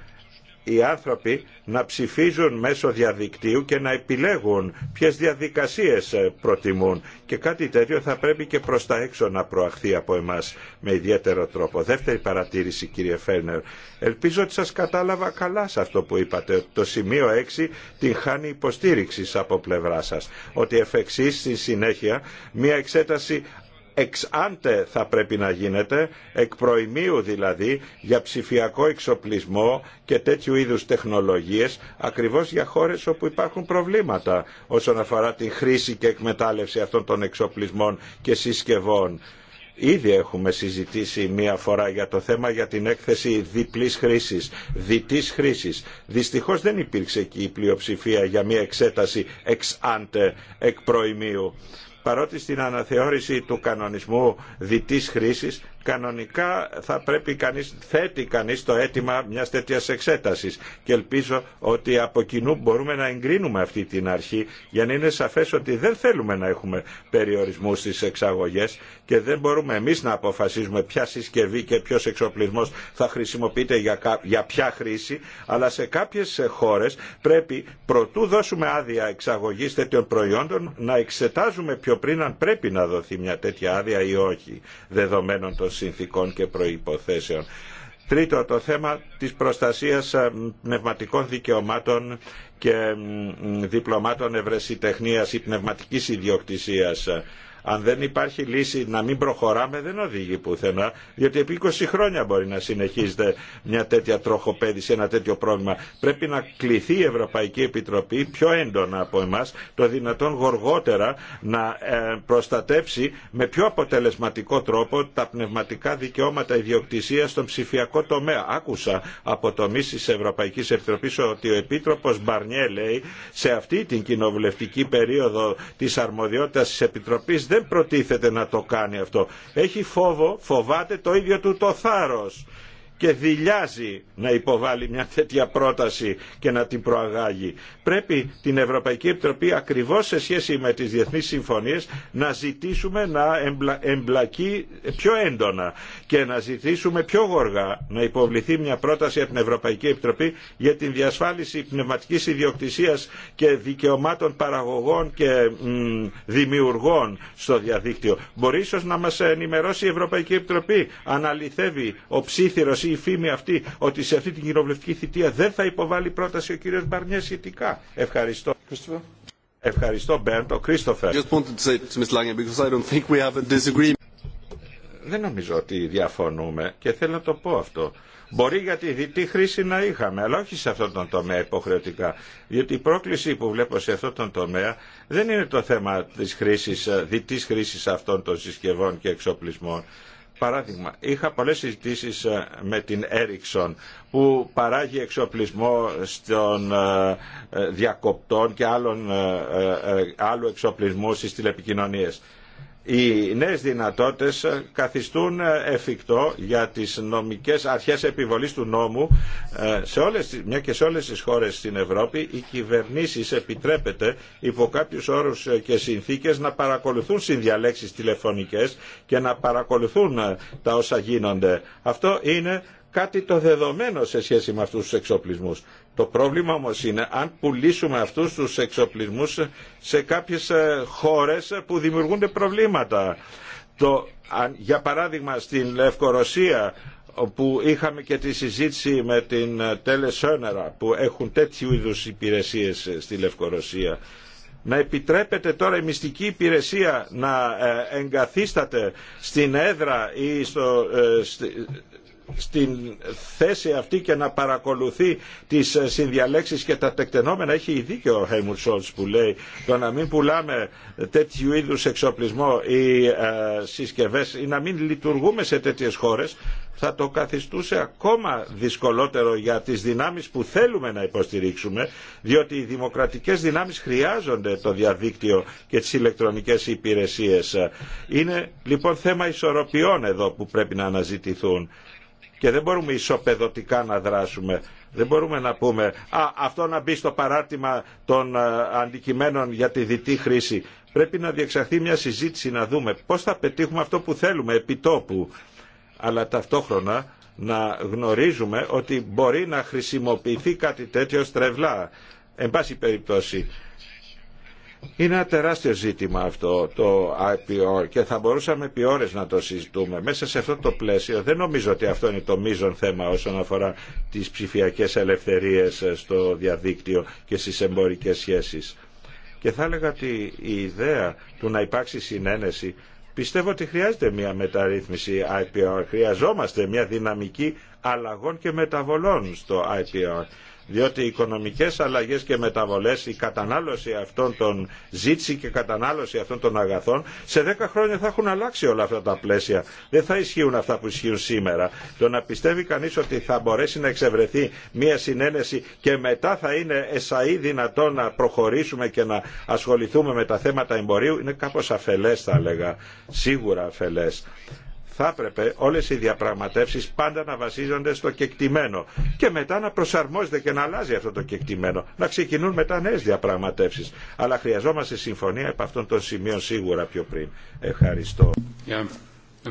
οι άνθρωποι να ψηφίζουν μέσω διαδικτύου και να επιλέγουν ποιες διαδικασίες ε, προτιμούν. Και κάτι τέτοιο θα πρέπει και προς τα έξω να προαχθεί από εμάς με ιδιαίτερο τρόπο. Δεύτερη παρατήρηση κύριε Φέρνερ. Ελπίζω ότι σας κατάλαβα καλά σε αυτό που είπατε. Το σημείο 6 την χάνει υποστήριξη από πλευρά σας. Ότι εφ' εξής, στη συνέχεια μια εξέταση Εξάντε θα πρέπει να γίνεται, εκ προημίου δηλαδή, για ψηφιακό εξοπλισμό και τέτοιου είδους τεχνολογίες, ακριβώς για χώρες όπου υπάρχουν προβλήματα όσον αφορά τη χρήση και εκμετάλλευση αυτών των εξοπλισμών και συσκευών. Ήδη έχουμε συζητήσει μία φορά για το θέμα για την έκθεση διπλής χρήσης, διτής χρήσης. Δυστυχώς δεν υπήρξε εκεί η πλειοψηφία για μία εξέταση εξ εκ προημίου παρότι στην αναθεώρηση του κανονισμού διτής χρήσης κανονικά θα πρέπει κανείς, θέτει κανείς το αίτημα μιας τέτοιας εξέτασης και ελπίζω ότι από κοινού μπορούμε να εγκρίνουμε αυτή την αρχή για να είναι σαφές ότι δεν θέλουμε να έχουμε περιορισμού στις εξαγωγές και δεν μπορούμε εμείς να αποφασίζουμε ποια συσκευή και ποιος εξοπλισμός θα χρησιμοποιείται για, για ποια χρήση αλλά σε κάποιες χώρες πρέπει προτού δώσουμε άδεια εξαγωγής τέτοιων προϊόντων να εξετάζουμε πιο πριν αν πρέπει να δοθεί μια τέτοια άδεια ή όχι δεδομένων των συνθήκων και προϋποθέσεων. Τρίτο, το θέμα της προστασίας ε, πνευματικών δικαιωμάτων και διπλωμάτων ευρεσιτεχνίας ή πνευματικής ιδιοκτησίας αν δεν υπάρχει λύση να μην προχωράμε δεν οδηγεί πουθενά, διότι επί 20 χρόνια μπορεί να συνεχίζεται μια τέτοια τροχοπέδηση, ένα τέτοιο πρόβλημα. Πρέπει να κληθεί η Ευρωπαϊκή Επιτροπή πιο έντονα από εμά, το δυνατόν γοργότερα να ε, προστατεύσει με πιο αποτελεσματικό τρόπο τα πνευματικά δικαιώματα ιδιοκτησία στον ψηφιακό τομέα. Άκουσα από το μίση τη Ευρωπαϊκή Επιτροπή ότι ο Επίτροπο Μπαρνιέ λέει σε αυτή την κοινοβουλευτική περίοδο τη αρμοδιότητα τη Επιτροπή δεν προτίθεται να το κάνει αυτό. Έχει φόβο, φοβάται το ίδιο του το θάρρος και δηλιάζει να υποβάλει μια τέτοια πρόταση και να την προαγάγει. Πρέπει την Ευρωπαϊκή Επιτροπή ακριβώς σε σχέση με τις διεθνείς συμφωνίες να ζητήσουμε να εμπλακεί πιο έντονα και να ζητήσουμε πιο γοργά να υποβληθεί μια πρόταση από την Ευρωπαϊκή Επιτροπή για την διασφάλιση πνευματικής ιδιοκτησίας και δικαιωμάτων παραγωγών και δημιουργών στο διαδίκτυο. Μπορεί ίσως να μας ενημερώσει η Ευρωπαϊκή Επιτροπή αν ο ψήθυρος η φήμη αυτή ότι σε αυτή την κοινοβουλευτική θητεία δεν θα υποβάλει πρόταση ο κύριος Μπαρνιέ σχετικά. Ευχαριστώ. Ευχαριστώ Μπέρντο. Κρίστοφερ. Δεν νομίζω ότι διαφωνούμε και θέλω να το πω αυτό. Μπορεί για τη διτή χρήση να είχαμε, αλλά όχι σε αυτόν τον τομέα υποχρεωτικά. Διότι η πρόκληση που βλέπω σε αυτόν τον τομέα δεν είναι το θέμα της χρήσης, ε, διτής χρήσης αυτών των συσκευών και εξοπλισμών. Παράδειγμα, είχα πολλές συζητήσεις ε, με την Ericsson που παράγει εξοπλισμό στον ε, ε, διακοπτών και άλλων, άλλου εξοπλισμού στις τηλεπικοινωνίες οι νέες δυνατότητες καθιστούν εφικτό για τις νομικές αρχές επιβολής του νόμου ε, σε όλες, μια και σε όλες τις χώρες στην Ευρώπη οι κυβερνήσεις επιτρέπεται υπό κάποιους όρους και συνθήκες να παρακολουθούν συνδιαλέξεις τηλεφωνικές και να παρακολουθούν ε, τα όσα γίνονται. Αυτό είναι κάτι το δεδομένο σε σχέση με αυτούς τους εξοπλισμούς. Το πρόβλημα όμως είναι αν πουλήσουμε αυτούς τους εξοπλισμούς σε κάποιες ε, χώρες που δημιουργούνται προβλήματα. Το, για παράδειγμα στην Λευκορωσία που είχαμε και τη συζήτηση με την ε, Τελεσόνερα που έχουν τέτοιου είδους υπηρεσίες ε, στη Λευκορωσία να επιτρέπεται τώρα η μυστική υπηρεσία να εγκαθίσταται στην έδρα ή στο, στην θέση αυτή και να παρακολουθεί τις συνδιαλέξεις και τα τεκτενόμενα έχει δίκιο ο Χέιμουρ Σόλτς που λέει το να μην πουλάμε τέτοιου είδους εξοπλισμό ή ε, συσκευές ή να μην λειτουργούμε σε τέτοιες χώρες θα το καθιστούσε ακόμα δυσκολότερο για τις δυνάμεις που θέλουμε να υποστηρίξουμε, διότι οι δημοκρατικές δυνάμεις χρειάζονται το διαδίκτυο και τις ηλεκτρονικές υπηρεσίες. Είναι λοιπόν θέμα ισορροπιών εδώ που πρέπει να αναζητηθούν και δεν μπορούμε ισοπεδωτικά να δράσουμε. Δεν μπορούμε να πούμε «Α, αυτό να μπει στο παράρτημα των ε, αντικειμένων για τη διτή χρήση». Πρέπει να διεξαχθεί μια συζήτηση να δούμε πώς θα πετύχουμε αυτό που θέλουμε επί τόπου. Αλλά ταυτόχρονα να γνωρίζουμε ότι μπορεί να χρησιμοποιηθεί κάτι τέτοιο στρεβλά. Εν πάση περιπτώσει, είναι ένα τεράστιο ζήτημα αυτό το IPR και θα μπορούσαμε επί ώρες να το συζητούμε. Μέσα σε αυτό το πλαίσιο δεν νομίζω ότι αυτό είναι το μείζον θέμα όσον αφορά τις ψηφιακές ελευθερίες ε, στο διαδίκτυο και στις εμπορικές σχέσεις. Και θα έλεγα ότι η ιδέα του να υπάρξει συνένεση Πιστεύω ότι χρειάζεται μια μεταρρύθμιση IPR. Χρειαζόμαστε μια δυναμική αλλαγών και μεταβολών στο IPR διότι οι οικονομικές αλλαγές και μεταβολές, η κατανάλωση αυτών των ζήτηση και κατανάλωση αυτών των αγαθών, σε δέκα χρόνια θα έχουν αλλάξει όλα αυτά τα πλαίσια. Δεν θα ισχύουν αυτά που ισχύουν σήμερα. Το να πιστεύει κανείς ότι θα μπορέσει να εξευρεθεί μια συνένεση και μετά θα είναι εσαΐ δυνατό να προχωρήσουμε και να ασχοληθούμε με τα θέματα εμπορίου είναι κάπως αφελές θα έλεγα, σίγουρα αφελές θα έπρεπε όλες οι διαπραγματεύσεις πάντα να βασίζονται στο κεκτημένο και μετά να προσαρμόζεται και να αλλάζει αυτό το κεκτημένο, να ξεκινούν μετά νέες διαπραγματεύσεις. Αλλά χρειαζόμαστε συμφωνία από αυτών των σημείων σίγουρα πιο πριν. Ευχαριστώ. Mm.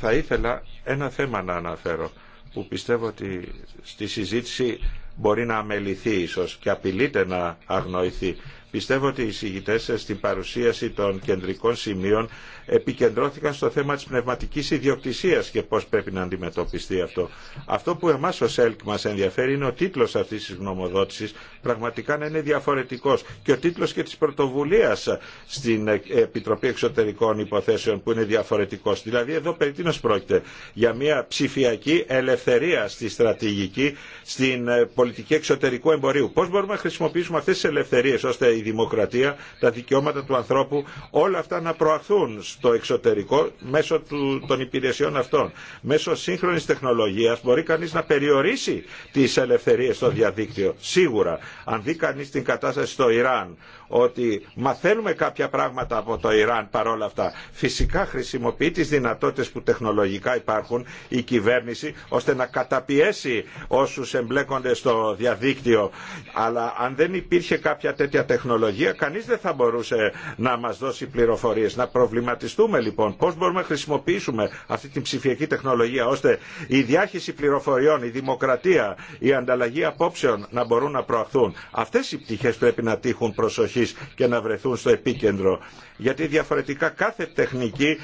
θα ήθελα ένα θέμα να αναφέρω που πιστεύω ότι στη συζήτηση μπορεί να αμεληθεί ίσως και απειλείται να αγνοηθεί Πιστεύω ότι οι συγητές στην παρουσίαση των κεντρικών σημείων επικεντρώθηκαν στο θέμα της πνευματικής ιδιοκτησίας και πώς πρέπει να αντιμετωπιστεί αυτό. Αυτό που εμάς ως ΕΛΚ μας ενδιαφέρει είναι ο τίτλος αυτής της γνωμοδότησης πραγματικά να είναι διαφορετικός. Και ο τίτλος και της πρωτοβουλίας στην Επιτροπή Εξωτερικών Υποθέσεων που είναι διαφορετικός. Δηλαδή εδώ περί τίνος πρόκειται για μια ψηφιακή ελευθερία στη στρατηγική, στην πολιτική εξωτερικού εμπορίου. Πώς μπορούμε να χρησιμοποιήσουμε αυτές τις ελευθερίες ώστε η δημοκρατία, τα δικαιώματα του ανθρώπου, όλα αυτά να προαχθούν στο εξωτερικό μέσω του, των υπηρεσιών αυτών. Μέσω σύγχρονης τεχνολογίας μπορεί κανείς να περιορίσει τις ελευθερίες στο διαδίκτυο, σίγουρα. Αν δει κανεί την κατάσταση στο Ιράν, ότι μαθαίνουμε κάποια πράγματα από το Ιράν παρόλα αυτά, φυσικά χρησιμοποιεί τι δυνατότητε που τεχνολογικά υπάρχουν η κυβέρνηση ώστε να καταπιέσει όσου εμπλέκονται στο διαδίκτυο. Αλλά αν δεν υπήρχε κάποια τέτοια τεχνολογία, κανεί δεν θα μπορούσε να μα δώσει πληροφορίε. Να προβληματιστούμε λοιπόν πώ μπορούμε να χρησιμοποιήσουμε αυτή την ψηφιακή τεχνολογία ώστε η διάχυση πληροφοριών, η δημοκρατία, η ανταλλαγή απόψεων να μπορούν να προαχθούν Αυτέ Αυτές οι πτυχέ πρέπει να τύχουν προσοχή και να βρεθούν στο επίκεντρο. Γιατί διαφορετικά κάθε, τεχνική,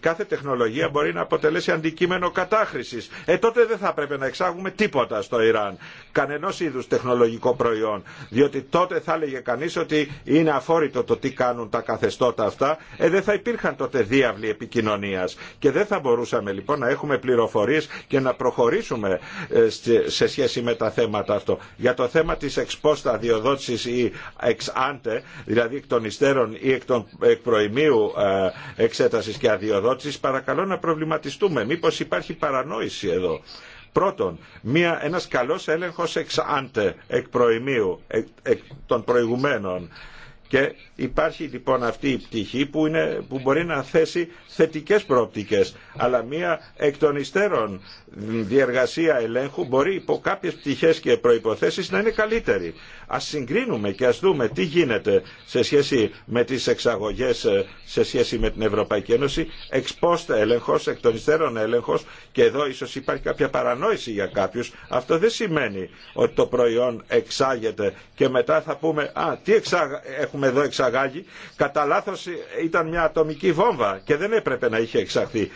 κάθε τεχνολογία μπορεί να αποτελέσει αντικείμενο κατάχρηση. Ε, τότε δεν θα πρέπει να εξάγουμε τίποτα στο Ιράν. Κανενό είδου τεχνολογικό προϊόν. Διότι τότε θα έλεγε κανεί ότι είναι αφόρητο το τι κάνουν τα καθεστώτα αυτά. Ε, δεν θα υπήρχαν τότε διάβλοι επικοινωνία. Και δεν θα μπορούσαμε λοιπόν να έχουμε πληροφορίε και να προχωρήσουμε ε, σε σχέση με τα θέματα αυτό. Για το θέμα εξ πώς τα ή εξ δηλαδή εκ των υστέρων ή εκ, των, εκ προημίου ε, εξέτασης και αδειοδότηση, παρακαλώ να προβληματιστούμε. Μήπω υπάρχει παρανόηση εδώ. Πρώτον, μια, ένας καλός έλεγχος εξ άντε, εκ προημίου, των προηγουμένων. Και υπάρχει λοιπόν αυτή η πτυχή που, είναι, που μπορεί να θέσει θετικές προοπτικές, αλλά μία εκ των υστέρων διεργασία ελέγχου μπορεί υπό κάποιες πτυχές και προϋποθέσεις να είναι καλύτερη. Ας συγκρίνουμε και ας δούμε τι γίνεται σε σχέση με τις εξαγωγές, ε, σε σχέση με την Ευρωπαϊκή Ένωση, εξπόστα έλεγχος, εκ των υστέρων έλεγχος και εδώ ίσως υπάρχει κάποια παρανόηση για κάποιους. Αυτό δεν σημαίνει ότι το προϊόν εξάγεται και μετά θα πούμε «Α, τι εξάγεται έχουμε εδώ εξαγάγει, κατά λάθο ήταν μια ατομική βόμβα και δεν έπρεπε να είχε εξαχθεί.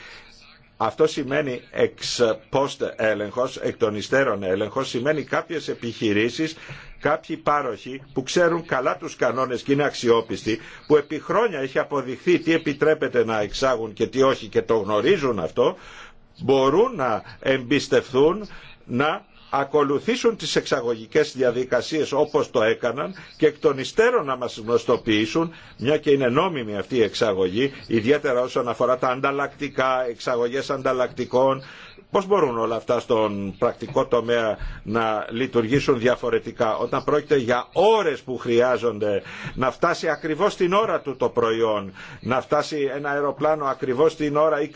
Αυτό σημαίνει εξ post έλεγχος, εκ των υστέρων έλεγχος, σημαίνει κάποιες επιχειρήσεις, κάποιοι πάροχοι που ξέρουν καλά τους κανόνες και είναι αξιόπιστοι, που επί χρόνια έχει αποδειχθεί τι επιτρέπεται να εξάγουν και τι όχι και το γνωρίζουν αυτό, μπορούν να εμπιστευθούν να ακολουθήσουν τις εξαγωγικές διαδικασίες όπως το έκαναν και εκ των υστέρων να μας γνωστοποιήσουν, μια και είναι νόμιμη αυτή η εξαγωγή, ιδιαίτερα όσον αφορά τα ανταλλακτικά, εξαγωγές ανταλλακτικών, Πώς μπορούν όλα αυτά στον πρακτικό τομέα να λειτουργήσουν διαφορετικά όταν πρόκειται για ώρες που χρειάζονται να φτάσει ακριβώς την ώρα του το προϊόν, να φτάσει ένα αεροπλάνο ακριβώς την ώρα ή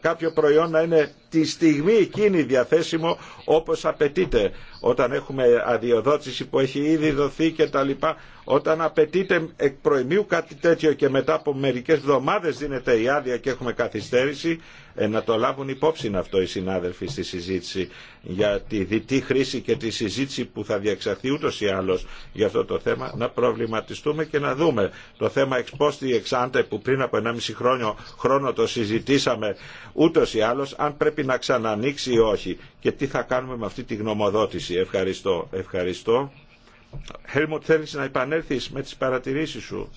κάποιο προϊόν να είναι τη στιγμή εκείνη διαθέσιμο όπως απαιτείται. Όταν έχουμε αδειοδότηση που έχει ήδη δοθεί και τα λοιπά, όταν απαιτείται εκ προημίου κάτι τέτοιο και μετά από μερικές εβδομάδες δίνεται η άδεια και έχουμε καθυστέρηση, ε, να το λάβουν υπόψη αυτό οι συνάδελφοι στη συζήτηση για τη διτή χρήση και τη συζήτηση που θα διεξαχθεί ούτως ή άλλως για αυτό το θέμα, να προβληματιστούμε και να δούμε το θέμα εξπόστη εξάντε που πριν από 1,5 χρόνο, χρόνο το συζητήσαμε ούτως ή άλλως, αν πρέπει πρέπει να ξανανοίξει ή όχι και τι θα κάνουμε με αυτή τη γνωμοδότηση. Ευχαριστώ. Ευχαριστώ. Χέλμουτ θέλεις να επανέλθεις με τις παρατηρήσεις σου.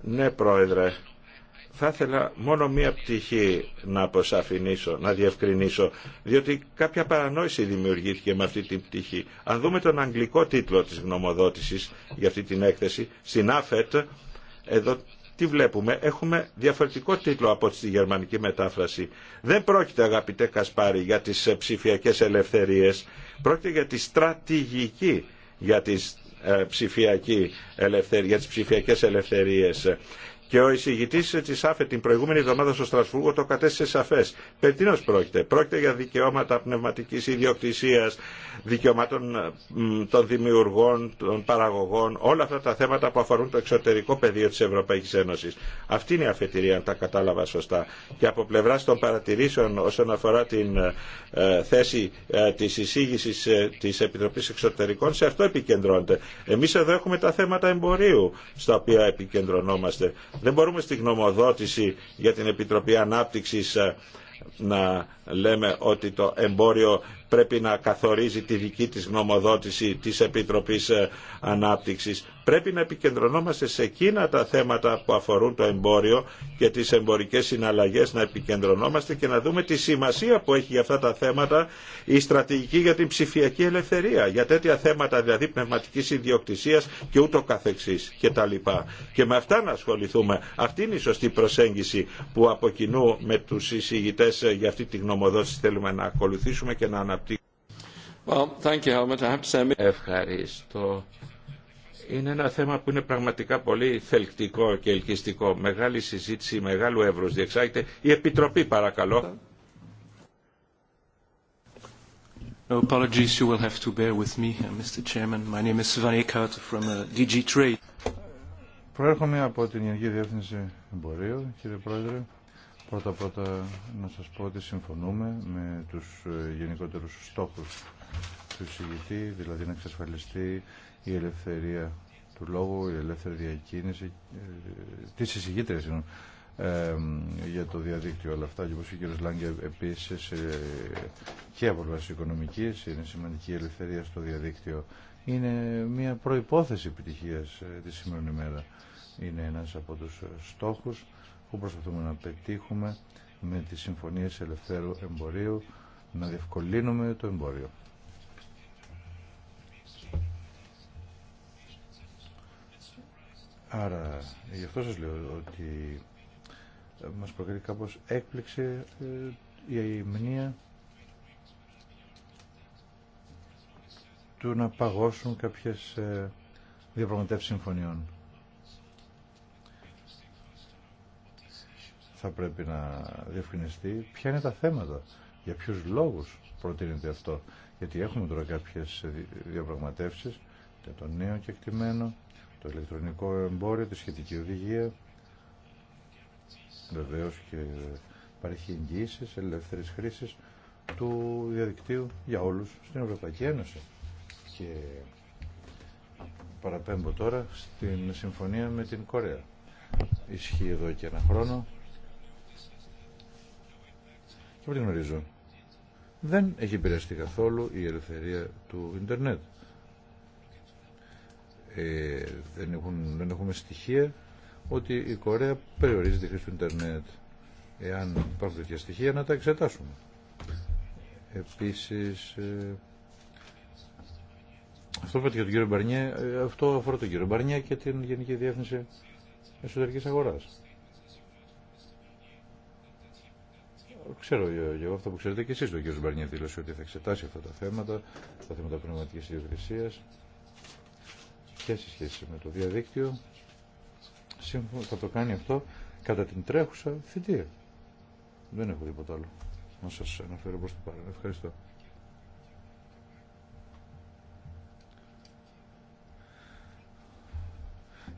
Ναι πρόεδρε. Θα ήθελα μόνο μία πτυχή να αποσαφηνίσω, να διευκρινίσω, διότι κάποια παρανόηση δημιουργήθηκε με αυτή την πτυχή. Αν δούμε τον αγγλικό τίτλο της γνωμοδότησης για αυτή την έκθεση, στην ΑΦΕΤ, εδώ τι βλέπουμε. Έχουμε διαφορετικό τίτλο από τη γερμανική μετάφραση. Δεν πρόκειται αγαπητέ Κασπάρη για τις ε, ψηφιακές ελευθερίες. Πρόκειται για τη στρατηγική για τις, ε, ελευθερίες, για τις ψηφιακές ελευθερίες και ο εισηγητή τη ΑΦΕ την προηγούμενη εβδομάδα στο Στρασβούργο το κατέστησε σαφέ. Περί τίνο πρόκειται. Πρόκειται για δικαιώματα πνευματική ιδιοκτησία, δικαιωμάτων των δημιουργών, των παραγωγών, όλα αυτά τα θέματα που αφορούν το εξωτερικό πεδίο τη Ευρωπαϊκή Ένωση. Αυτή είναι η αφετηρία, αν τα κατάλαβα σωστά. Και από πλευρά των παρατηρήσεων όσον αφορά την ε, θέση ε, τη εισήγηση ε, τη Επιτροπή Εξωτερικών, σε αυτό επικεντρώνεται. Εμεί εδώ έχουμε τα θέματα εμπορίου στα οποία επικεντρωνόμαστε. Δεν μπορούμε στη γνωμοδότηση για την Επιτροπή Ανάπτυξης ε, να λέμε ότι το εμπόριο πρέπει να καθορίζει τη δική της γνωμοδότηση της Επιτροπής ε, Ανάπτυξης. Πρέπει να επικεντρωνόμαστε σε εκείνα τα θέματα που αφορούν το εμπόριο και τις εμπορικές συναλλαγές να επικεντρωνόμαστε και να δούμε τη σημασία που έχει για αυτά τα θέματα η στρατηγική για την ψηφιακή ελευθερία. Για τέτοια θέματα δηλαδή πνευματικής ιδιοκτησίας και ούτω καθεξής και τα λοιπά. Και με αυτά να ασχοληθούμε. Αυτή είναι η σωστή προσέγγιση που από κοινού με τους εισηγητές για αυτή τη γνωμοδότηση θέλουμε να ακολουθήσουμε και να αναπτύξουμε. thank you, Helmut. I have to say... Ευχαριστώ είναι ένα θέμα που είναι πραγματικά πολύ θελκτικό και ελκυστικό. Μεγάλη συζήτηση, μεγάλου εύρους διεξάγεται. Η Επιτροπή παρακαλώ. No apologies, you will have to bear with me, uh, Mr. Chairman. My name is from uh, DG Trade. Προέρχομαι από την Γενική Διεύθυνση Εμπορίου, κύριε Πρόεδρε. Πρώτα πρώτα να σας πω ότι συμφωνούμε με τους ε, γενικότερους στόχους του εισηγητή, δηλαδή να εξασφαλιστεί η ελευθερία του λόγου, η ελεύθερη διακίνηση, ε, τη συζητήτρια για το διαδίκτυο όλα αυτά και όπως ο κ. Λάγκε επίσης ε, και από βάση οικονομικής είναι σημαντική η ελευθερία στο διαδίκτυο είναι μια προϋπόθεση επιτυχίας ε, τη σημερινή μέρα είναι ένας από τους στόχους που προσπαθούμε να πετύχουμε με τις συμφωνίες ελευθέρου εμπορίου να διευκολύνουμε το εμπόριο Άρα, γι' αυτό σας λέω ότι ε, μας προκαλεί κάπως έκπληξη ε, η μνήμα του να παγώσουν κάποιες ε, διαπραγματεύσεις συμφωνιών. Θα πρέπει να διευκρινιστεί ποια είναι τα θέματα, για ποιους λόγους προτείνεται αυτό. Γιατί έχουμε τώρα κάποιες διαπραγματεύσεις για το νέο κεκτημένο, το ηλεκτρονικό εμπόριο, τη σχετική οδηγία. Βεβαίως και υπάρχει εγγύησης ελεύθερη χρήση του διαδικτύου για όλους στην Ευρωπαϊκή Ένωση. Και παραπέμπω τώρα στην συμφωνία με την Κορέα. Ισχύει εδώ και ένα χρόνο και από γνωρίζω. Δεν έχει επηρεαστεί καθόλου η ελευθερία του ίντερνετ ε, δεν, δεν έχουμε στοιχεία ότι η Κορέα περιορίζει τη χρήση του Ιντερνετ. Εάν υπάρχουν τέτοια στοιχεία, να τα εξετάσουμε. Επίσης, ε, αυτό πέτυχε τον κύριο Μπαρνιέ, ε, αυτό αφορά τον κύριο Μπαρνιέ και την Γενική Διεύθυνση Εσωτερικής Αγοράς. ξέρω εγώ αυτό που ξέρετε και εσείς, τον κύριο Μπαρνιέ δήλωσε ότι θα εξετάσει αυτά τα θέματα, τα θέματα πνευματικής ιδιοκτησία και σε σχέση με το διαδίκτυο θα το κάνει αυτό κατά την τρέχουσα θητεία. Δεν έχω τίποτα άλλο να σας αναφέρω προς το παρόν. Ευχαριστώ.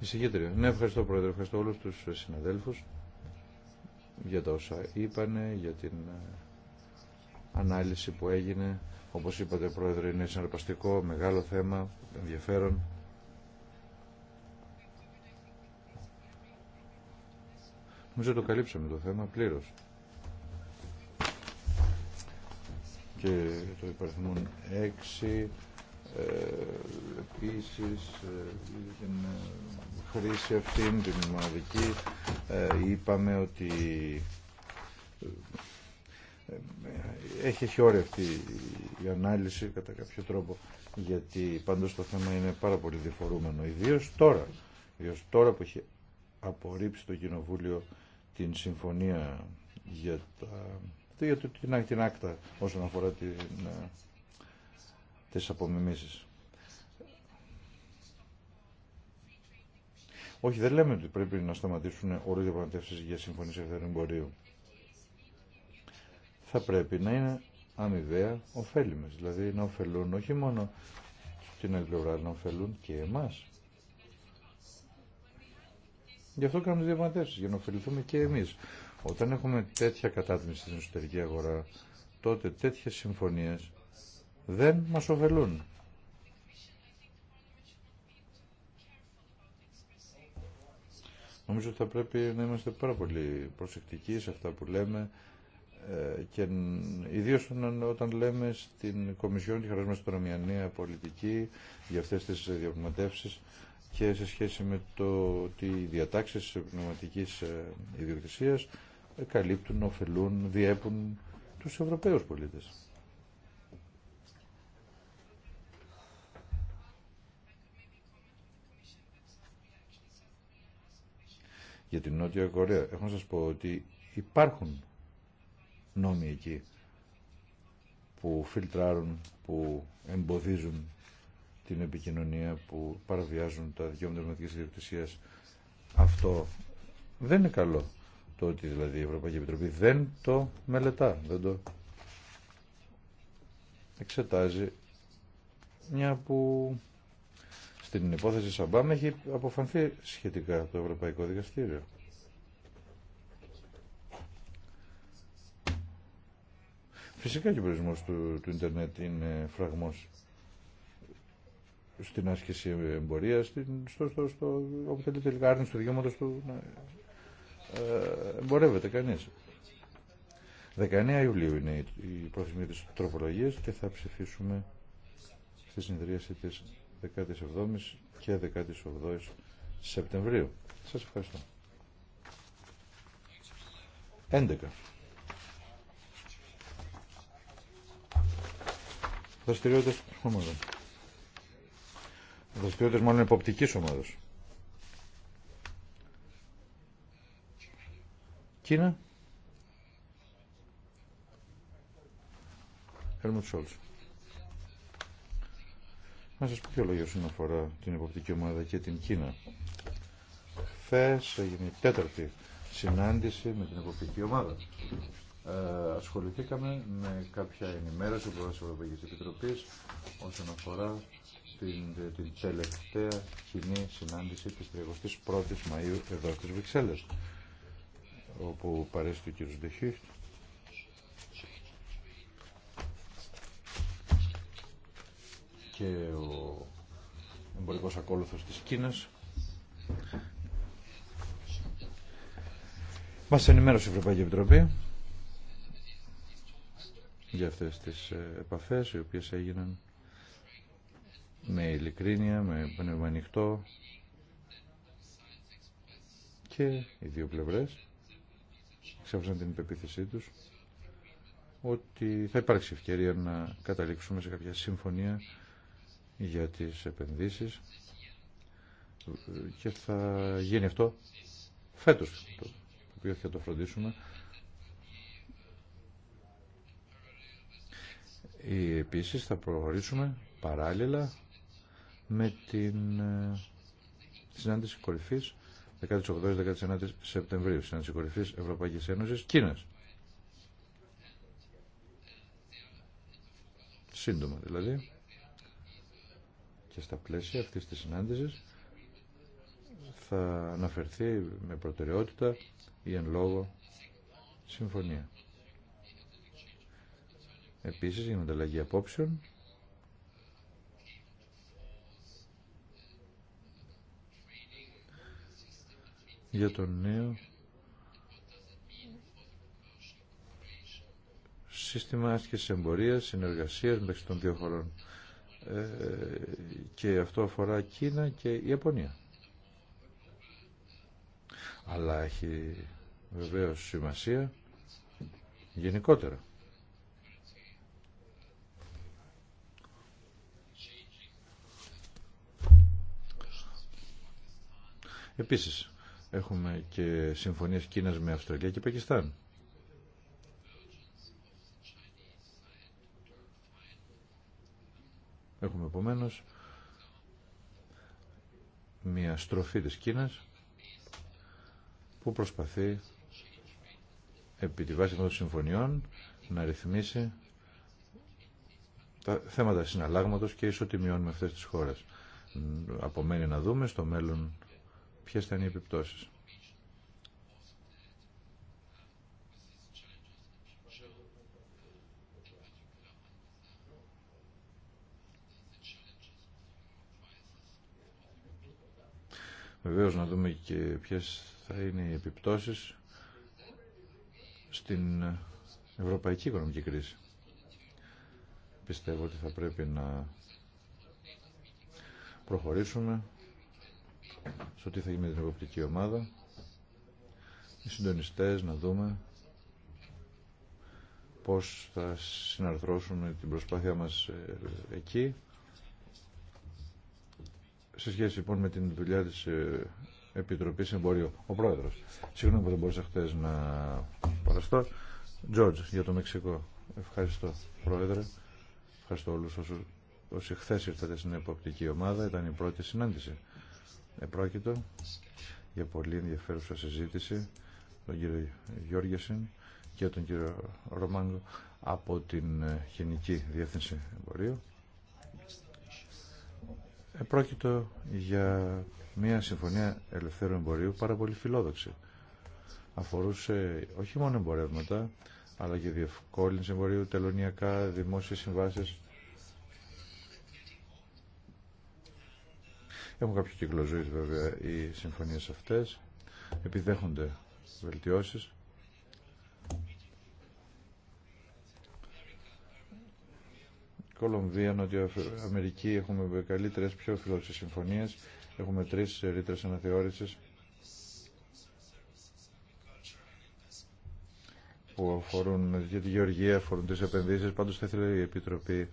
Εισηγήτρια. Ναι, ευχαριστώ Πρόεδρε, ευχαριστώ όλους τους συναδέλφους για τα όσα είπανε, για την ε, ανάλυση που έγινε. Όπως είπατε Πρόεδρε, είναι συναρπαστικό, μεγάλο θέμα, ενδιαφέρον. Νομίζω το καλύψαμε το θέμα πλήρω. Και το υπαριθμόν 6 ε, ε, την ε, χρήση αυτήν, την μοναδική ε, είπαμε ότι ε, έχει χιόρι αυτή η ανάλυση κατά κάποιο τρόπο γιατί πάντως το θέμα είναι πάρα πολύ διφορούμενο ιδίω τώρα, τώρα που έχει απορρίψει το Κοινοβούλιο την συμφωνία για, τα, για την, την άκτα όσον αφορά την, ε, τις απομιμήσεις. Όχι, δεν λέμε ότι πρέπει να σταματήσουν όλες οι για συμφωνίες ελευθερών εμπορίου. Θα πρέπει να είναι αμοιβαία ωφέλιμες, δηλαδή να ωφελούν όχι μόνο την άλλη πλευρά, να ωφελούν και εμάς. Γι' αυτό κάνουμε διαπραγματεύσει, για να ωφεληθούμε και εμεί. Όταν έχουμε τέτοια κατάθμιση στην εσωτερική αγορά, τότε τέτοιε συμφωνίε δεν μα ωφελούν. Νομίζω ότι θα πρέπει να είμαστε πάρα πολύ προσεκτικοί σε αυτά που λέμε ε, και ιδίω όταν λέμε στην Κομισιόν και χαράζουμε στην νέα πολιτική για αυτές τις διαπραγματεύσεις και σε σχέση με το ότι οι διατάξεις πνευματικής ε, ιδιοκτησίας ε, καλύπτουν, ωφελούν, διέπουν τους Ευρωπαίους πολίτες. Για την Νότια Κορέα, έχω να σας πω ότι υπάρχουν νόμοι εκεί που φιλτράρουν, που εμποδίζουν την επικοινωνία που παραβιάζουν τα δικαιώματα δημοτικής διευθυνσίας Αυτό δεν είναι καλό. Το ότι δηλαδή η Ευρωπαϊκή Επιτροπή δεν το μελετά, δεν το εξετάζει. Μια που στην υπόθεση Σαμπάμ έχει αποφανθεί σχετικά το Ευρωπαϊκό Δικαστήριο. Φυσικά και ο περιορισμός του, του ίντερνετ είναι φραγμός στην άσκηση εμπορία στο, στο, στο, όπου θέλει τελικά άρνηση του δικαιώματος του να ε, εμπορεύεται κανείς. 19 Ιουλίου είναι η προθεσμία της τροπολογίας και θα ψηφίσουμε στη συνεδρίαση της 17ης και 18ης Σεπτεμβρίου. Σας ευχαριστώ. 11. Δραστηριότητες ομάδων δραστηριότητες μάλλον υποπτικής ομάδα. Κίνα. Helmut Σόλτς. Να σας πω ποιο λόγια όσον αφορά την εποπτική ομάδα και την Κίνα. Χθε έγινε η τέταρτη συνάντηση με την εποπτική ομάδα. Ε, ασχοληθήκαμε με κάποια ενημέρωση από την Ευρωπαϊκή Επιτροπή όσον αφορά την τελευταία κοινή συνάντηση της 31ης Μαΐου εδώ στις Βρυξέλλες όπου παρέστηκε ο κύριος Ντεχίχτ και ο εμπορικός ακόλουθος της Κίνας Μας ενημέρωσε η Ευρωπαϊκή Επιτροπή για αυτές τις ε, επαφές οι οποίες έγιναν με ειλικρίνεια, με πνεύμα ανοιχτό και οι δύο πλευρές ξέφασαν την υπεποίθησή τους ότι θα υπάρξει ευκαιρία να καταλήξουμε σε κάποια συμφωνία για τις επενδύσεις και θα γίνει αυτό φέτος το οποίο θα το φροντίσουμε Επίσης θα προχωρήσουμε παράλληλα με την ε, συνάντηση κορυφής 18-19 Σεπτεμβρίου, συνάντηση κορυφής Ευρωπαϊκής Ένωσης Κίνας. Σύντομα δηλαδή. Και στα πλαίσια αυτής της συνάντησης θα αναφερθεί με προτεραιότητα ή εν λόγω συμφωνία. Επίσης, η ανταλλαγή απόψεων για τον νέο σύστημα άσκησης εμπορίας, συνεργασίας μεταξύ των δύο χωρών. Ε, και αυτό αφορά Κίνα και Ιαπωνία. Αλλά έχει βεβαίως σημασία γενικότερα. Επίσης, Έχουμε και συμφωνίες Κίνας με Αυστραλία και Πακιστάν. Έχουμε επομένω μια στροφή της Κίνας που προσπαθεί επί τη βάση των συμφωνιών να ρυθμίσει τα θέματα συναλλάγματος και ισοτιμιών με αυτές τις χώρες. Απομένει να δούμε στο μέλλον ποιες θα είναι οι επιπτώσεις. Βεβαίως να δούμε και ποιες θα είναι οι επιπτώσεις στην ευρωπαϊκή οικονομική κρίση. Πιστεύω ότι θα πρέπει να προχωρήσουμε στο τι θα γίνει με την εποπτική ομάδα. Οι συντονιστές να δούμε πώς θα συναρθρώσουν την προσπάθειά μας ε, εκεί. Σε σχέση λοιπόν με την δουλειά της ε, Επιτροπής Εμπορίου. Ο Πρόεδρος, συγγνώμη που δεν μπορούσα χτες να παραστώ. Τζόρτζ για το Μεξικό. Ευχαριστώ Πρόεδρε. Ευχαριστώ όλους όσους όσοι χθε ήρθατε στην εποπτική ομάδα. Ήταν η πρώτη συνάντηση Επρόκειτο για πολύ ενδιαφέρουσα συζήτηση τον κύριο Γιώργεσεν και τον κύριο Ρωμάνγκο από την ε, Γενική Διεύθυνση Εμπορίου. Επρόκειτο για μια συμφωνία ελευθέρου εμπορίου πάρα πολύ φιλόδοξη. Αφορούσε όχι μόνο εμπορεύματα, αλλά και διευκόλυνση εμπορίου, τελωνιακά, δημόσιες συμβάσεις Έχουν κάποιο κύκλο ζωή βέβαια οι συμφωνίες αυτές. Επιδέχονται βελτιώσεις. Κολομβία, Νότια Αμερική έχουμε καλύτερε, πιο φιλόξε συμφωνίε. Έχουμε τρει ρήτρε αναθεώρηση που αφορούν για τη γεωργία, αφορούν τι επενδύσει. Πάντω θα ήθελε η Επιτροπή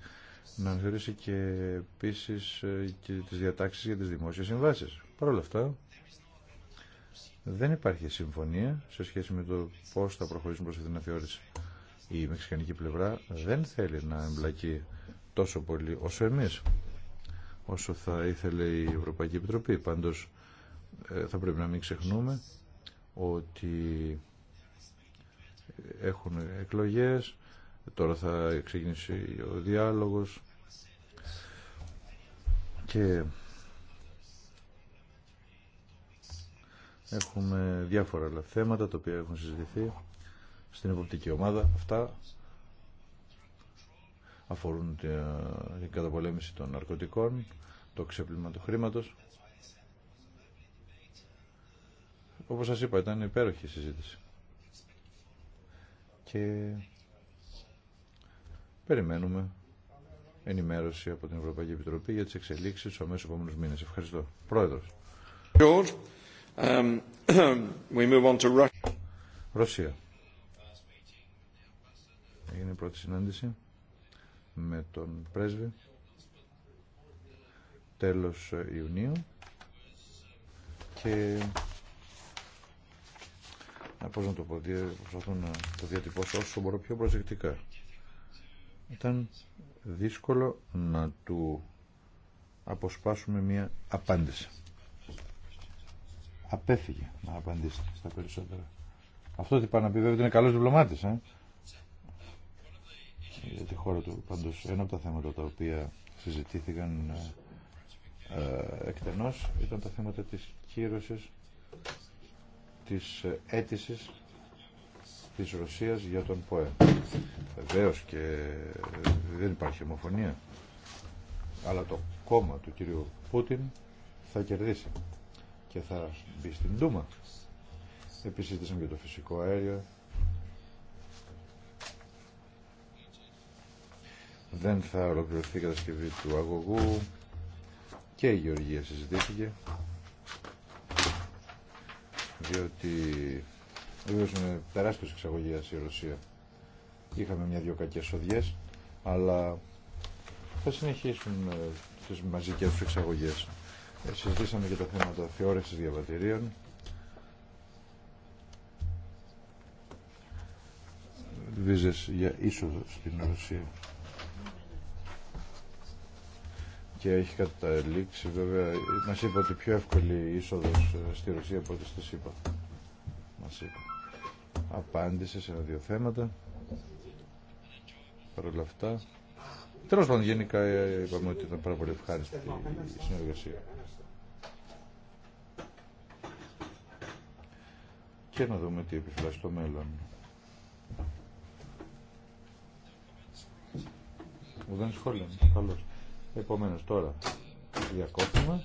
να αναθεωρήσει και επίση ε, και τις διατάξεις για τις δημόσιες συμβάσεις. Παρ' όλα αυτά, δεν υπάρχει συμφωνία σε σχέση με το πώς θα προχωρήσουμε προς αυτήν την αναθεώρηση. Η μεξικανική πλευρά δεν θέλει να εμπλακεί τόσο πολύ όσο εμείς, όσο θα ήθελε η Ευρωπαϊκή Επιτροπή. Πάντως, ε, θα πρέπει να μην ξεχνούμε ότι έχουν εκλογές, Τώρα θα ξεκινήσει ο διάλογος και έχουμε διάφορα άλλα θέματα τα οποία έχουν συζητηθεί στην εποπτική ομάδα. Αυτά αφορούν την καταπολέμηση των ναρκωτικών, το ξέπλυμα του χρήματος. Όπως σας είπα, ήταν υπέροχη συζήτηση. Και Περιμένουμε ενημέρωση από την Ευρωπαϊκή Επιτροπή για τις εξελίξεις στους αμέσως επόμενους μήνες. Ευχαριστώ. Πρόεδρος. We move on to Russia. Ρωσία. Έγινε η πρώτη συνάντηση με τον πρέσβη τέλος Ιουνίου και να πώς να το πω, να το διατυπώσω όσο μπορώ πιο προσεκτικά ήταν δύσκολο να του αποσπάσουμε μία απάντηση. Απέφυγε να απαντήσει στα περισσότερα. Αυτό ότι πάνε να πει βέβαια είναι καλός διπλωμάτης, ε? για τη χώρα του. Πάντως ένα από τα θέματα τα οποία συζητήθηκαν ε, ε εκτενώς ήταν τα θέματα της κύρωσης της ε, αίτησης της Ρωσίας για τον ΠΟΕ. Βεβαίω και δεν υπάρχει ομοφωνία, αλλά το κόμμα του κυρίου Πούτιν θα κερδίσει και θα μπει στην Τούμα. Επίσης για το φυσικό αέριο. Δεν θα ολοκληρωθεί η κατασκευή του αγωγού και η γεωργία συζητήθηκε διότι Βεβαίω είναι τεράστιο εξαγωγέα η Ρωσία. Είχαμε μια-δυο κακέ οδιέ, αλλά θα συνεχίσουν ε, τι μαζικέ του εξαγωγέ. Ε, συζητήσαμε και τα θέματα θεώρηση διαβατηρίων. Βίζε για είσοδο στην Ρωσία. και έχει καταλήξει βέβαια μα είπε ότι πιο εύκολη είσοδο ε, στη Ρωσία από ό,τι στη ΣΥΠΑ είπε απάντησε σε ένα-δύο θέματα. Παρ' όλα αυτά. Τέλο πάντων, γενικά ε, είπαμε ότι ήταν πάρα πολύ ευχάριστη η συνεργασία. Και να δούμε τι επιφυλάσσει το μέλλον. Δεν σχόλια. Καλώ. Επομένω, τώρα διακόπτουμε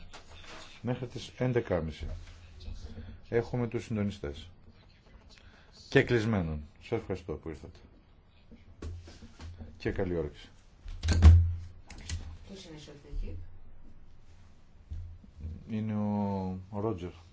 μέχρι τις 11.30. Έχουμε τους συντονιστές και κλεισμένων. Σας ευχαριστώ που ήρθατε. Και καλή όρεξη. Ποιος είναι ο Ρότζερ.